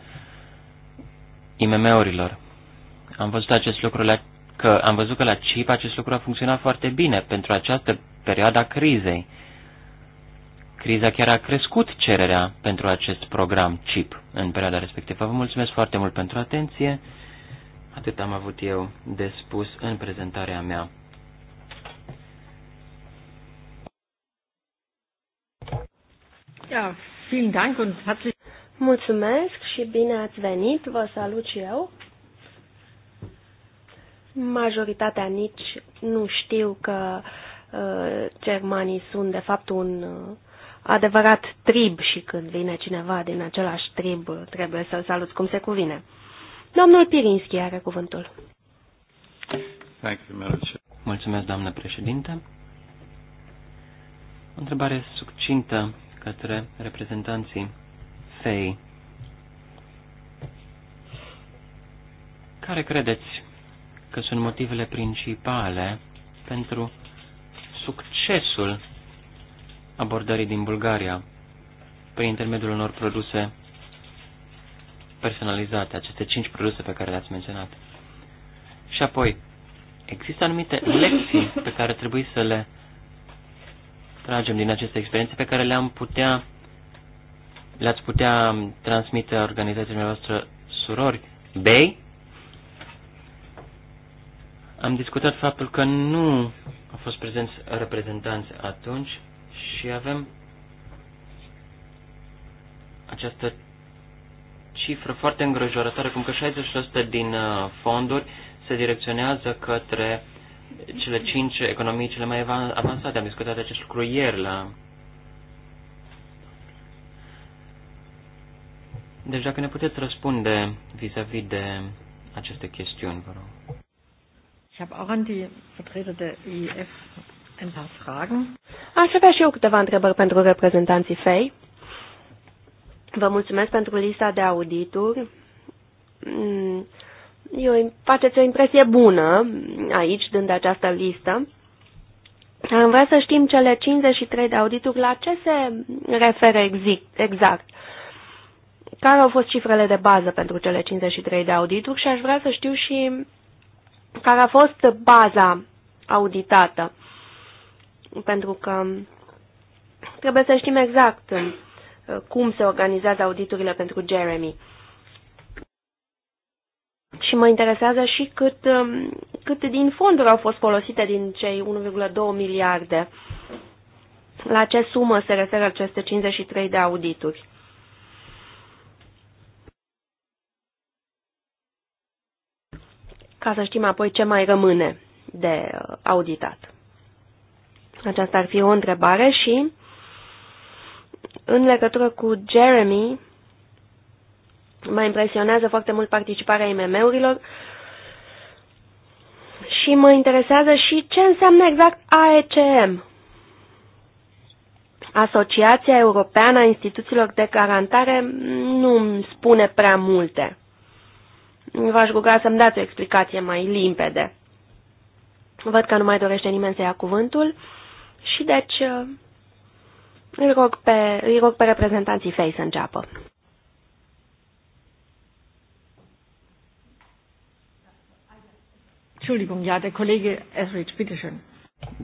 IMM-urilor. Am văzut acest lucru la, că am văzut că la CIP acest lucru a funcționat foarte bine pentru această perioadă a crizei. Criza chiar a crescut cererea pentru acest program CIP în perioada respectivă. Vă mulțumesc foarte mult pentru atenție. Atât am avut eu de spus în prezentarea mea. Mulțumesc și bine ați venit, vă salut și eu. Majoritatea nici nu știu că uh, germanii sunt de fapt un uh, adevărat trib și când vine cineva din același trib, trebuie să-l salut cum se cuvine. Domnul Pirinski are cuvântul. Mulțumesc, doamnă președinte. O întrebare succintă către reprezentanții FEI. Care credeți că sunt motivele principale pentru succesul abordării din Bulgaria, prin intermediul unor produse personalizate, aceste cinci produse pe care le-ați menționat. Și apoi, există anumite lecții pe care trebuie să le tragem din aceste experiențe pe care le-am putea le-ați putea transmite organizațiilor noastre surori, bei, am discutat faptul că nu au fost prezenți reprezentanți atunci și avem această cifră foarte îngrijorătoare, cum că 60% din uh, fonduri se direcționează către cele cinci economii cele mai avansate. Am discutat acest lucru ieri la... Deci dacă ne puteți răspunde vis-a-vis -vis de aceste chestiuni, vă rog. Ich habe auch an die Vertreter der EIF ein paar Fragen. Aș avea și eu câteva întrebări pentru reprezentanții FEI. Vă mulțumesc pentru lista de audituri. Mm, eu, faceți o impresie bună aici, dând această listă. Am vrea să știm cele 53 de audituri, la ce se referă exact? Care au fost cifrele de bază pentru cele 53 de audituri și aș vrea să știu și care a fost baza auditată pentru că trebuie să știm exact uh, cum se organizează auditurile pentru Jeremy. Și mă interesează și cât, um, cât din fonduri au fost folosite din cei 1,2 miliarde. La ce sumă se referă aceste 53 de audituri? Ca să știm apoi ce mai rămâne de uh, auditat. Aceasta ar fi o întrebare și în legătură cu Jeremy, mă impresionează foarte mult participarea IMM-urilor și mă interesează și ce înseamnă exact AECM, Asociația Europeană a Instituțiilor de Garantare nu îmi spune prea multe. V-aș ruga să-mi dați o explicație mai limpede. Văd că nu mai dorește nimeni să ia cuvântul. Și deci îi rog pe, îi rog pe reprezentanții FEI să înceapă. Entschuldigung, ja, der Kollege Etheridge, bitteschön.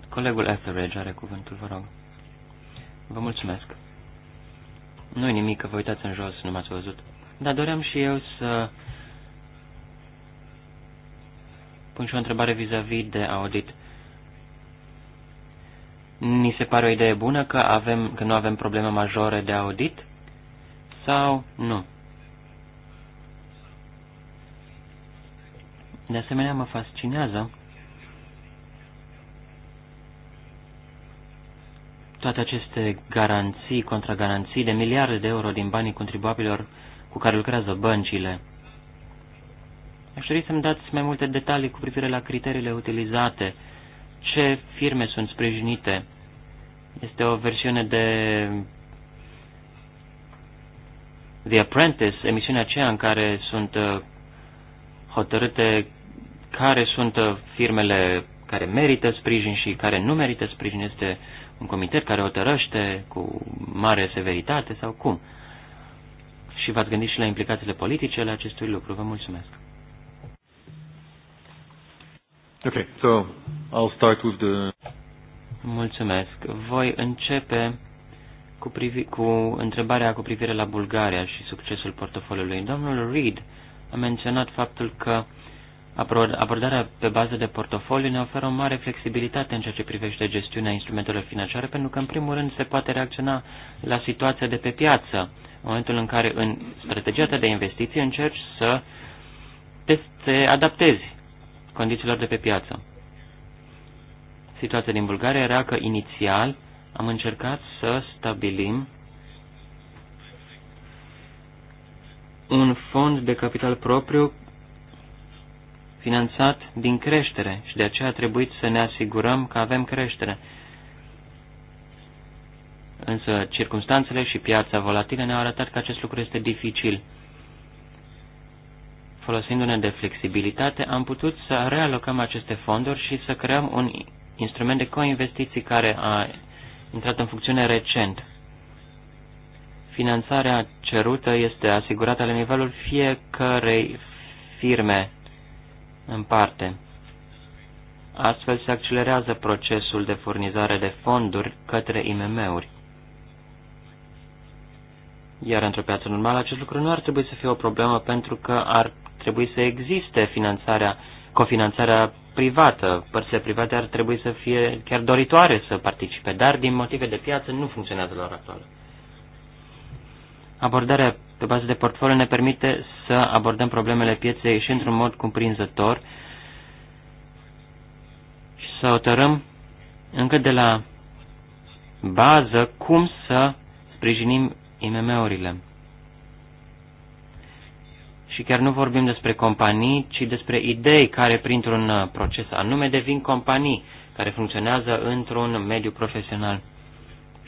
Colegul Etheridge are cuvântul, vă rog. Vă mulțumesc. Nu-i nimic că vă uitați în jos, nu m-ați văzut. Dar doream și eu să pun și o întrebare vis-a-vis de audit. Ni se pare o idee bună că, avem, că nu avem probleme majore de audit sau nu? De asemenea, mă fascinează toate aceste garanții, contragaranții de miliarde de euro din banii contribuabilor cu care lucrează băncile. Aș dori să-mi dați mai multe detalii cu privire la criteriile utilizate ce firme sunt sprijinite. Este o versiune de The Apprentice, emisiunea aceea în care sunt uh, hotărâte care sunt uh, firmele care merită sprijin și care nu merită sprijin. Este un comitet care hotărăște cu mare severitate sau cum? Și v-ați gândit și la implicațiile politice ale acestui lucru. Vă mulțumesc. Okay, so I'll start with the... Mulțumesc. Voi începe cu, privi, cu întrebarea cu privire la Bulgaria și succesul portofoliului. Domnul Reid a menționat faptul că abordarea pe bază de portofoliu ne oferă o mare flexibilitate în ceea ce privește gestiunea instrumentelor financiare, pentru că, în primul rând, se poate reacționa la situația de pe piață, în momentul în care în strategia ta de investiții încerci să te, te adaptezi condițiilor de pe piață. Situația din Bulgaria era că inițial am încercat să stabilim un fond de capital propriu finanțat din creștere și de aceea a trebuit să ne asigurăm că avem creștere. Însă circumstanțele și piața volatile ne-au arătat că acest lucru este dificil folosindu-ne de flexibilitate, am putut să realocăm aceste fonduri și să creăm un instrument de coinvestiții care a intrat în funcțiune recent. Finanțarea cerută este asigurată la nivelul fiecărei firme în parte. Astfel se accelerează procesul de furnizare de fonduri către IMM-uri. Iar într-o piață normală acest lucru nu ar trebui să fie o problemă pentru că ar trebui să existe finanțarea, cofinanțarea privată. Părțile private ar trebui să fie chiar doritoare să participe, dar din motive de piață nu funcționează la ora actuală. Abordarea pe bază de portfoliu ne permite să abordăm problemele pieței și într-un mod cuprinzător și să otărâm încă de la bază cum să sprijinim IMM-urile și chiar nu vorbim despre companii, ci despre idei care printr-un uh, proces anume devin companii care funcționează într-un mediu profesional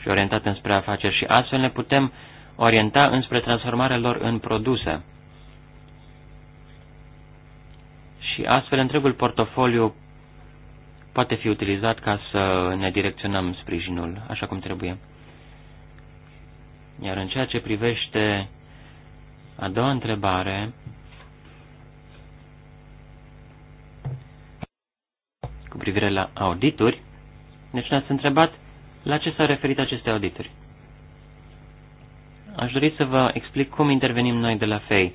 și orientat înspre afaceri și astfel ne putem orienta înspre transformarea lor în produse. Și astfel întregul portofoliu poate fi utilizat ca să ne direcționăm sprijinul așa cum trebuie. Iar în ceea ce privește a doua întrebare cu privire la audituri. Deci ne-ați întrebat la ce s-au referit aceste audituri. Aș dori să vă explic cum intervenim noi de la FEI.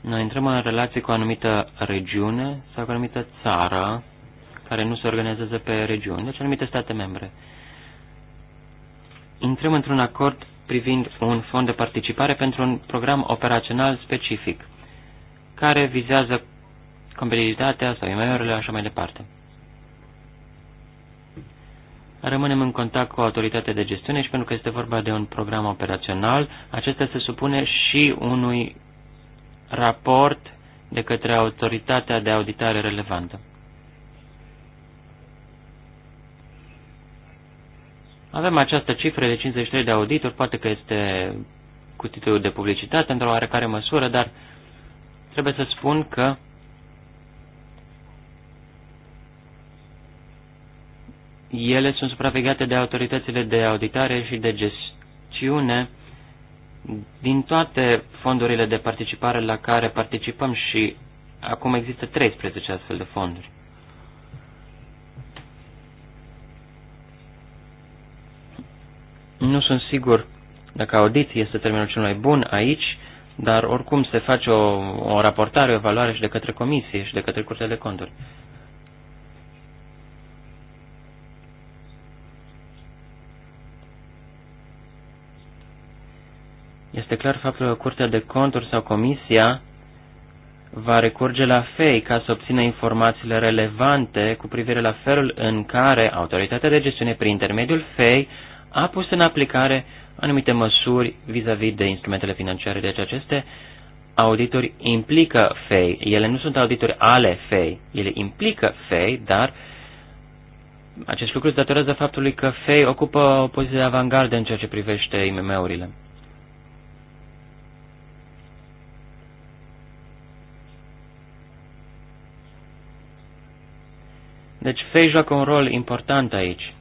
Noi intrăm în relație cu o anumită regiune sau cu o anumită țară care nu se organizează pe regiuni, deci anumite state membre. Intrăm într-un acord privind un fond de participare pentru un program operațional specific, care vizează competitivitatea sau imm așa mai departe. Rămânem în contact cu autoritatea de gestiune și pentru că este vorba de un program operațional, acesta se supune și unui raport de către autoritatea de auditare relevantă. Avem această cifră de 53 de auditori, poate că este cu titlul de publicitate într-o oarecare măsură, dar trebuie să spun că ele sunt supravegheate de autoritățile de auditare și de gestiune din toate fondurile de participare la care participăm și acum există 13 astfel de fonduri. Nu sunt sigur dacă audit este termenul cel mai bun aici, dar oricum se face o, o raportare, o evaluare și de către comisie și de către curtea de conturi. Este clar faptul că Curtea de Conturi sau Comisia va recurge la FEI ca să obțină informațiile relevante cu privire la felul în care autoritatea de gestiune prin intermediul FEI a pus în aplicare anumite măsuri vis-a-vis -vis de instrumentele financiare, deci aceste auditori implică FEI. Ele nu sunt auditori ale FEI, ele implică FEI, dar acest lucru se datorează faptului că FEI ocupă o poziție de avangardă în ceea ce privește IMM-urile. Deci FEI joacă un rol important aici.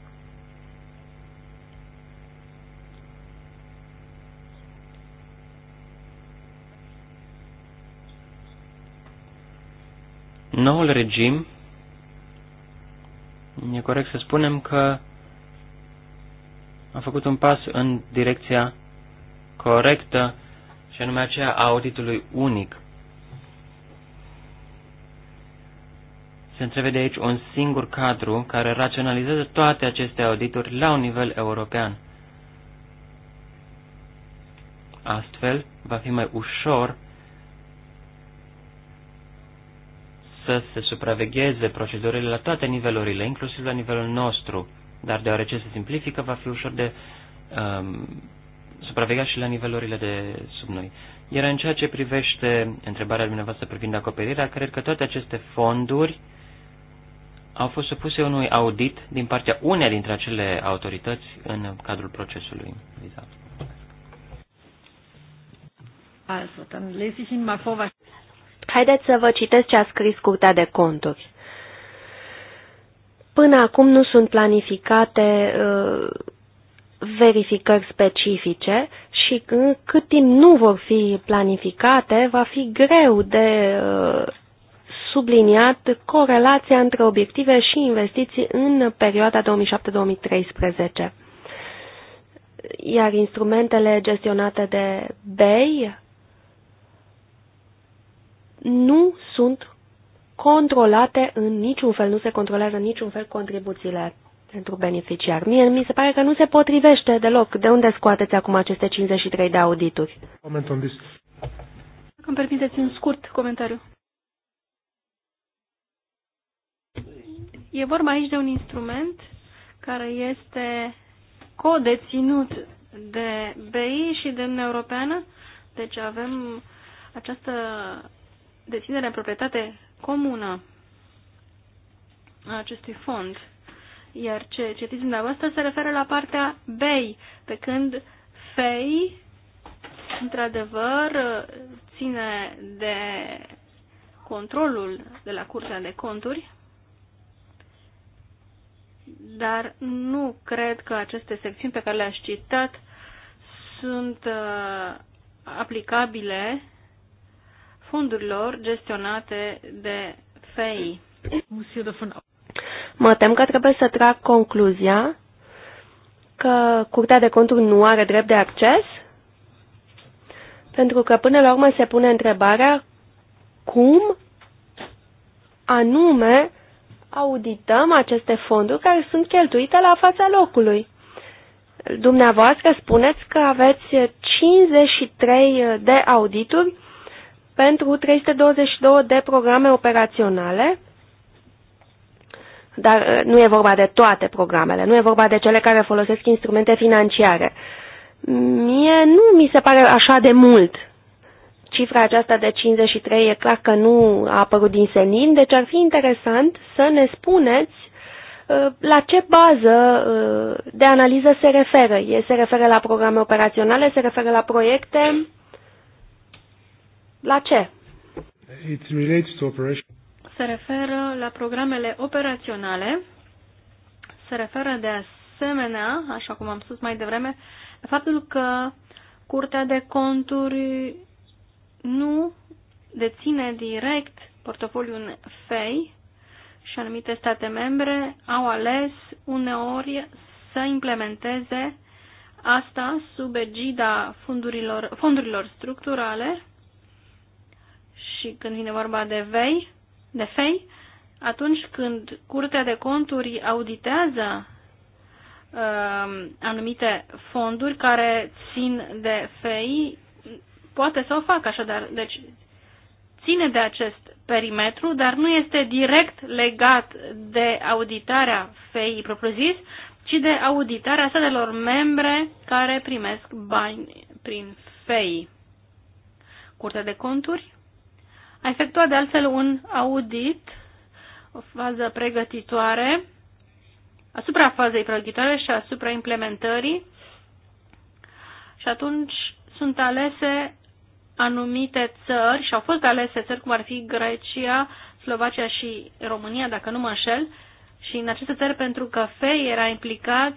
noul regim, e corect să spunem că a făcut un pas în direcția corectă, și anume aceea a auditului unic. Se întrevede aici un singur cadru care raționalizează toate aceste audituri la un nivel european. Astfel, va fi mai ușor să se supravegheze procedurile la toate nivelurile, inclusiv la nivelul nostru, dar deoarece se simplifică, va fi ușor de um, supravegheat și la nivelurile de sub noi. Iar în ceea ce privește întrebarea dumneavoastră privind acoperirea, cred că toate aceste fonduri au fost supuse unui audit din partea uneia dintre acele autorități în cadrul procesului vizat. Also, dann lese ich Ihnen mal vor, was Haideți să vă citesc ce a scris Curtea de Conturi. Până acum nu sunt planificate uh, verificări specifice și cât timp nu vor fi planificate, va fi greu de uh, subliniat corelația între obiective și investiții în perioada 2007-2013. Iar instrumentele gestionate de BEI nu sunt controlate în niciun fel, nu se controlează în niciun fel contribuțiile pentru beneficiar. Mie mi se pare că nu se potrivește deloc. De unde scoateți acum aceste 53 de audituri? Comment on this. Dacă îmi permiteți un scurt comentariu. E vorba aici de un instrument care este codeținut de BI și de Uniunea Europeană, deci avem această deținerea în proprietate comună a acestui fond. Iar ce citiți dumneavoastră se referă la partea BEI, pe când FEI, într-adevăr, ține de controlul de la Curtea de Conturi, dar nu cred că aceste secțiuni pe care le-aș citat sunt uh, aplicabile fondurilor gestionate de FEI. Mă tem că trebuie să trag concluzia că Curtea de Conturi nu are drept de acces, pentru că până la urmă se pune întrebarea cum anume audităm aceste fonduri care sunt cheltuite la fața locului. Dumneavoastră spuneți că aveți 53 de audituri pentru 322 de programe operaționale, dar uh, nu e vorba de toate programele, nu e vorba de cele care folosesc instrumente financiare. Mie nu mi se pare așa de mult. Cifra aceasta de 53 e clar că nu a apărut din senin, deci ar fi interesant să ne spuneți uh, la ce bază uh, de analiză se referă. E se referă la programe operaționale, se referă la proiecte, la ce? It relates to operation. Se referă la programele operaționale, se referă de asemenea, așa cum am spus mai devreme, la faptul că Curtea de Conturi nu deține direct portofoliul FEI și anumite state membre au ales uneori să implementeze asta sub egida fondurilor, fondurilor structurale și când vine vorba de vei, de fei, atunci când Curtea de Conturi auditează uh, anumite fonduri care țin de fei, poate să o facă așadar. Deci ține de acest perimetru, dar nu este direct legat de auditarea fei propriu-zis, ci de auditarea statelor membre care primesc bani prin fei. Curtea de conturi a efectuat de altfel un audit, o fază pregătitoare, asupra fazei pregătitoare și asupra implementării și atunci sunt alese anumite țări și au fost alese țări cum ar fi Grecia, Slovacia și România, dacă nu mă înșel, și în aceste țări pentru că FEI era implicat,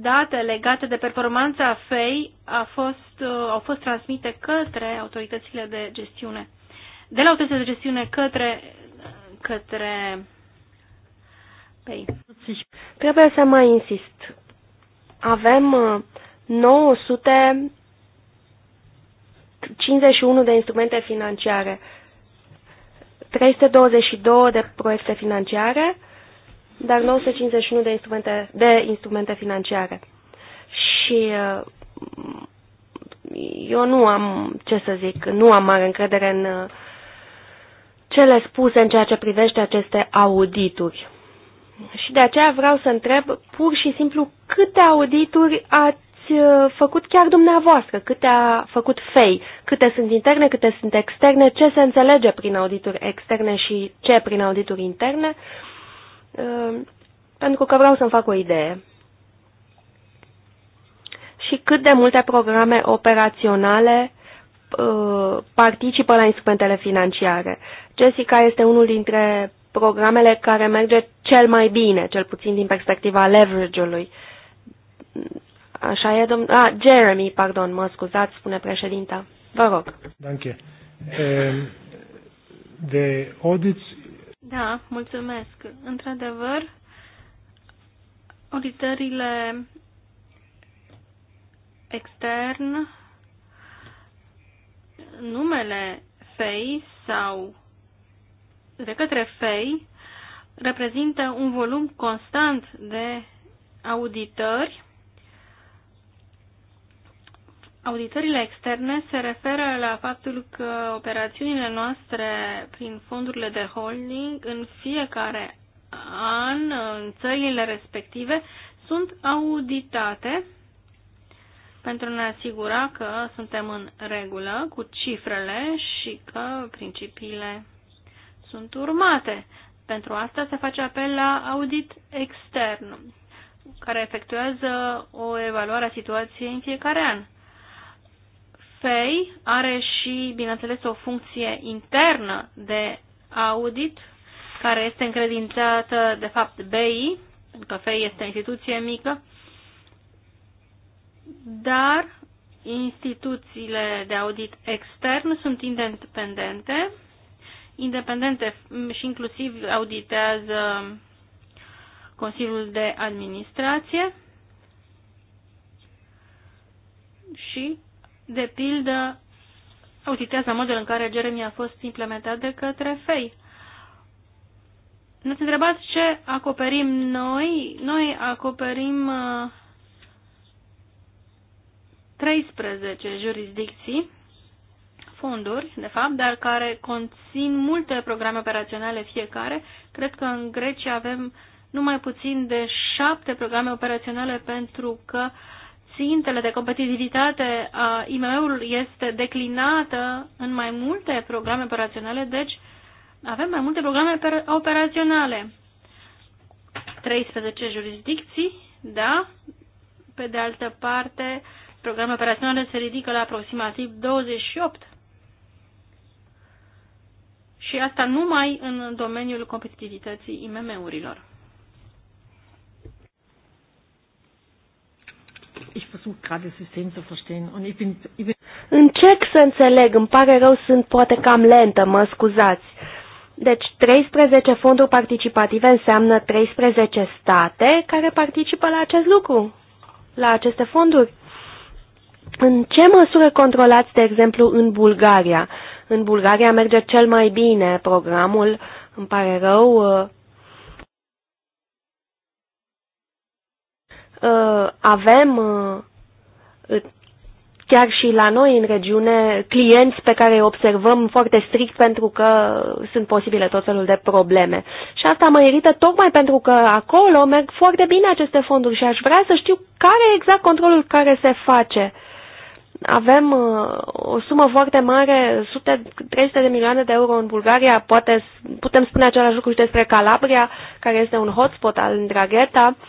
date legate de performanța FEI a fost, uh, au fost transmite către autoritățile de gestiune. De la autoritățile de gestiune către, către FEI. Trebuie să mai insist. Avem 951 uh, de instrumente financiare, 322 de proiecte financiare, dar 951 de instrumente, de instrumente financiare. Și uh, eu nu am, ce să zic, nu am mare încredere în uh, cele spuse în ceea ce privește aceste audituri. Și de aceea vreau să întreb pur și simplu câte audituri ați uh, făcut chiar dumneavoastră, câte a făcut FEI, câte sunt interne, câte sunt externe, ce se înțelege prin audituri externe și ce prin audituri interne Ehm, pentru că vreau să-mi fac o idee. Și cât de multe programe operaționale uh, participă la instrumentele financiare. Jessica este unul dintre programele care merge cel mai bine, cel puțin din perspectiva leverage-ului. Așa e, domnul... Ah, Jeremy, pardon, mă scuzați, spune președinta. Vă rog. Danke. Ehm, de the audits da, mulțumesc. Într-adevăr, auditările extern, numele FEI sau de către FEI reprezintă un volum constant de auditări Auditările externe se referă la faptul că operațiunile noastre prin fondurile de holding în fiecare an în țările respective sunt auditate pentru a ne asigura că suntem în regulă cu cifrele și că principiile sunt urmate. Pentru asta se face apel la audit extern, care efectuează o evaluare a situației în fiecare an. Pay are și, bineînțeles, o funcție internă de audit, care este încredințată, de fapt, BI, pentru că FEI este o instituție mică, dar instituțiile de audit extern sunt independente, independente și inclusiv auditează Consiliul de Administrație și de pildă, auditează modul în care Jeremy a fost implementat de către FEI. Ne-ați întrebat ce acoperim noi. Noi acoperim uh, 13 jurisdicții, fonduri, de fapt, dar care conțin multe programe operaționale fiecare. Cred că în Grecia avem numai puțin de șapte programe operaționale pentru că uh, țintele de competitivitate a IMM-ului este declinată în mai multe programe operaționale, deci avem mai multe programe operaționale. 13 jurisdicții, da, pe de altă parte, programe operaționale se ridică la aproximativ 28. Și asta numai în domeniul competitivității IMM-urilor. ich versuche gerade das System zu verstehen und ich bin, ich bin Încerc să înțeleg, îmi pare rău, sunt poate cam lentă, mă scuzați. Deci 13 fonduri participative înseamnă 13 state care participă la acest lucru, la aceste fonduri. În ce măsură controlați, de exemplu, în Bulgaria? În Bulgaria merge cel mai bine programul, îmi pare rău, uh, Uh, avem uh, chiar și la noi în regiune clienți pe care îi observăm foarte strict pentru că sunt posibile tot felul de probleme. Și asta mă irită tocmai pentru că acolo merg foarte bine aceste fonduri și aș vrea să știu care e exact controlul care se face. Avem uh, o sumă foarte mare, sute, 300 de milioane de euro în Bulgaria, poate putem spune același lucru și despre Calabria, care este un hotspot al Dragheta. Uh,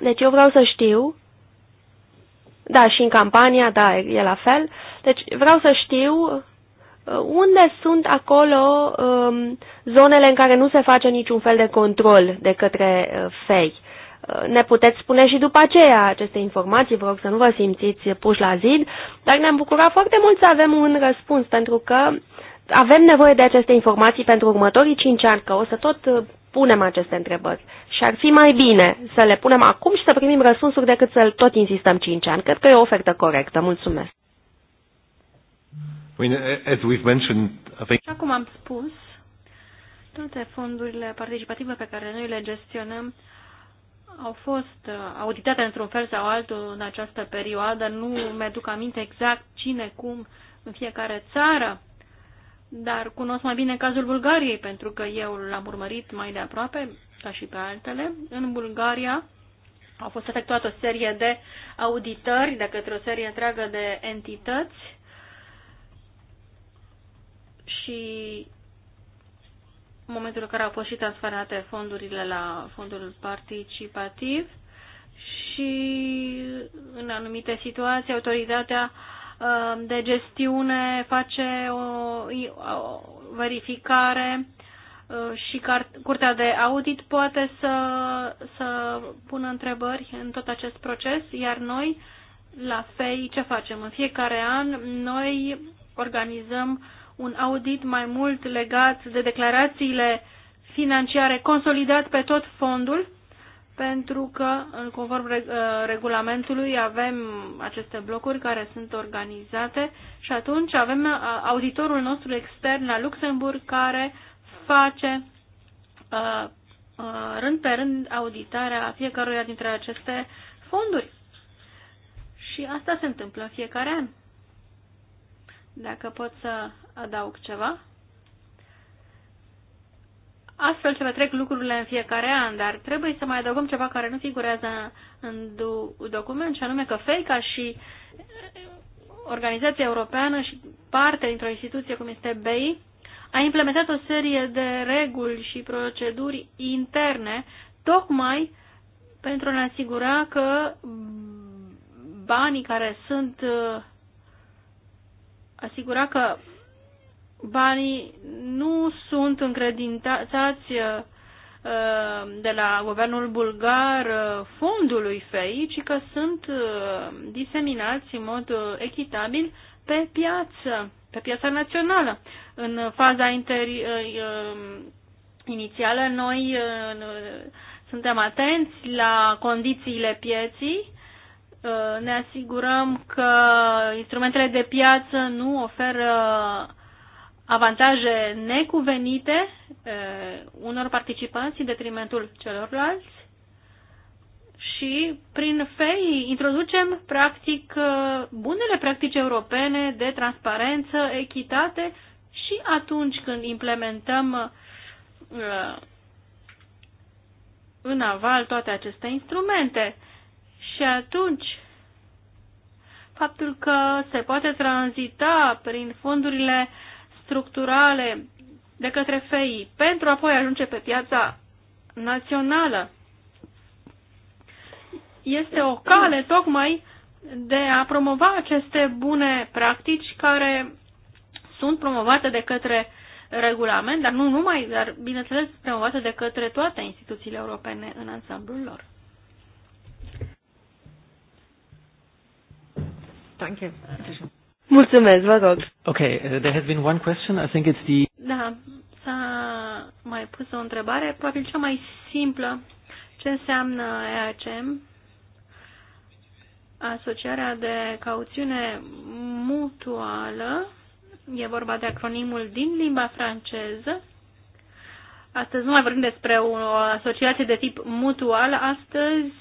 deci eu vreau să știu, da, și în campania, da, e la fel, deci vreau să știu uh, unde sunt acolo um, zonele în care nu se face niciun fel de control de către uh, FEI. Uh, ne puteți spune și după aceea aceste informații, vă rog să nu vă simțiți puși la zid, dar ne-am bucurat foarte mult să avem un răspuns, pentru că avem nevoie de aceste informații pentru următorii cinci ani, că o să tot punem aceste întrebări. Și ar fi mai bine să le punem acum și să primim răspunsuri decât să tot insistăm 5 ani. Cred că e o ofertă corectă. Mulțumesc. As we've mentioned, I think... Așa cum am spus, toate fondurile participative pe care noi le gestionăm au fost uh, auditate într-un fel sau altul în această perioadă. Nu mi-aduc aminte exact cine, cum, în fiecare țară dar cunosc mai bine cazul Bulgariei, pentru că eu l-am urmărit mai de aproape, ca și pe altele. În Bulgaria au fost efectuată o serie de auditări de către o serie întreagă de entități și în momentul în care au fost și transferate fondurile la fondul participativ și în anumite situații autoritatea uh, Um, de gestiune face o, o verificare uh, și Curtea de Audit poate să, să pună întrebări în tot acest proces, iar noi la FEI ce facem? În fiecare an noi organizăm un audit mai mult legat de declarațiile financiare consolidat pe tot fondul pentru că, conform ă, regulamentului, avem aceste blocuri care sunt organizate și atunci avem ă, auditorul nostru extern la Luxemburg care face ă, rând pe rând auditarea a fiecăruia dintre aceste fonduri. Și asta se întâmplă fiecare an. Dacă pot să adaug ceva. Astfel se petrec lucrurile în fiecare an, dar trebuie să mai adăugăm ceva care nu figurează în document, și anume că FECA și eh, organizația europeană și parte dintr-o instituție cum este BEI a implementat o serie de reguli și proceduri interne tocmai pentru a ne asigura că banii care sunt eh, asigura că banii nu sunt încredințați uh, de la guvernul bulgar uh, fondului FEI, ci că sunt uh, diseminați în mod echitabil pe piață, pe piața națională. În faza interi, um, inițială noi suntem atenți la condițiile pieții, ne asigurăm că instrumentele de piață nu oferă avantaje necuvenite unor participanți în detrimentul celorlalți și prin FEI introducem practic bunele practici europene de transparență, echitate și atunci când implementăm în aval toate aceste instrumente. Și atunci faptul că se poate tranzita prin fondurile uh, structurale de către FEI pentru a apoi ajunge pe piața națională. Este o cale tocmai de a promova aceste bune practici care sunt promovate de către regulament, dar nu numai, dar bineînțeles promovate de către toate instituțiile europene în ansamblul lor. Danke. Mulțumesc, vă rog. Okay, uh, there has been one question. I think it's the... Da, s-a mai pus o întrebare, probabil cea mai simplă. Ce înseamnă EACM? Asociarea de cauțiune mutuală. E vorba de acronimul din limba franceză. Astăzi nu mai vorbim despre o asociație de tip mutual. Astăzi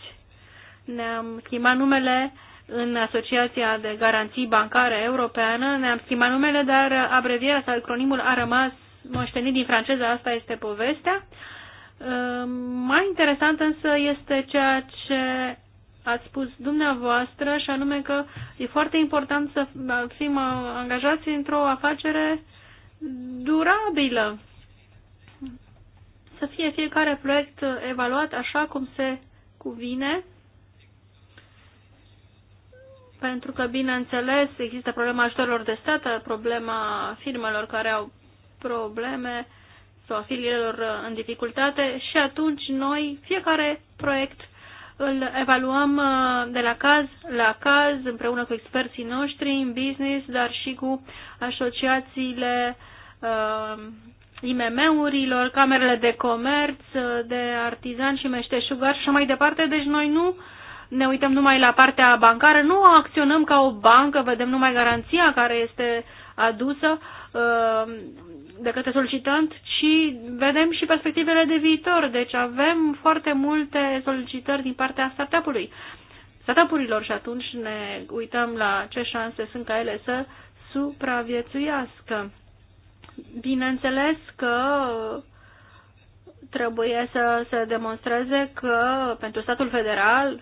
ne-am schimbat numele uh, în Asociația de Garanții Bancare Europeană. Ne-am schimbat numele, dar abrevierea sau acronimul a rămas moștenit din franceză, asta este povestea. Ehm, mai interesant însă este ceea ce ați spus dumneavoastră și anume că e foarte important să fim angajați într-o afacere durabilă. Să fie fiecare proiect evaluat așa cum se cuvine pentru că, bineînțeles, există problema ajutorilor de stat, problema firmelor care au probleme sau filiilor în dificultate și atunci noi fiecare proiect îl evaluăm uh, de la caz la caz împreună cu experții noștri în business, dar și cu asociațiile uh, IMM-urilor, camerele de comerț, uh, de artizan și meșteșugar și mai departe. Deci noi nu uh, ne uităm numai la partea bancară, nu acționăm ca o bancă, vedem numai garanția care este adusă uh, de către solicitant, ci vedem și perspectivele de viitor. Deci avem foarte multe solicitări din partea startup-ului, startup-urilor și atunci ne uităm la ce șanse sunt ca ele să supraviețuiască. Bineînțeles că trebuie să se demonstreze că pentru statul federal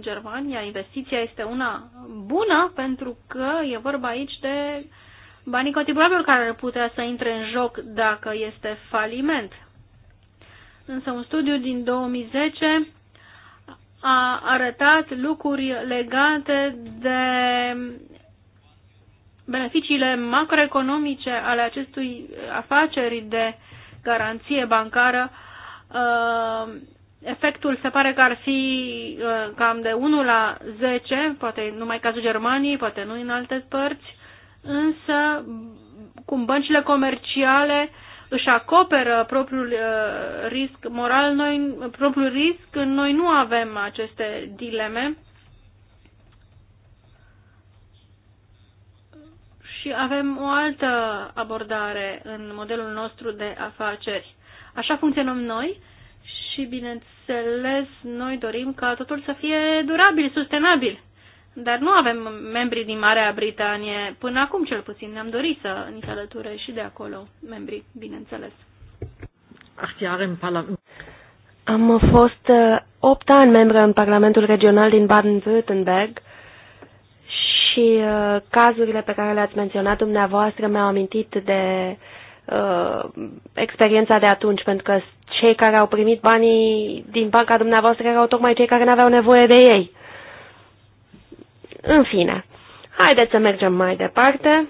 Germania investiția este una bună pentru că e vorba aici de banii contribuabilor care ar putea să intre în joc dacă este faliment. Însă un studiu din 2010 a arătat lucruri legate de beneficiile macroeconomice ale acestui afaceri de garanție bancară uh, efectul se pare că ar fi uh, cam de 1 la 10, poate numai cazul Germaniei, poate nu în alte părți, însă cum băncile comerciale își acoperă propriul uh, risc moral, noi, propriul risc, noi nu avem aceste dileme și avem o altă abordare în modelul nostru de afaceri. Așa funcționăm noi și, bineînțeles, noi dorim ca totul să fie durabil, sustenabil. Dar nu avem membri din Marea Britanie, până acum cel puțin ne-am dorit să ni se alăture și de acolo membri, bineînțeles. Am fost uh, opt ani membră în Parlamentul Regional din Baden-Württemberg și uh, cazurile pe care le-ați menționat dumneavoastră mi-au amintit de uh, uh, experiența de atunci, pentru că cei care au primit banii din banca dumneavoastră erau tocmai cei care nu aveau nevoie de ei. În fine, haideți să mergem mai departe.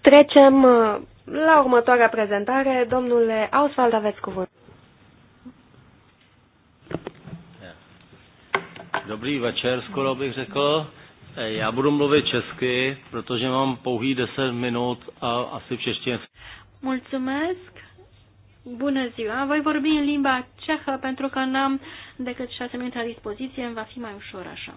Trecem uh, la următoarea prezentare. Domnule Auswald, aveți cuvânt. Dobrý večer, skoro bych řekl. Eh, já budu mluvit česky, protože mám pouhý 10 minut a asi v češtině. Mulțumesc! Bună ziua! Voi vorbi în limba cehă pentru că n-am decât 6 minute la dispoziție, îmi va fi mai ușor așa.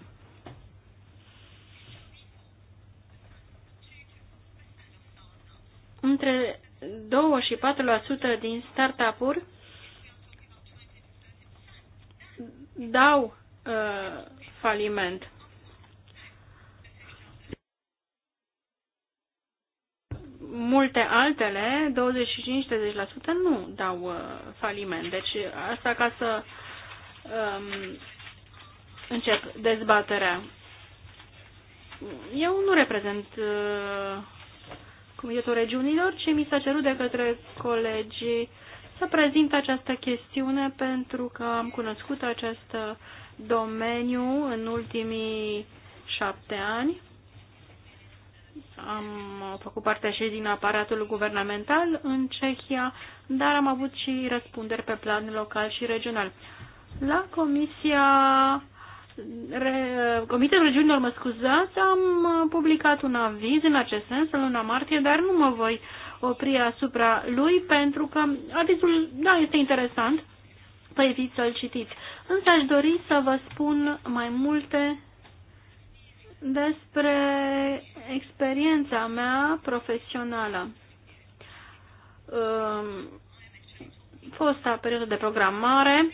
Între 2 și 4% din startup-uri dau uh, faliment multe altele, 25-30% nu dau uh, faliment. Deci asta ca să um, încep dezbaterea. Eu nu reprezent uh, Regiunilor, ci mi s-a cerut de către colegii să prezint această chestiune pentru că am cunoscut acest domeniu în ultimii șapte ani am făcut parte și din aparatul guvernamental în Cehia, dar am avut și răspunderi pe plan local și regional. La Comisia Re, Comitetul Regiunilor, mă scuzați, am publicat un aviz în acest sens în luna martie, dar nu mă voi opri asupra lui pentru că avizul, da, este interesant, păi evit să-l citiți. Însă aș dori să vă spun mai multe despre experiența mea profesională. Um, fosta perioadă de programare,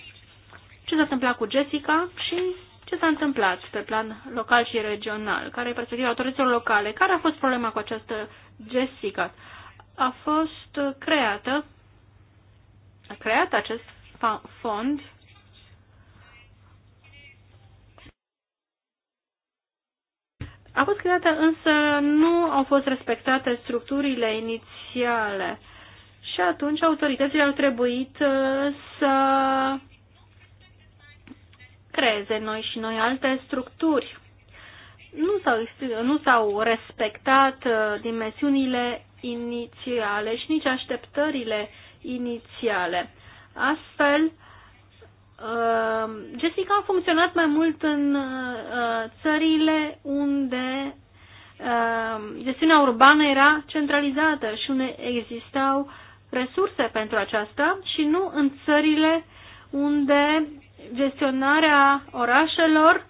ce s-a întâmplat cu Jessica și ce s-a întâmplat pe plan local și regional, care e perspectiva autorităților locale, care a fost problema cu această Jessica. A fost creată, a creat acest fond A fost creată, însă nu au fost respectate structurile inițiale și atunci autoritățile au trebuit uh, să creeze noi și noi alte structuri. Nu s-au, nu s-au respectat uh, dimensiunile inițiale și nici așteptările inițiale. Astfel, Uh, Jessica a funcționat mai mult în uh, țările unde uh, gestiunea urbană era centralizată și unde existau resurse pentru aceasta și nu în țările unde gestionarea orașelor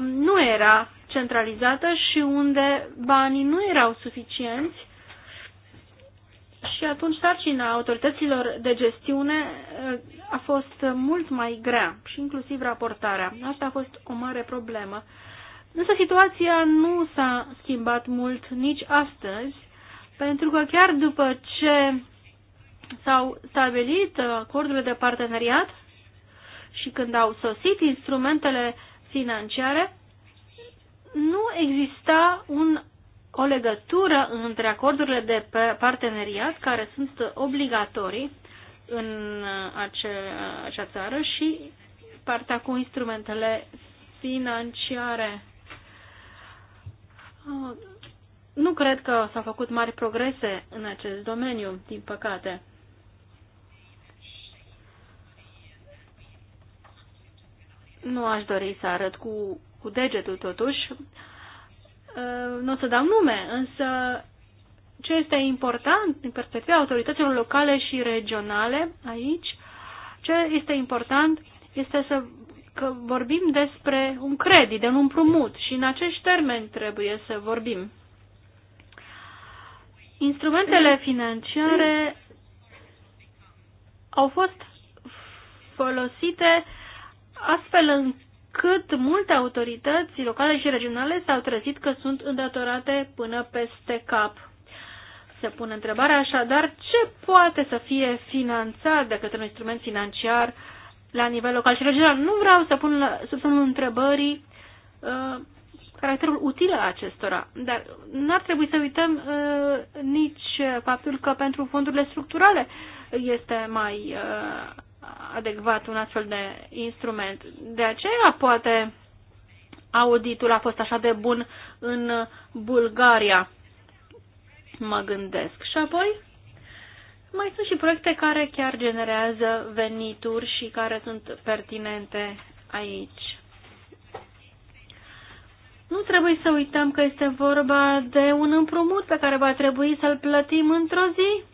nu era centralizată și unde banii nu erau suficienți și atunci sarcina autorităților de gestiune eh, a fost mult mai grea și inclusiv raportarea. Asta a fost o mare problemă. Însă situația nu s-a schimbat mult nici astăzi, pentru că chiar după ce s-au stabilit acordurile de parteneriat și când au sosit instrumentele financiare, nu exista un o legătură între acordurile de parteneriat care sunt obligatorii în uh, ace, uh, acea țară și partea cu instrumentele financiare. Uh, nu cred că s-au făcut mari progrese în acest domeniu, din păcate. Nu aș dori să arăt cu, cu degetul, totuși, Uh, nu o să dau nume, însă ce este important din perspectiva autorităților locale și regionale aici, ce este important este să că vorbim despre un credit, de un împrumut și în acești termeni trebuie să vorbim. Instrumentele financiare au fost folosite astfel încât cât multe autorități locale și regionale s-au trezit că sunt îndatorate până peste cap. Se pune întrebarea așadar ce poate să fie finanțat de către un instrument financiar la nivel local și regional. Nu vreau să pun să sub semnul întrebării uh, caracterul util al acestora, dar nu ar trebui să uităm uh, nici faptul că pentru fondurile structurale este mai uh, adecvat un astfel de instrument. De aceea, poate, auditul a fost așa de bun în Bulgaria, mă gândesc. Și apoi, mai sunt și proiecte care chiar generează venituri și care sunt pertinente aici. Nu trebuie să uităm că este vorba de un împrumut pe care va trebui să-l plătim într-o zi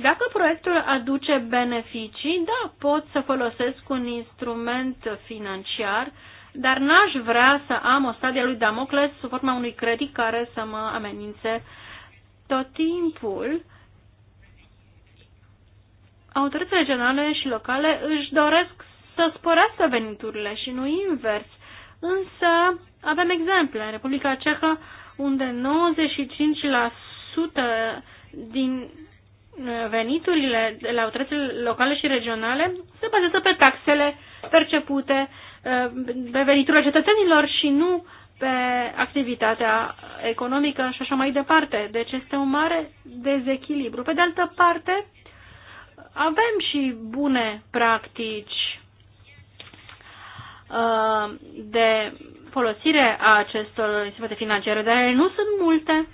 dacă proiectul aduce beneficii, da, pot să folosesc un instrument financiar, dar n-aș vrea să am o stadie lui Damocles sub forma unui credit care să mă amenințe tot timpul. Autoritățile regionale și locale își doresc să sporească veniturile și nu invers. Însă avem exemple. În Republica Cehă, unde 95% din veniturile de la autoritățile locale și regionale se bazează pe taxele percepute, eh, pe veniturile cetățenilor și nu pe activitatea economică și așa mai departe. Deci este un mare dezechilibru. Pe de altă parte, avem și bune practici eh, de folosire a acestor instrumente financiare, dar ele nu sunt multe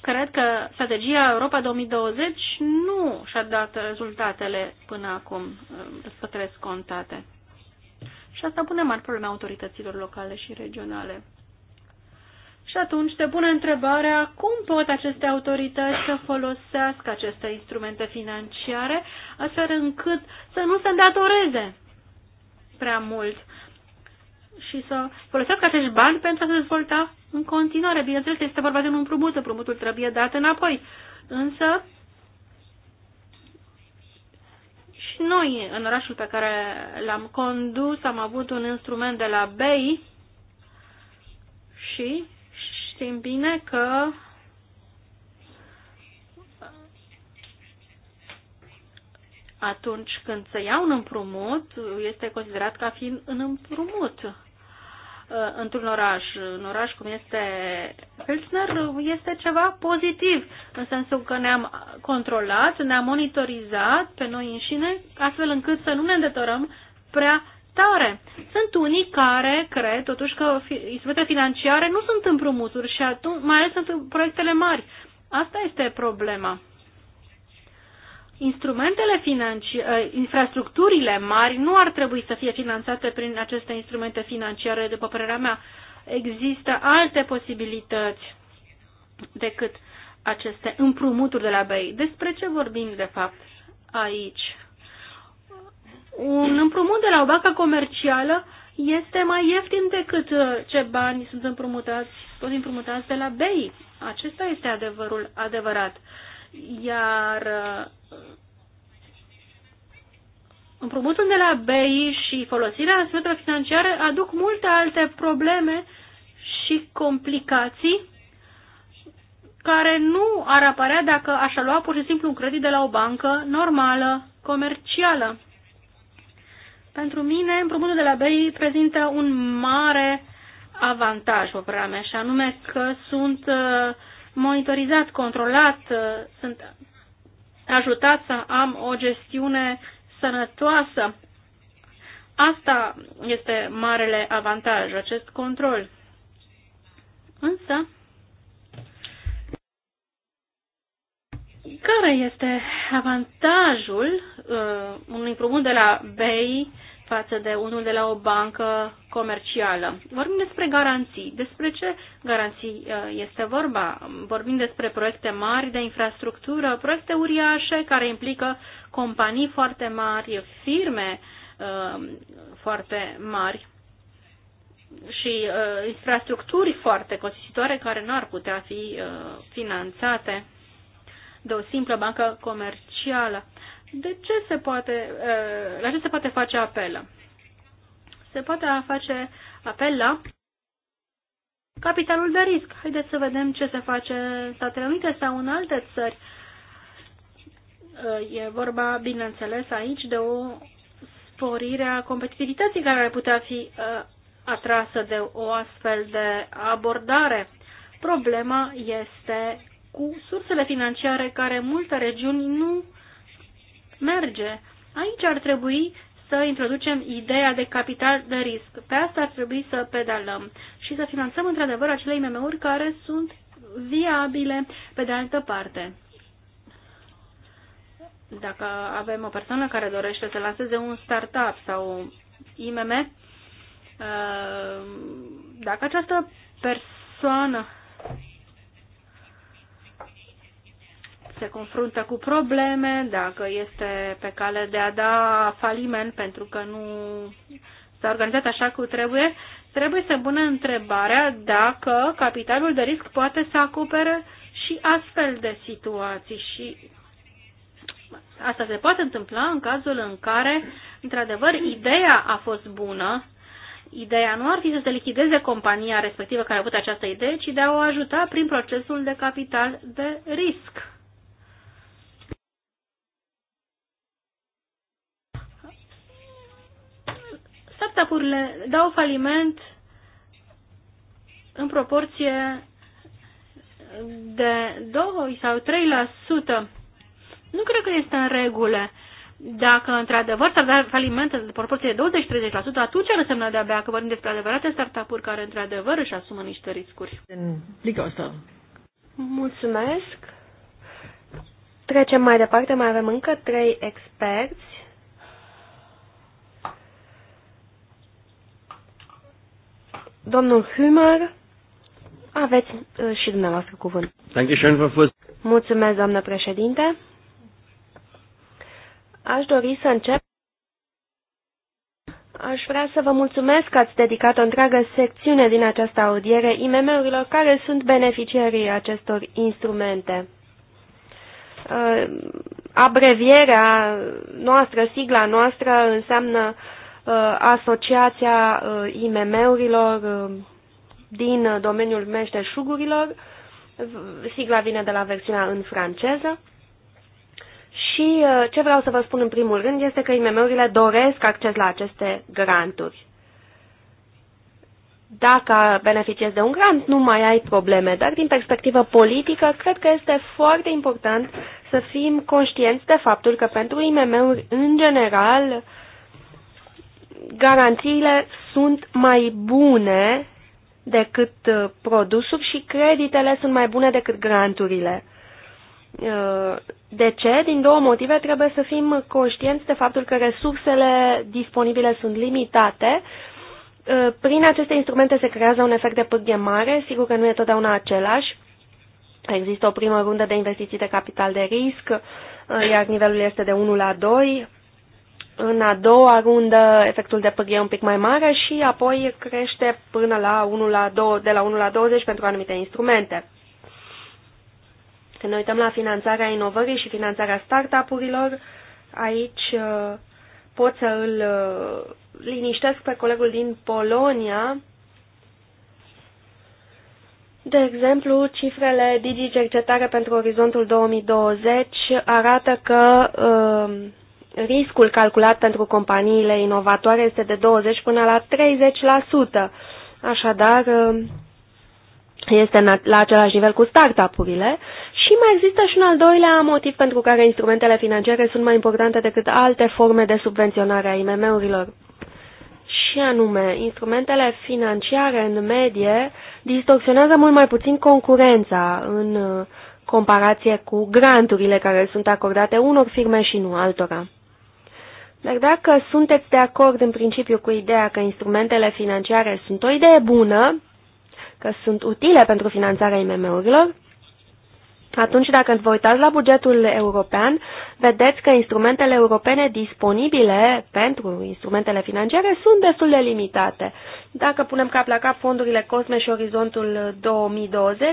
Cred că strategia Europa 2020 nu și-a dat rezultatele până acum, rezultatele contate. Și asta pune mari probleme autorităților locale și regionale. Și atunci se pune întrebarea cum pot aceste autorități să folosească aceste instrumente financiare astfel încât să nu se îndatoreze prea mult și să folosească acești bani pentru a se dezvolta în continuare. Bineînțeles, este vorba de un împrumut, împrumutul trebuie dat înapoi. Însă, și noi, în orașul pe care l-am condus, am avut un instrument de la BEI și știm bine că atunci când se ia un împrumut, este considerat ca fiind un împrumut. Uh, într-un oraș, un oraș cum este Pilsner, este ceva pozitiv, în sensul că ne-am controlat, ne-am monitorizat pe noi înșine, astfel încât să nu ne îndătorăm prea tare. Sunt unii care cred totuși că instrumente financiare nu sunt împrumuturi și atunci, mai ales sunt proiectele mari. Asta este problema instrumentele financiare, eh, infrastructurile mari nu ar trebui să fie finanțate prin aceste instrumente financiare, după părerea mea. Există alte posibilități decât aceste împrumuturi de la BEI. Despre ce vorbim, de fapt, aici? Un împrumut de la o bancă comercială este mai ieftin decât eh, ce bani sunt împrumutați, sunt împrumutați de la BEI. Acesta este adevărul adevărat. Iar uh, împrumutul de la BI și folosirea instrumentelor financiare aduc multe alte probleme și complicații care nu ar apărea dacă aș lua pur și simplu un credit de la o bancă normală, comercială. Pentru mine, împrumutul de la BI prezintă un mare avantaj, o vreme, și anume că sunt uh, monitorizat, controlat, uh, sunt ajutat să am o gestiune sănătoasă. Asta este marele avantaj, acest control. Însă, care este avantajul uh, unui împrumut de la BEI față de unul de la o bancă comercială. Vorbim despre garanții. Despre ce garanții uh, este vorba? Vorbim despre proiecte mari de infrastructură, proiecte uriașe care implică companii foarte mari, firme uh, foarte mari și uh, infrastructuri foarte costisitoare care nu ar putea fi finanțate de o simplă bancă comercială. De ce se poate, la ce se poate face apel? Se poate face apel la capitalul de risc. Haideți să vedem ce se face în Statele Unite sau în alte țări. E vorba, bineînțeles, aici de o sporire a competitivității care ar putea fi atrasă de o astfel de abordare. Problema este cu sursele financiare care multe regiuni nu merge. Aici ar trebui să introducem ideea de capital de risc. Pe asta ar trebui să pedalăm și să finanțăm într-adevăr acele IMM-uri care sunt viabile pe de altă parte. Dacă avem o persoană care dorește să lanseze un startup sau IMM, uh, dacă această persoană se confruntă cu probleme, dacă este pe cale de a da faliment pentru că nu s-a organizat așa cum trebuie, trebuie să pună întrebarea dacă capitalul de risc poate să acopere și astfel de situații și asta se poate întâmpla în cazul în care, într-adevăr, ideea a fost bună, ideea nu ar fi să se lichideze compania respectivă care a avut această idee, ci de a o ajuta prin procesul de capital de risc. Startup-urile dau faliment în proporție de 2 sau 3%. Nu cred că este în regulă. Dacă într-adevăr s-ar da faliment în proporție de 20-30%, atunci ar însemna de-abia că vorbim despre adevărate startup-uri care într-adevăr își asumă niște riscuri. Mulțumesc! Trecem mai departe, mai avem încă trei experți Domnul Hümer, aveți uh, și dumneavoastră cuvânt. Mulțumesc, doamnă președinte. Aș dori să încep. Aș vrea să vă mulțumesc că ați dedicat o întreagă secțiune din această audiere IMM-urilor care sunt beneficiarii acestor instrumente. Uh, abrevierea noastră, sigla noastră, înseamnă Uh, Asociația uh, IMM-urilor uh, din domeniul meșteșugurilor, sigla vine de la versiunea în franceză. Și ce vreau să vă spun în primul rând este că IMM-urile doresc acces la aceste granturi. Dacă beneficiezi de un grant, nu mai ai probleme, dar din perspectivă politică, cred că este foarte important să fim conștienți de faptul că pentru IMM-uri, în general, uh, garanțiile sunt mai bune decât uh, produsul și creditele sunt mai bune decât granturile. Uh, de ce? Din două motive trebuie să fim conștienți de faptul că resursele disponibile sunt limitate. Uh, prin aceste instrumente se creează un efect de pârghie mare, sigur că nu e totdeauna același. Există o primă rundă de investiții de capital de risc, iar nivelul este de 1 la 2. În a doua rundă efectul de pârghie e un pic mai mare și apoi crește până la 1 la 2, de la 1 la 20 pentru anumite instrumente. Când ne uităm la finanțarea inovării și finanțarea startup-urilor, aici uh, pot să îl uh, liniștesc pe colegul din Polonia. De exemplu, cifrele Digi Cercetare pentru Orizontul 2020 arată că uh, riscul calculat pentru companiile inovatoare este de 20 până la 30%. Așadar, este la același nivel cu startup-urile și mai există și un al doilea motiv pentru care instrumentele financiare sunt mai importante decât alte forme de subvenționare a IMM-urilor. Și anume, instrumentele financiare în medie distorsionează mult mai puțin concurența în uh, comparație cu granturile care sunt acordate unor firme și nu altora. Dar dacă sunteți de acord în principiu cu ideea că instrumentele financiare sunt o idee bună, că sunt utile pentru finanțarea IMM-urilor, atunci dacă vă uitați la bugetul european, vedeți că instrumentele europene disponibile pentru instrumentele financiare sunt destul de limitate. Dacă punem cap la cap fondurile COSME și Orizontul 2020,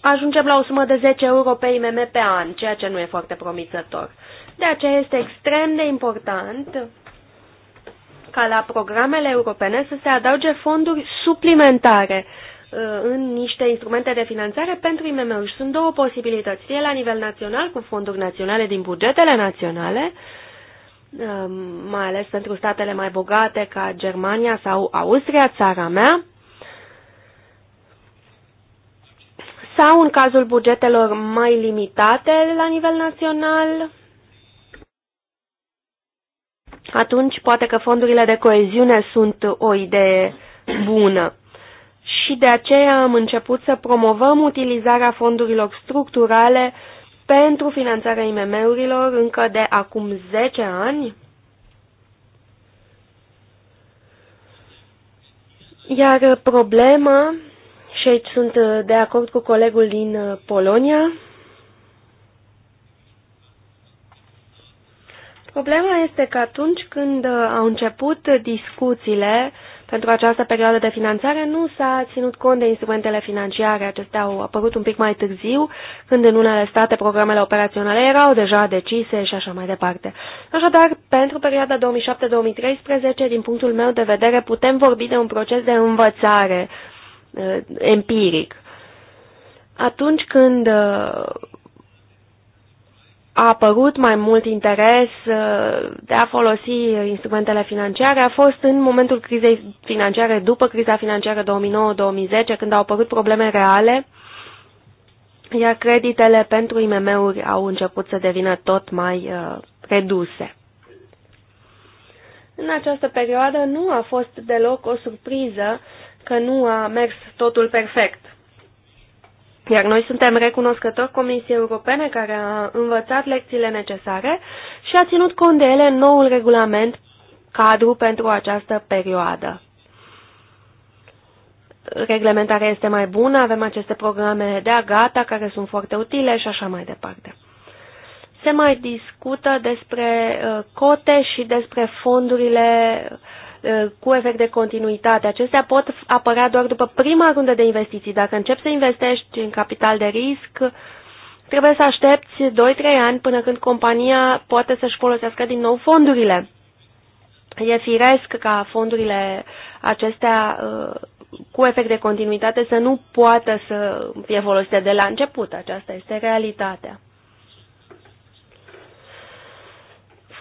ajungem la o sumă de 10 euro pe IMM pe an, ceea ce nu e foarte promițător. De aceea este extrem de important ca la programele europene să se adauge fonduri suplimentare uh, în niște instrumente de finanțare pentru IMM-uri. Sunt două posibilități, fie la nivel național, cu fonduri naționale din bugetele naționale, um, mai ales pentru statele mai bogate ca Germania sau Austria, țara mea, sau în cazul bugetelor mai limitate la nivel național, atunci poate că fondurile de coeziune sunt o idee bună. Și de aceea am început să promovăm utilizarea fondurilor structurale pentru finanțarea IMM-urilor încă de acum 10 ani. Iar problema, și aici sunt de acord cu colegul din Polonia, Problema este că atunci când uh, au început discuțiile pentru această perioadă de finanțare, nu s-a ținut cont de instrumentele financiare. Acestea au apărut un pic mai târziu, când în unele state programele operaționale erau deja decise și așa mai departe. Așadar, pentru perioada 2007-2013, din punctul meu de vedere, putem vorbi de un proces de învățare uh, empiric. Atunci când uh, a apărut mai mult interes uh, de a folosi instrumentele financiare a fost în momentul crizei financiare, după criza financiară 2009-2010, când au apărut probleme reale, iar creditele pentru IMM-uri au început să devină tot mai uh, reduse. În această perioadă nu a fost deloc o surpriză că nu a mers totul perfect. Iar noi suntem recunoscători Comisiei Europene care a învățat lecțiile necesare și a ținut cont de ele în noul regulament cadru pentru această perioadă. Reglementarea este mai bună, avem aceste programe de agata care sunt foarte utile și așa mai departe. Se mai discută despre uh, cote și despre fondurile Eh, cu efect de continuitate. Acestea pot apărea doar după prima rundă de investiții. Dacă începi să investești în capital de risc, trebuie să aștepți 2-3 ani până când compania poate să-și folosească din nou fondurile. E firesc ca fondurile acestea eh, cu efect de continuitate să nu poată să fie folosite de la început. Aceasta este realitatea.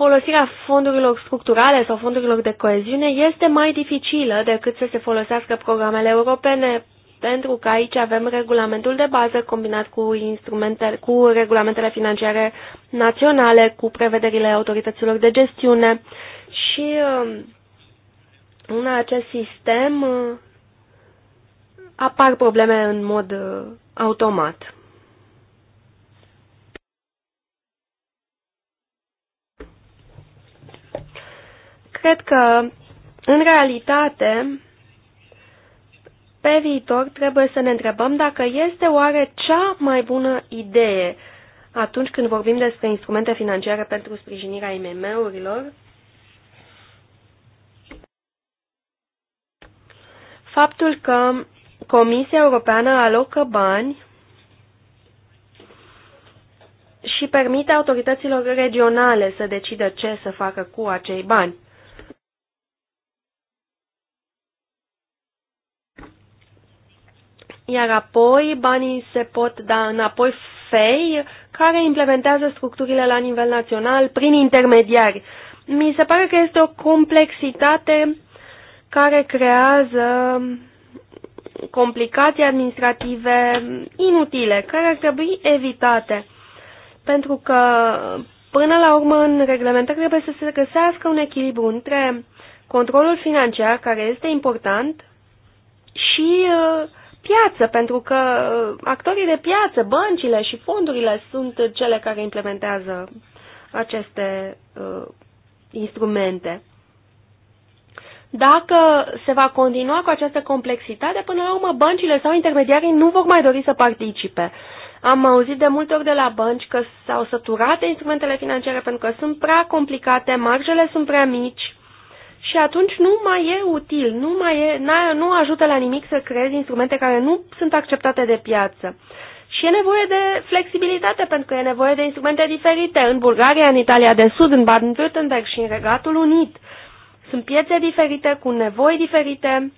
folosirea fondurilor structurale sau fondurilor de coeziune este mai dificilă decât să se folosească programele europene, pentru că aici avem regulamentul de bază combinat cu, instrumente, cu regulamentele financiare naționale, cu prevederile autorităților de gestiune și um, în acest sistem uh, apar probleme în mod uh, automat. Cred că, în realitate, pe viitor trebuie să ne întrebăm dacă este oare cea mai bună idee atunci când vorbim despre instrumente financiare pentru sprijinirea IMM-urilor, faptul că Comisia Europeană alocă bani și permite autorităților regionale să decidă ce să facă cu acei bani. iar apoi banii se pot da înapoi FEI, care implementează structurile la nivel național prin intermediari. Mi se pare că este o complexitate care creează complicații administrative inutile, care ar trebui evitate. Pentru că, până la urmă, în reglementare trebuie să se găsească un echilibru între controlul financiar, care este important, și uh, piață, pentru că uh, actorii de piață, băncile și fondurile sunt cele care implementează aceste uh, instrumente. Dacă se va continua cu această complexitate, până la urmă băncile sau intermediarii nu vor mai dori să participe. Am auzit de multe ori de la bănci că s-au săturat instrumentele financiare pentru că sunt prea complicate, marjele sunt prea mici și atunci nu mai e util, nu, mai e, nu ajută la nimic să creezi instrumente care nu sunt acceptate de piață. Și e nevoie de flexibilitate, pentru că e nevoie de instrumente diferite în Bulgaria, în Italia de Sud, în Baden-Württemberg și în Regatul Unit. Sunt piețe diferite, cu nevoi diferite,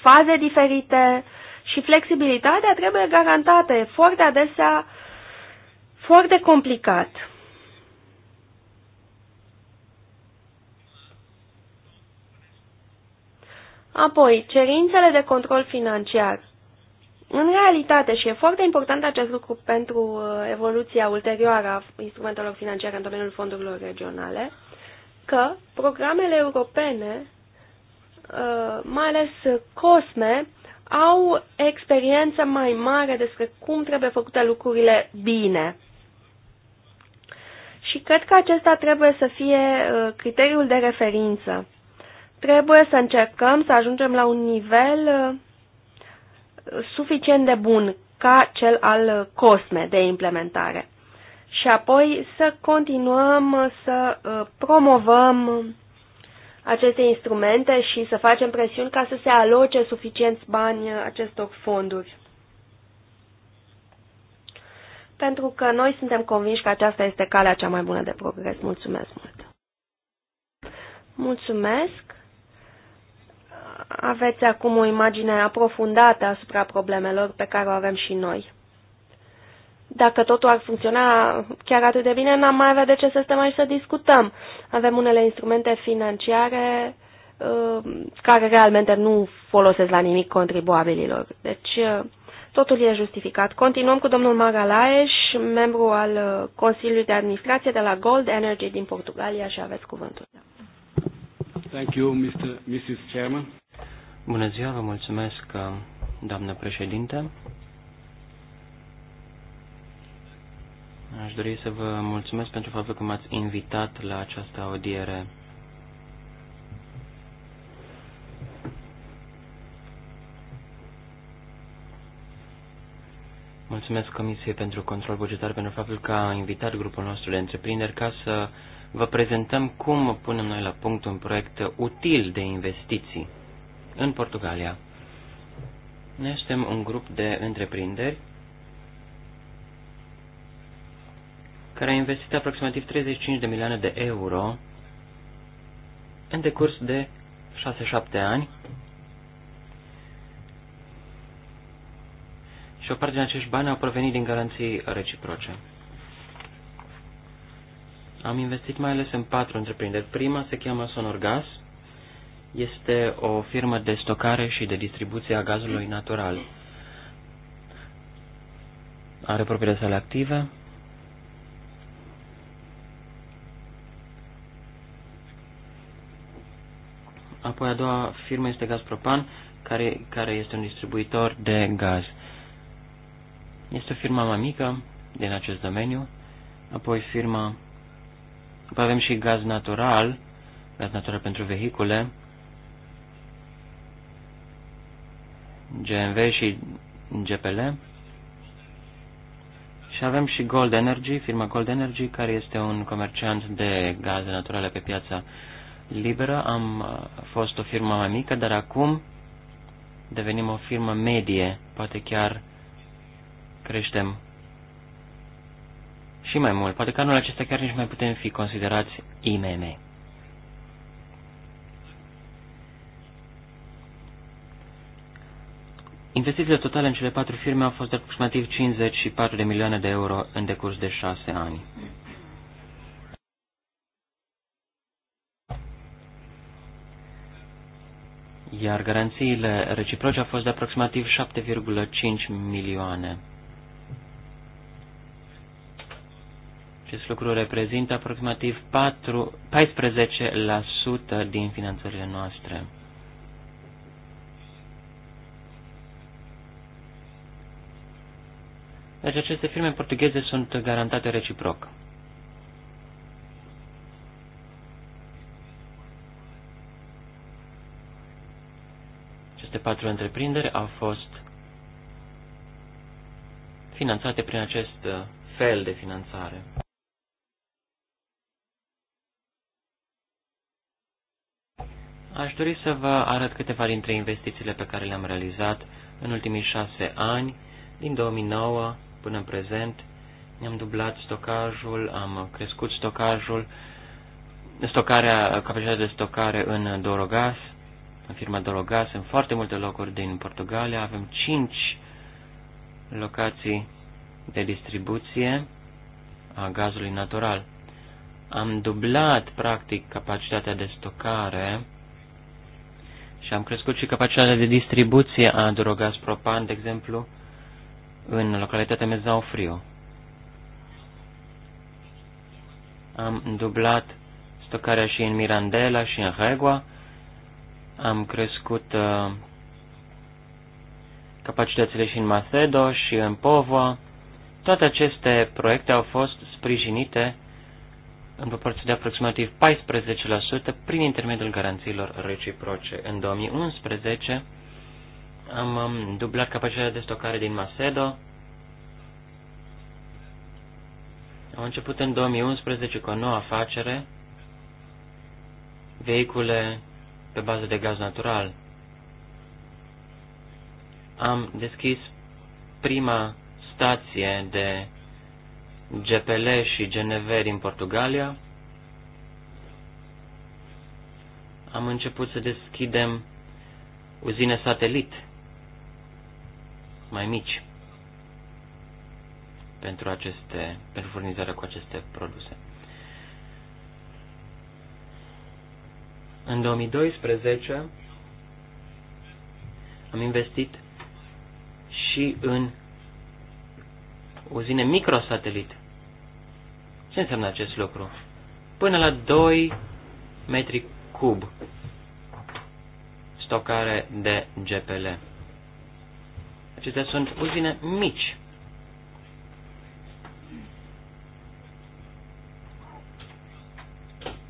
faze diferite și flexibilitatea trebuie garantată. E foarte adesea foarte complicat. Apoi, cerințele de control financiar. În realitate, și e foarte important acest lucru pentru uh, evoluția ulterioară a instrumentelor financiare în domeniul fondurilor regionale, că programele europene, uh, mai ales COSME, au experiență mai mare despre cum trebuie făcute lucrurile bine. Și cred că acesta trebuie să fie uh, criteriul de referință. Trebuie să încercăm să ajungem la un nivel uh, suficient de bun ca cel al COSME de implementare. Și apoi să continuăm să uh, promovăm aceste instrumente și să facem presiuni ca să se aloce suficienți bani acestor fonduri. Pentru că noi suntem convinși că aceasta este calea cea mai bună de progres. Mulțumesc mult! Mulțumesc! aveți acum o imagine aprofundată asupra problemelor pe care o avem și noi. Dacă totul ar funcționa chiar atât de bine, n-am mai avea de ce să stăm aici să discutăm. Avem unele instrumente financiare uh, care realmente nu folosesc la nimic contribuabililor. Deci uh, totul e justificat. Continuăm cu domnul Magalaeș, membru al uh, Consiliului de Administrație de la Gold Energy din Portugalia și aveți cuvântul. Thank you, Mr. Mrs. Chairman. Bună ziua, vă mulțumesc, doamnă președinte. Aș dori să vă mulțumesc pentru faptul că m-ați invitat la această audiere. Mulțumesc Comisiei pentru Control Bugetar pentru faptul că a invitat grupul nostru de întreprinderi ca să vă prezentăm cum punem noi la punct un proiect util de investiții în Portugalia. Ne suntem un grup de întreprinderi care a investit aproximativ 35 de milioane de euro în decurs de 6-7 ani și o parte din acești bani au provenit din garanții reciproce. Am investit mai ales în patru întreprinderi. Prima se cheamă Sonorgas, este o firmă de stocare și de distribuție a gazului natural. Are propriile sale active. Apoi a doua firmă este Gazpropan, care, care este un distribuitor de gaz. Este o firma mai mică din acest domeniu. Apoi firma... Apoi avem și gaz natural, gaz natural pentru vehicule, GMV și GPL. Și avem și Gold Energy, firma Gold Energy, care este un comerciant de gaze naturale pe piața liberă. Am uh, fost o firmă mai mică, dar acum devenim o firmă medie, poate chiar creștem și mai mult. Poate că anul acesta chiar nici mai putem fi considerați IMM. Investițiile totale în cele patru firme au fost de aproximativ 54 de milioane de euro în decurs de șase ani. Iar garanțiile reciproce au fost de aproximativ 7,5 milioane. Acest lucru reprezintă aproximativ 4, 14% din finanțările noastre. Deci aceste firme portugheze sunt garantate reciproc. Aceste patru întreprinderi au fost finanțate prin acest uh, fel de finanțare. Aș dori să vă arăt câteva dintre investițiile pe care le-am realizat în ultimii șase ani din 2009 până în prezent ne-am dublat stocajul, am crescut stocajul, stocarea, capacitatea de stocare în Dorogas, în firma Dorogas, în foarte multe locuri din Portugalia. Avem 5 locații de distribuție a gazului natural. Am dublat, practic, capacitatea de stocare și am crescut și capacitatea de distribuție a Dorogas Propan, de exemplu, în localitatea Mezau Frio. Am dublat stocarea și în Mirandela și în Regua. Am crescut uh, capacitățile și în Macedo și în Povoa. Toate aceste proiecte au fost sprijinite în proporție de aproximativ 14% prin intermediul garanțiilor reciproce. În 2011, am dublat capacitatea de stocare din Macedo. Am început în 2011 cu o nouă afacere, vehicule pe bază de gaz natural. Am deschis prima stație de GPL și GNV din Portugalia. Am început să deschidem uzine satelit mai mici pentru, aceste, pentru furnizarea cu aceste produse. În 2012 am investit și în uzine microsatelit. Ce înseamnă acest lucru? Până la 2 metri cub stocare de GPL acestea sunt puține mici.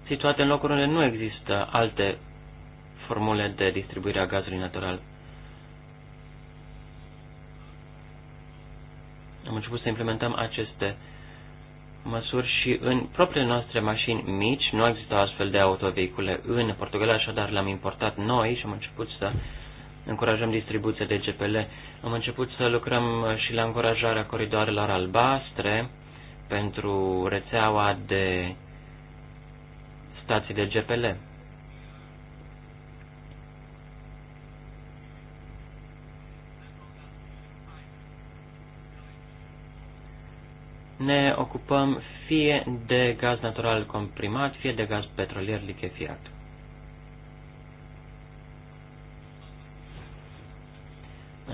situate în locuri unde nu există alte formule de distribuire a gazului natural. Am început să implementăm aceste măsuri și în propriile noastre mașini mici, nu există astfel de autovehicule în Portugalia, așadar le-am importat noi și am început să încurajăm distribuția de GPL. Am început să lucrăm și la încurajarea coridoarelor albastre pentru rețeaua de stații de GPL. Ne ocupăm fie de gaz natural comprimat, fie de gaz petrolier lichefiat.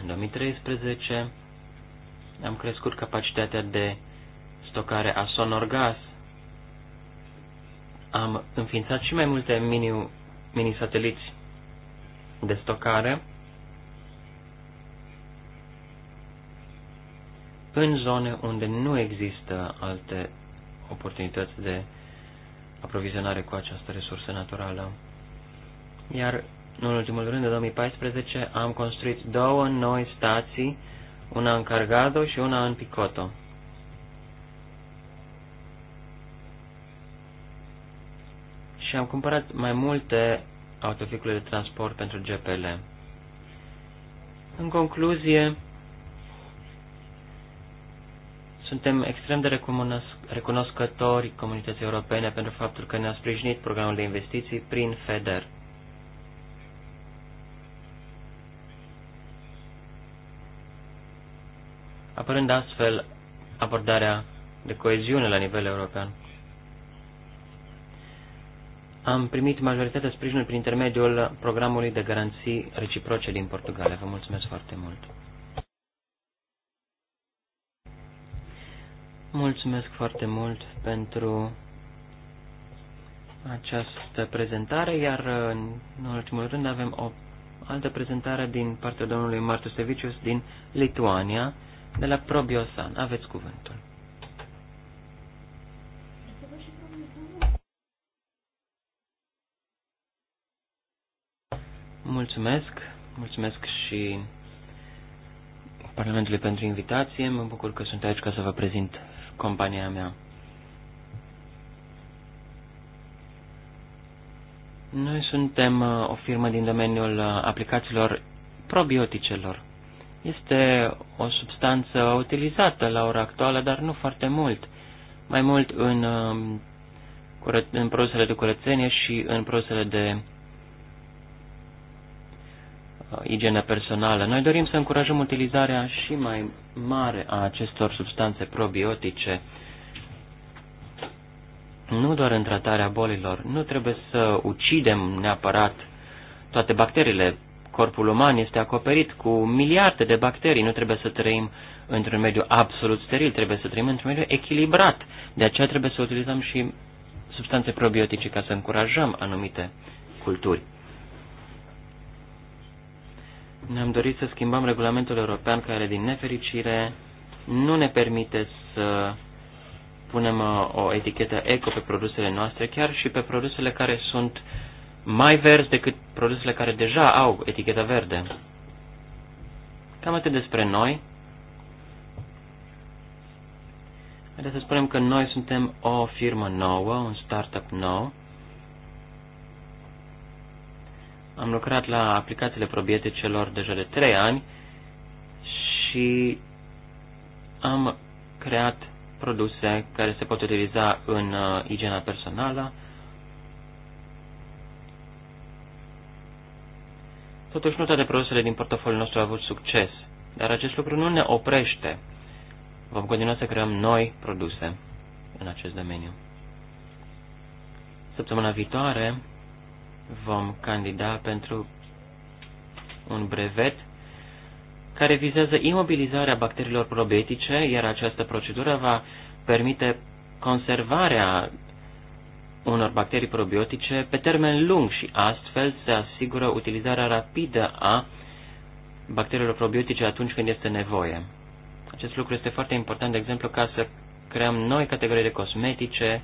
În 2013 am crescut capacitatea de stocare a sonorgas. Am înființat și mai multe mini, mini-sateliți de stocare în zone unde nu există alte oportunități de aprovizionare cu această resursă naturală. Iar în ultimul rând, de 2014, am construit două noi stații, una în Cargado și una în Picoto. Și am cumpărat mai multe autovehicule de transport pentru GPL. În concluzie, suntem extrem de recunoscători comunității europene pentru faptul că ne-a sprijinit programul de investiții prin FEDER. apărând astfel abordarea de coeziune la nivel european. Am primit majoritatea sprijinului prin intermediul programului de garanții reciproce din Portugalia. Vă mulțumesc foarte mult! Mulțumesc foarte mult pentru această prezentare, iar în ultimul rând avem o altă prezentare din partea domnului Martus din Lituania, de la Probiosan. Aveți cuvântul. Mulțumesc, mulțumesc și Parlamentului pentru invitație. Mă bucur că sunt aici ca să vă prezint compania mea. Noi suntem uh, o firmă din domeniul uh, aplicațiilor probioticelor. Este o substanță utilizată la ora actuală, dar nu foarte mult. Mai mult în, um, în produsele de curățenie și în produsele de uh, igienă personală. Noi dorim să încurajăm utilizarea și mai mare a acestor substanțe probiotice, nu doar în tratarea bolilor. Nu trebuie să ucidem neapărat toate bacteriile corpul uman este acoperit cu miliarde de bacterii. Nu trebuie să trăim într-un mediu absolut steril, trebuie să trăim într-un mediu echilibrat. De aceea trebuie să utilizăm și substanțe probiotice ca să încurajăm anumite culturi. Ne-am dorit să schimbăm regulamentul european care, din nefericire, nu ne permite să punem uh, o etichetă eco pe produsele noastre, chiar și pe produsele care sunt uh, mai verzi decât produsele care deja au eticheta verde. Cam atât despre noi. Haideți să spunem că noi suntem o firmă nouă, un startup nou. Am lucrat la aplicațiile probiete celor deja de 3 ani și am creat produse care se pot utiliza în uh, igiena personală, Totuși, nu toate produsele din portofoliul nostru au avut succes, dar acest lucru nu ne oprește. Vom continua să creăm noi produse în acest domeniu. Săptămâna viitoare vom candida pentru un brevet care vizează imobilizarea bacteriilor probiotice, iar această procedură va permite conservarea unor bacterii probiotice pe termen lung și astfel se asigură utilizarea rapidă a bacteriilor probiotice atunci când este nevoie. Acest lucru este foarte important, de exemplu, ca să creăm noi categorii de cosmetice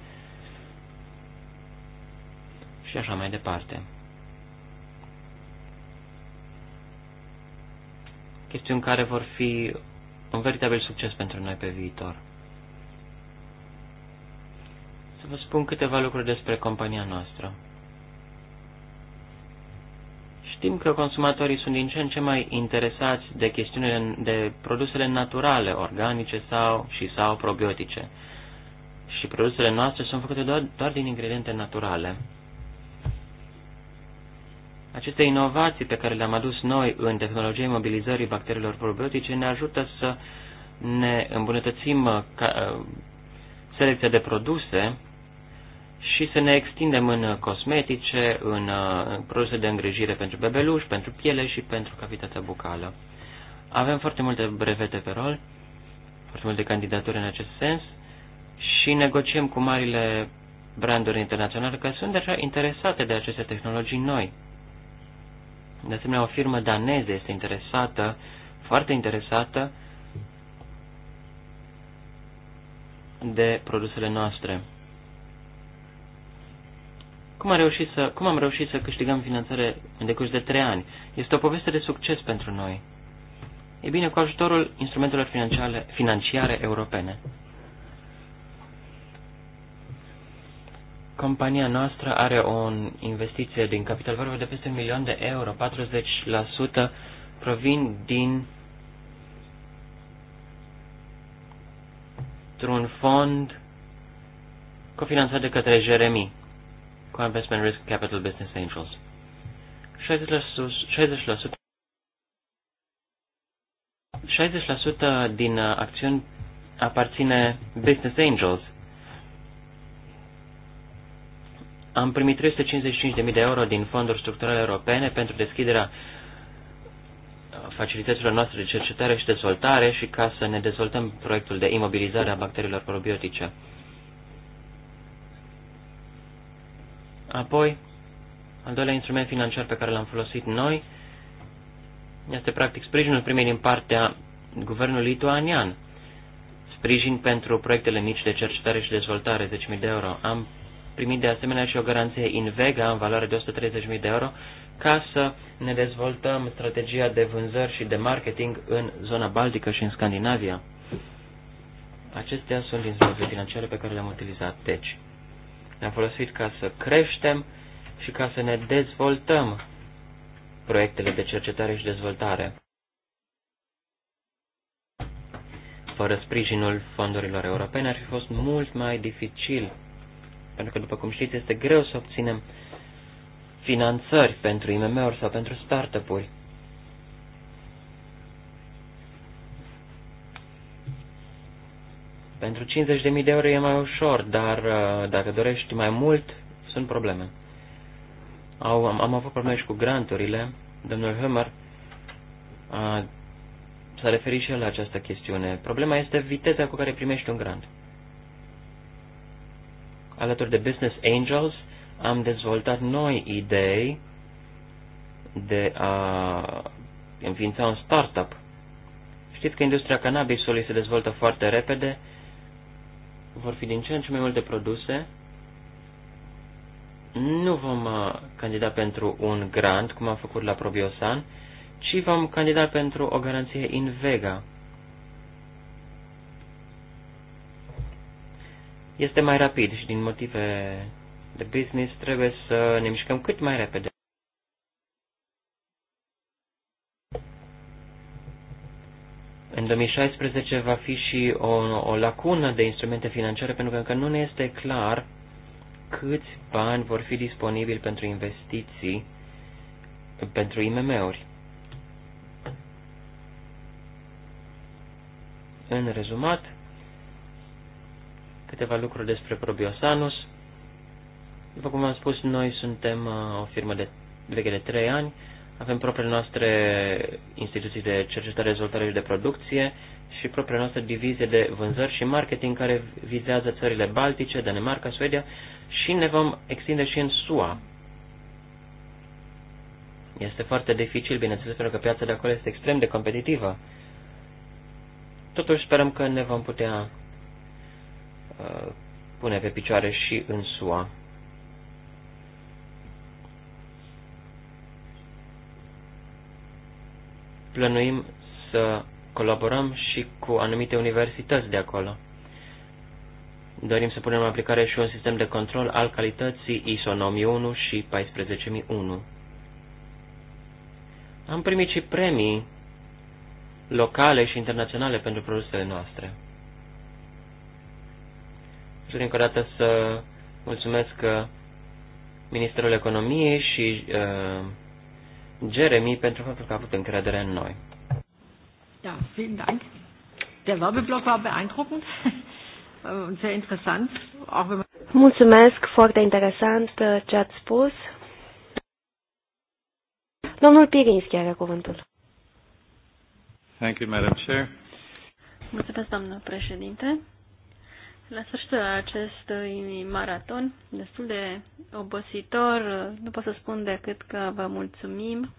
și așa mai departe. Chestiuni care vor fi un veritabil succes pentru noi pe viitor vă spun câteva lucruri despre compania noastră. Știm că consumatorii sunt din ce în ce mai interesați de chestiunile de produsele naturale, organice sau și sau probiotice. Și produsele noastre sunt făcute doar, doar din ingrediente naturale. Aceste inovații pe care le-am adus noi în tehnologia imobilizării bacteriilor probiotice ne ajută să ne îmbunătățim uh, selecția de produse și să ne extindem în uh, cosmetice, uh, în produse de îngrijire pentru bebeluși, pentru piele și pentru cavitatea bucală. Avem foarte multe brevete pe rol, foarte multe candidaturi în acest sens și negociem cu marile branduri internaționale că sunt deja interesate de aceste tehnologii noi. De asemenea, o firmă daneză este interesată, foarte interesată, de produsele noastre. Cum, a reușit să, cum am reușit să câștigăm finanțare în decurs de trei ani? Este o poveste de succes pentru noi. E bine, cu ajutorul instrumentelor financiare, financiare europene. Compania noastră are o investiție din capital verde de peste un milion de euro, 40% provin din un fond cofinanțat de către Jeremy cu Investment Risk Capital Business Angels. 60%, 60% din uh, acțiuni aparține Business Angels. Am primit 355.000 de euro din fonduri structurale europene pentru deschiderea uh, facilităților noastre de cercetare și dezvoltare și ca să ne dezvoltăm proiectul de imobilizare a bacteriilor probiotice. Apoi, al doilea instrument financiar pe care l-am folosit noi este practic sprijinul primit din partea guvernului lituanian. Sprijin pentru proiectele mici de cercetare și dezvoltare, 10.000 de euro. Am primit de asemenea și o garanție Invega în valoare de 130.000 de euro ca să ne dezvoltăm strategia de vânzări și de marketing în zona Baltică și în Scandinavia. Acestea sunt instrumente financiare pe care le-am utilizat. Deci, ne a folosit ca să creștem și ca să ne dezvoltăm proiectele de cercetare și dezvoltare. Fără sprijinul fondurilor europene ar fi fost mult mai dificil, pentru că, după cum știți, este greu să obținem finanțări pentru IMM-uri sau pentru startup-uri. Pentru 50.000 de euro e mai ușor, dar uh, dacă dorești mai mult, sunt probleme. Au, am, am avut probleme și cu granturile. Domnul Hömer uh, s-a referit și el la această chestiune. Problema este viteza cu care primești un grant. Alături de Business Angels am dezvoltat noi idei de a înființa un startup. Știți că industria cannabisului se dezvoltă foarte repede vor fi din ce în ce mai multe produse, nu vom uh, candida pentru un grant, cum am făcut la Probiosan, ci vom candida pentru o garanție in vega. Este mai rapid și din motive de business trebuie să ne mișcăm cât mai repede. În 2016 va fi și o, o lacună de instrumente financiare pentru că încă nu ne este clar câți bani vor fi disponibili pentru investiții pentru IMM-uri. În rezumat, câteva lucruri despre Probiosanus. După cum am spus, noi suntem uh, o firmă de veche de 3 ani, avem propriile noastre instituții de cercetare, dezvoltare și de producție și propriile noastre divizie de vânzări și marketing care vizează țările Baltice, Danemarca, Suedia și ne vom extinde și în SUA. Este foarte dificil, bineînțeles, pentru că piața de acolo este extrem de competitivă. Totuși sperăm că ne vom putea uh, pune pe picioare și în SUA. plănuim să colaborăm și cu anumite universități de acolo. Dorim să punem în aplicare și un sistem de control al calității ISO 9001 și 14001. Am primit și premii locale și internaționale pentru produsele noastre. Și încă o dată să mulțumesc uh, Ministerul Economiei și uh, Jeremy pentru faptul că a avut încredere în noi. Da, vielen Dank. Der Werbeblock war beeindruckend äh, und sehr interessant. Auch wenn Mulțumesc, foarte interesant uh, ce ați spus. Domnul Pirinski are cuvântul. Thank you, Madam Chair. Mulțumesc, doamnă președinte la sfârșitul acestui maraton, destul de obositor, nu pot să spun decât că vă mulțumim.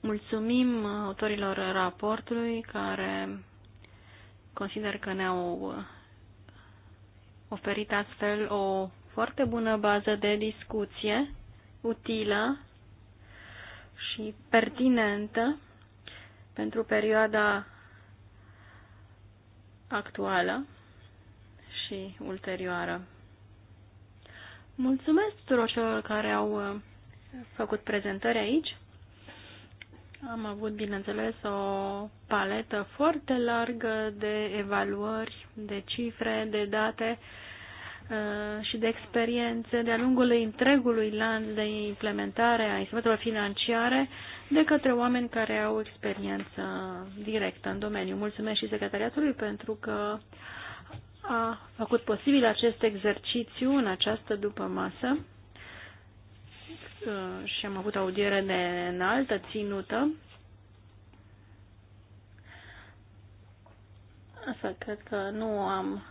Mulțumim autorilor raportului care consider că ne-au oferit astfel o foarte bună bază de discuție, utilă și pertinentă pentru perioada actuală și ulterioară. Mulțumesc tuturor celor care au uh, făcut prezentări aici. Am avut, bineînțeles, o paletă foarte largă de evaluări, de cifre, de date uh, și de experiențe de-a lungul întregului lanț de implementare a instrumentelor financiare de către oameni care au experiență directă în domeniu. Mulțumesc și secretariatului pentru că uh, a făcut posibil acest exercițiu în această după masă și am avut audiere de înaltă ținută. Asta cred că nu am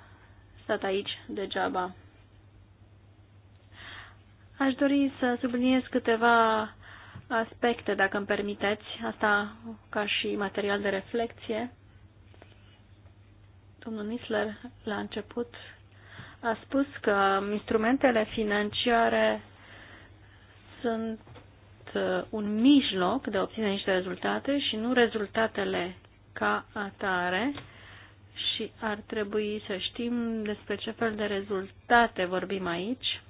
stat aici degeaba. Aș dori să subliniez câteva aspecte, dacă îmi permiteți, asta ca și material de reflexie. Domnul Nisler, la început, a spus că instrumentele financiare sunt uh, un mijloc de a obține niște rezultate și nu rezultatele ca atare și ar trebui să știm despre ce fel de rezultate vorbim aici.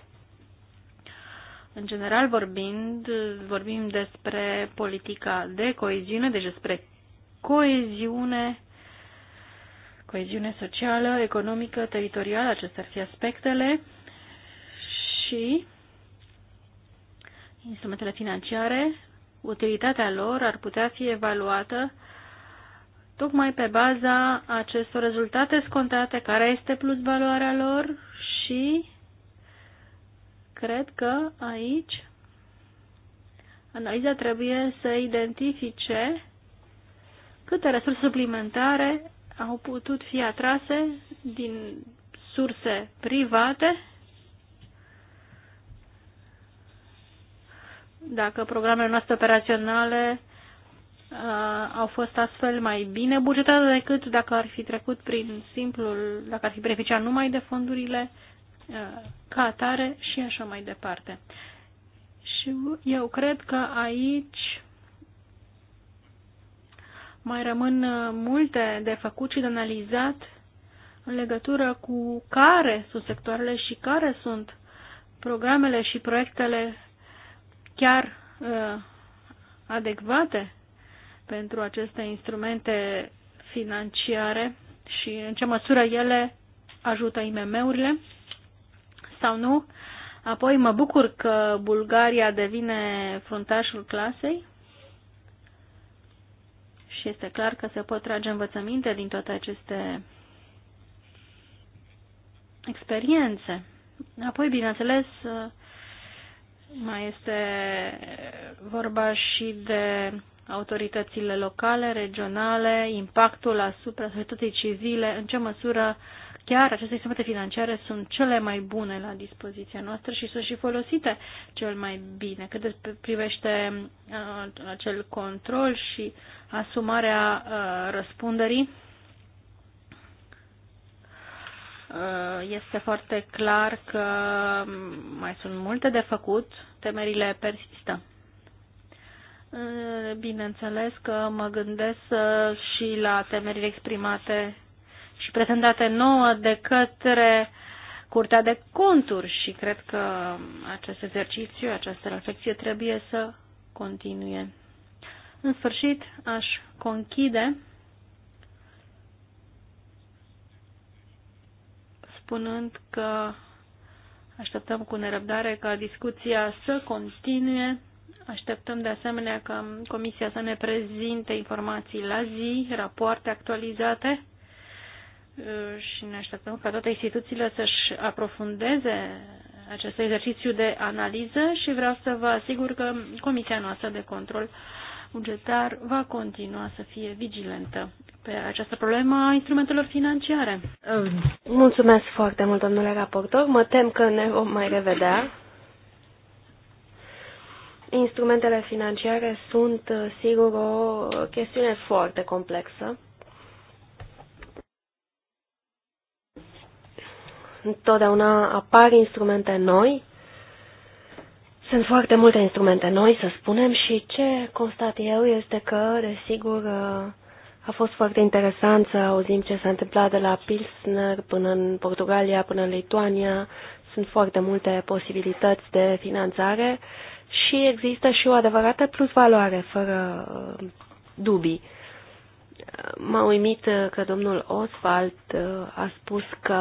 În general vorbind, vorbim despre politica de coeziune, deci despre coeziune coeziune socială, economică, teritorială, acestea ar fi aspectele și instrumentele financiare, utilitatea lor ar putea fi evaluată tocmai pe baza acestor rezultate scontate, care este plus valoarea lor și cred că aici analiza trebuie să identifice câte resurse suplimentare au putut fi atrase din surse private dacă programele noastre operaționale uh, au fost astfel mai bine bugetate decât dacă ar fi trecut prin simplul, dacă ar fi beneficiat numai de fondurile uh, ca atare și așa mai departe. Și eu cred că aici mai rămân uh, multe de făcut și de analizat în legătură cu care sunt sectoarele și care sunt programele și proiectele chiar uh, adecvate pentru aceste instrumente financiare și în ce măsură ele ajută IMM-urile sau nu. Apoi mă bucur că Bulgaria devine fruntașul clasei și este clar că se pot trage învățăminte din toate aceste experiențe. Apoi, bineînțeles, mai este vorba și de autoritățile locale, regionale, impactul asupra societății civile, în ce măsură Chiar aceste instrumente financiare sunt cele mai bune la dispoziția noastră și sunt și folosite cel mai bine. Cât privește uh, acel control și asumarea uh, răspunderii, uh, este foarte clar că mai sunt multe de făcut, temerile persistă. Uh, bineînțeles că mă gândesc uh, și la temerile exprimate și prezentate nouă de către Curtea de Conturi și cred că acest exercițiu, această reflexie trebuie să continue. În sfârșit, aș conchide spunând că așteptăm cu nerăbdare ca discuția să continue. Așteptăm de asemenea ca Comisia să ne prezinte informații la zi, rapoarte actualizate Uh, și ne așteptăm ca toate instituțiile să-și aprofundeze acest exercițiu de analiză și vreau să vă asigur că Comisia noastră de control bugetar va continua să fie vigilentă pe această problemă a instrumentelor financiare. Uh, mulțumesc foarte mult, domnule raportor. Mă tem că ne vom mai revedea. Instrumentele financiare sunt, uh, sigur, o chestiune foarte complexă întotdeauna apar instrumente noi. Sunt foarte multe instrumente noi, să spunem, și ce constat eu este că, desigur, uh, a fost foarte interesant să auzim ce s-a întâmplat de la Pilsner până în Portugalia, până în Lituania. Sunt foarte multe posibilități de finanțare și există și o adevărată plusvaloare, fără uh, dubii. M-a uimit uh, că domnul Oswald a spus că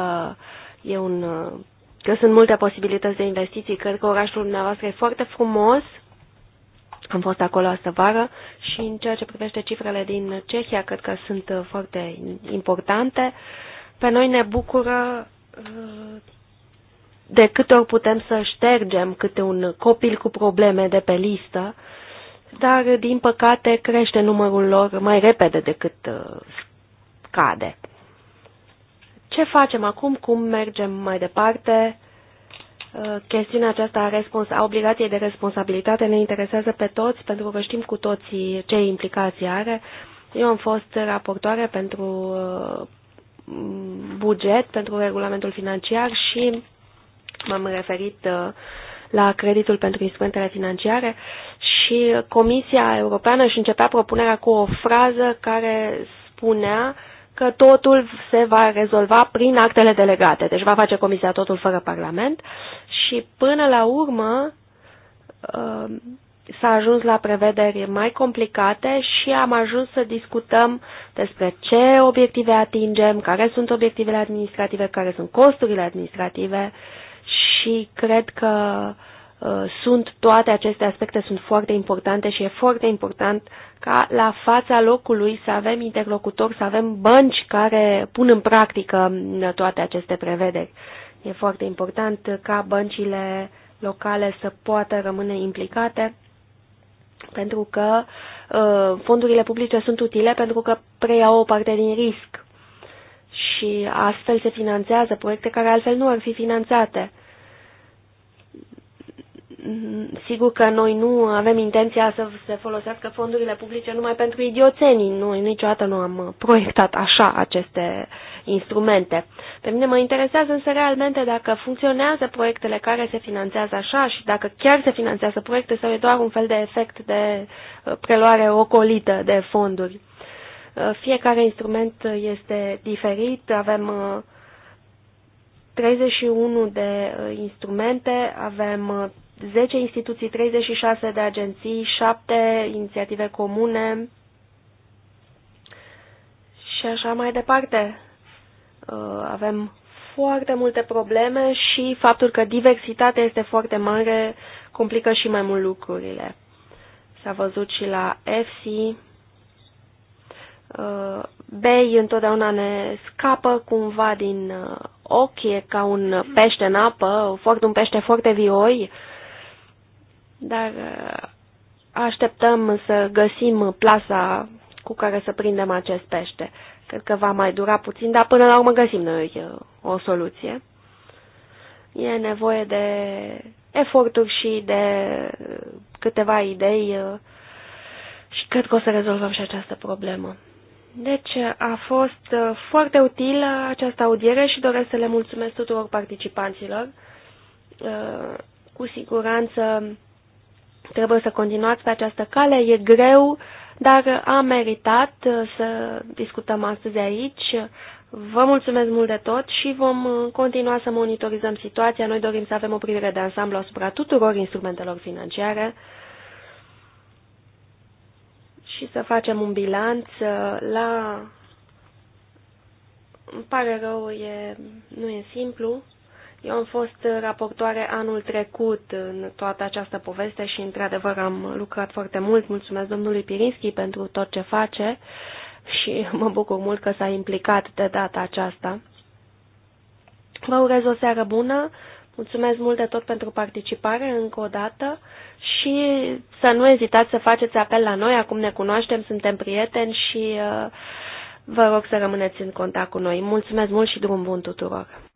e un, uh, că sunt multe posibilități de investiții. Cred că orașul dumneavoastră e foarte frumos. Am fost acolo astă vară și în ceea ce privește cifrele din Cehia, cred că sunt uh, foarte importante. Pe noi ne bucură uh, de câte ori putem să ștergem câte un copil cu probleme de pe listă, dar, din păcate, crește numărul lor mai repede decât cade. Ce facem acum? Cum mergem mai departe? Uh, chestiunea aceasta a a obligației de responsabilitate ne interesează pe toți, pentru că știm cu toții ce implicații are. Eu am fost raportoare pentru uh, buget, pentru regulamentul financiar și m-am referit uh, la creditul pentru instrumentele financiare și Comisia Europeană își începea propunerea cu o frază care spunea uh, că totul se va rezolva prin actele delegate. Deci va face Comisia totul fără Parlament și până la urmă um, s-a ajuns la prevederi mai complicate și am ajuns să discutăm despre ce obiective atingem, care sunt obiectivele administrative, care sunt costurile administrative și cred că uh, Uh, sunt toate aceste aspecte sunt foarte importante și e foarte important ca la fața locului să avem interlocutori, să avem bănci care pun în practică uh, toate aceste prevederi. E foarte important ca băncile locale să poată rămâne implicate pentru că uh, fondurile publice sunt utile pentru că preiau o parte din risc și astfel se finanțează proiecte care altfel nu ar fi finanțate Mm, sigur că noi nu avem intenția să se folosească fondurile publice numai pentru idioțenii. Noi niciodată nu am proiectat așa aceste instrumente. Pe mine mă interesează însă realmente dacă funcționează proiectele care se finanțează așa și dacă chiar se finanțează proiecte sau e doar un fel de efect de uh, preluare ocolită de fonduri. Uh, fiecare instrument este diferit, avem 31 uh, de instrumente, avem 10 instituții, 36 de agenții, 7 inițiative comune și așa mai departe. Uh, avem foarte multe probleme și faptul că diversitatea este foarte mare complică și mai mult lucrurile. S-a văzut și la EFSI. Uh, Bei întotdeauna ne scapă cumva din uh, ochi, e ca un pește în apă, foarte, un pește foarte vioi dar uh, așteptăm să găsim plasa cu care să prindem acest pește. Cred că va mai dura puțin, dar până la urmă găsim noi uh, o soluție. E nevoie de eforturi și de uh, câteva idei și cred că o să rezolvăm și această problemă. Deci a fost foarte utilă această audiere și doresc să le mulțumesc tuturor participanților. Cu siguranță Trebuie să continuați pe această cale, e greu, dar a meritat uh, să discutăm astăzi aici. Vă mulțumesc mult de tot și vom uh, continua să monitorizăm situația. Noi dorim să avem o privire de ansamblu asupra tuturor instrumentelor financiare și să facem un bilanț uh, la... Îmi pare rău, e... nu e simplu. Eu am fost raportoare anul trecut în toată această poveste și, într-adevăr, am lucrat foarte mult. Mulțumesc domnului Pirinski pentru tot ce face și mă bucur mult că s-a implicat de data aceasta. Vă urez o seară bună, mulțumesc mult de tot pentru participare încă o dată și să nu ezitați să faceți apel la noi, acum ne cunoaștem, suntem prieteni și uh, vă rog să rămâneți în contact cu noi. Mulțumesc mult și drum bun tuturor!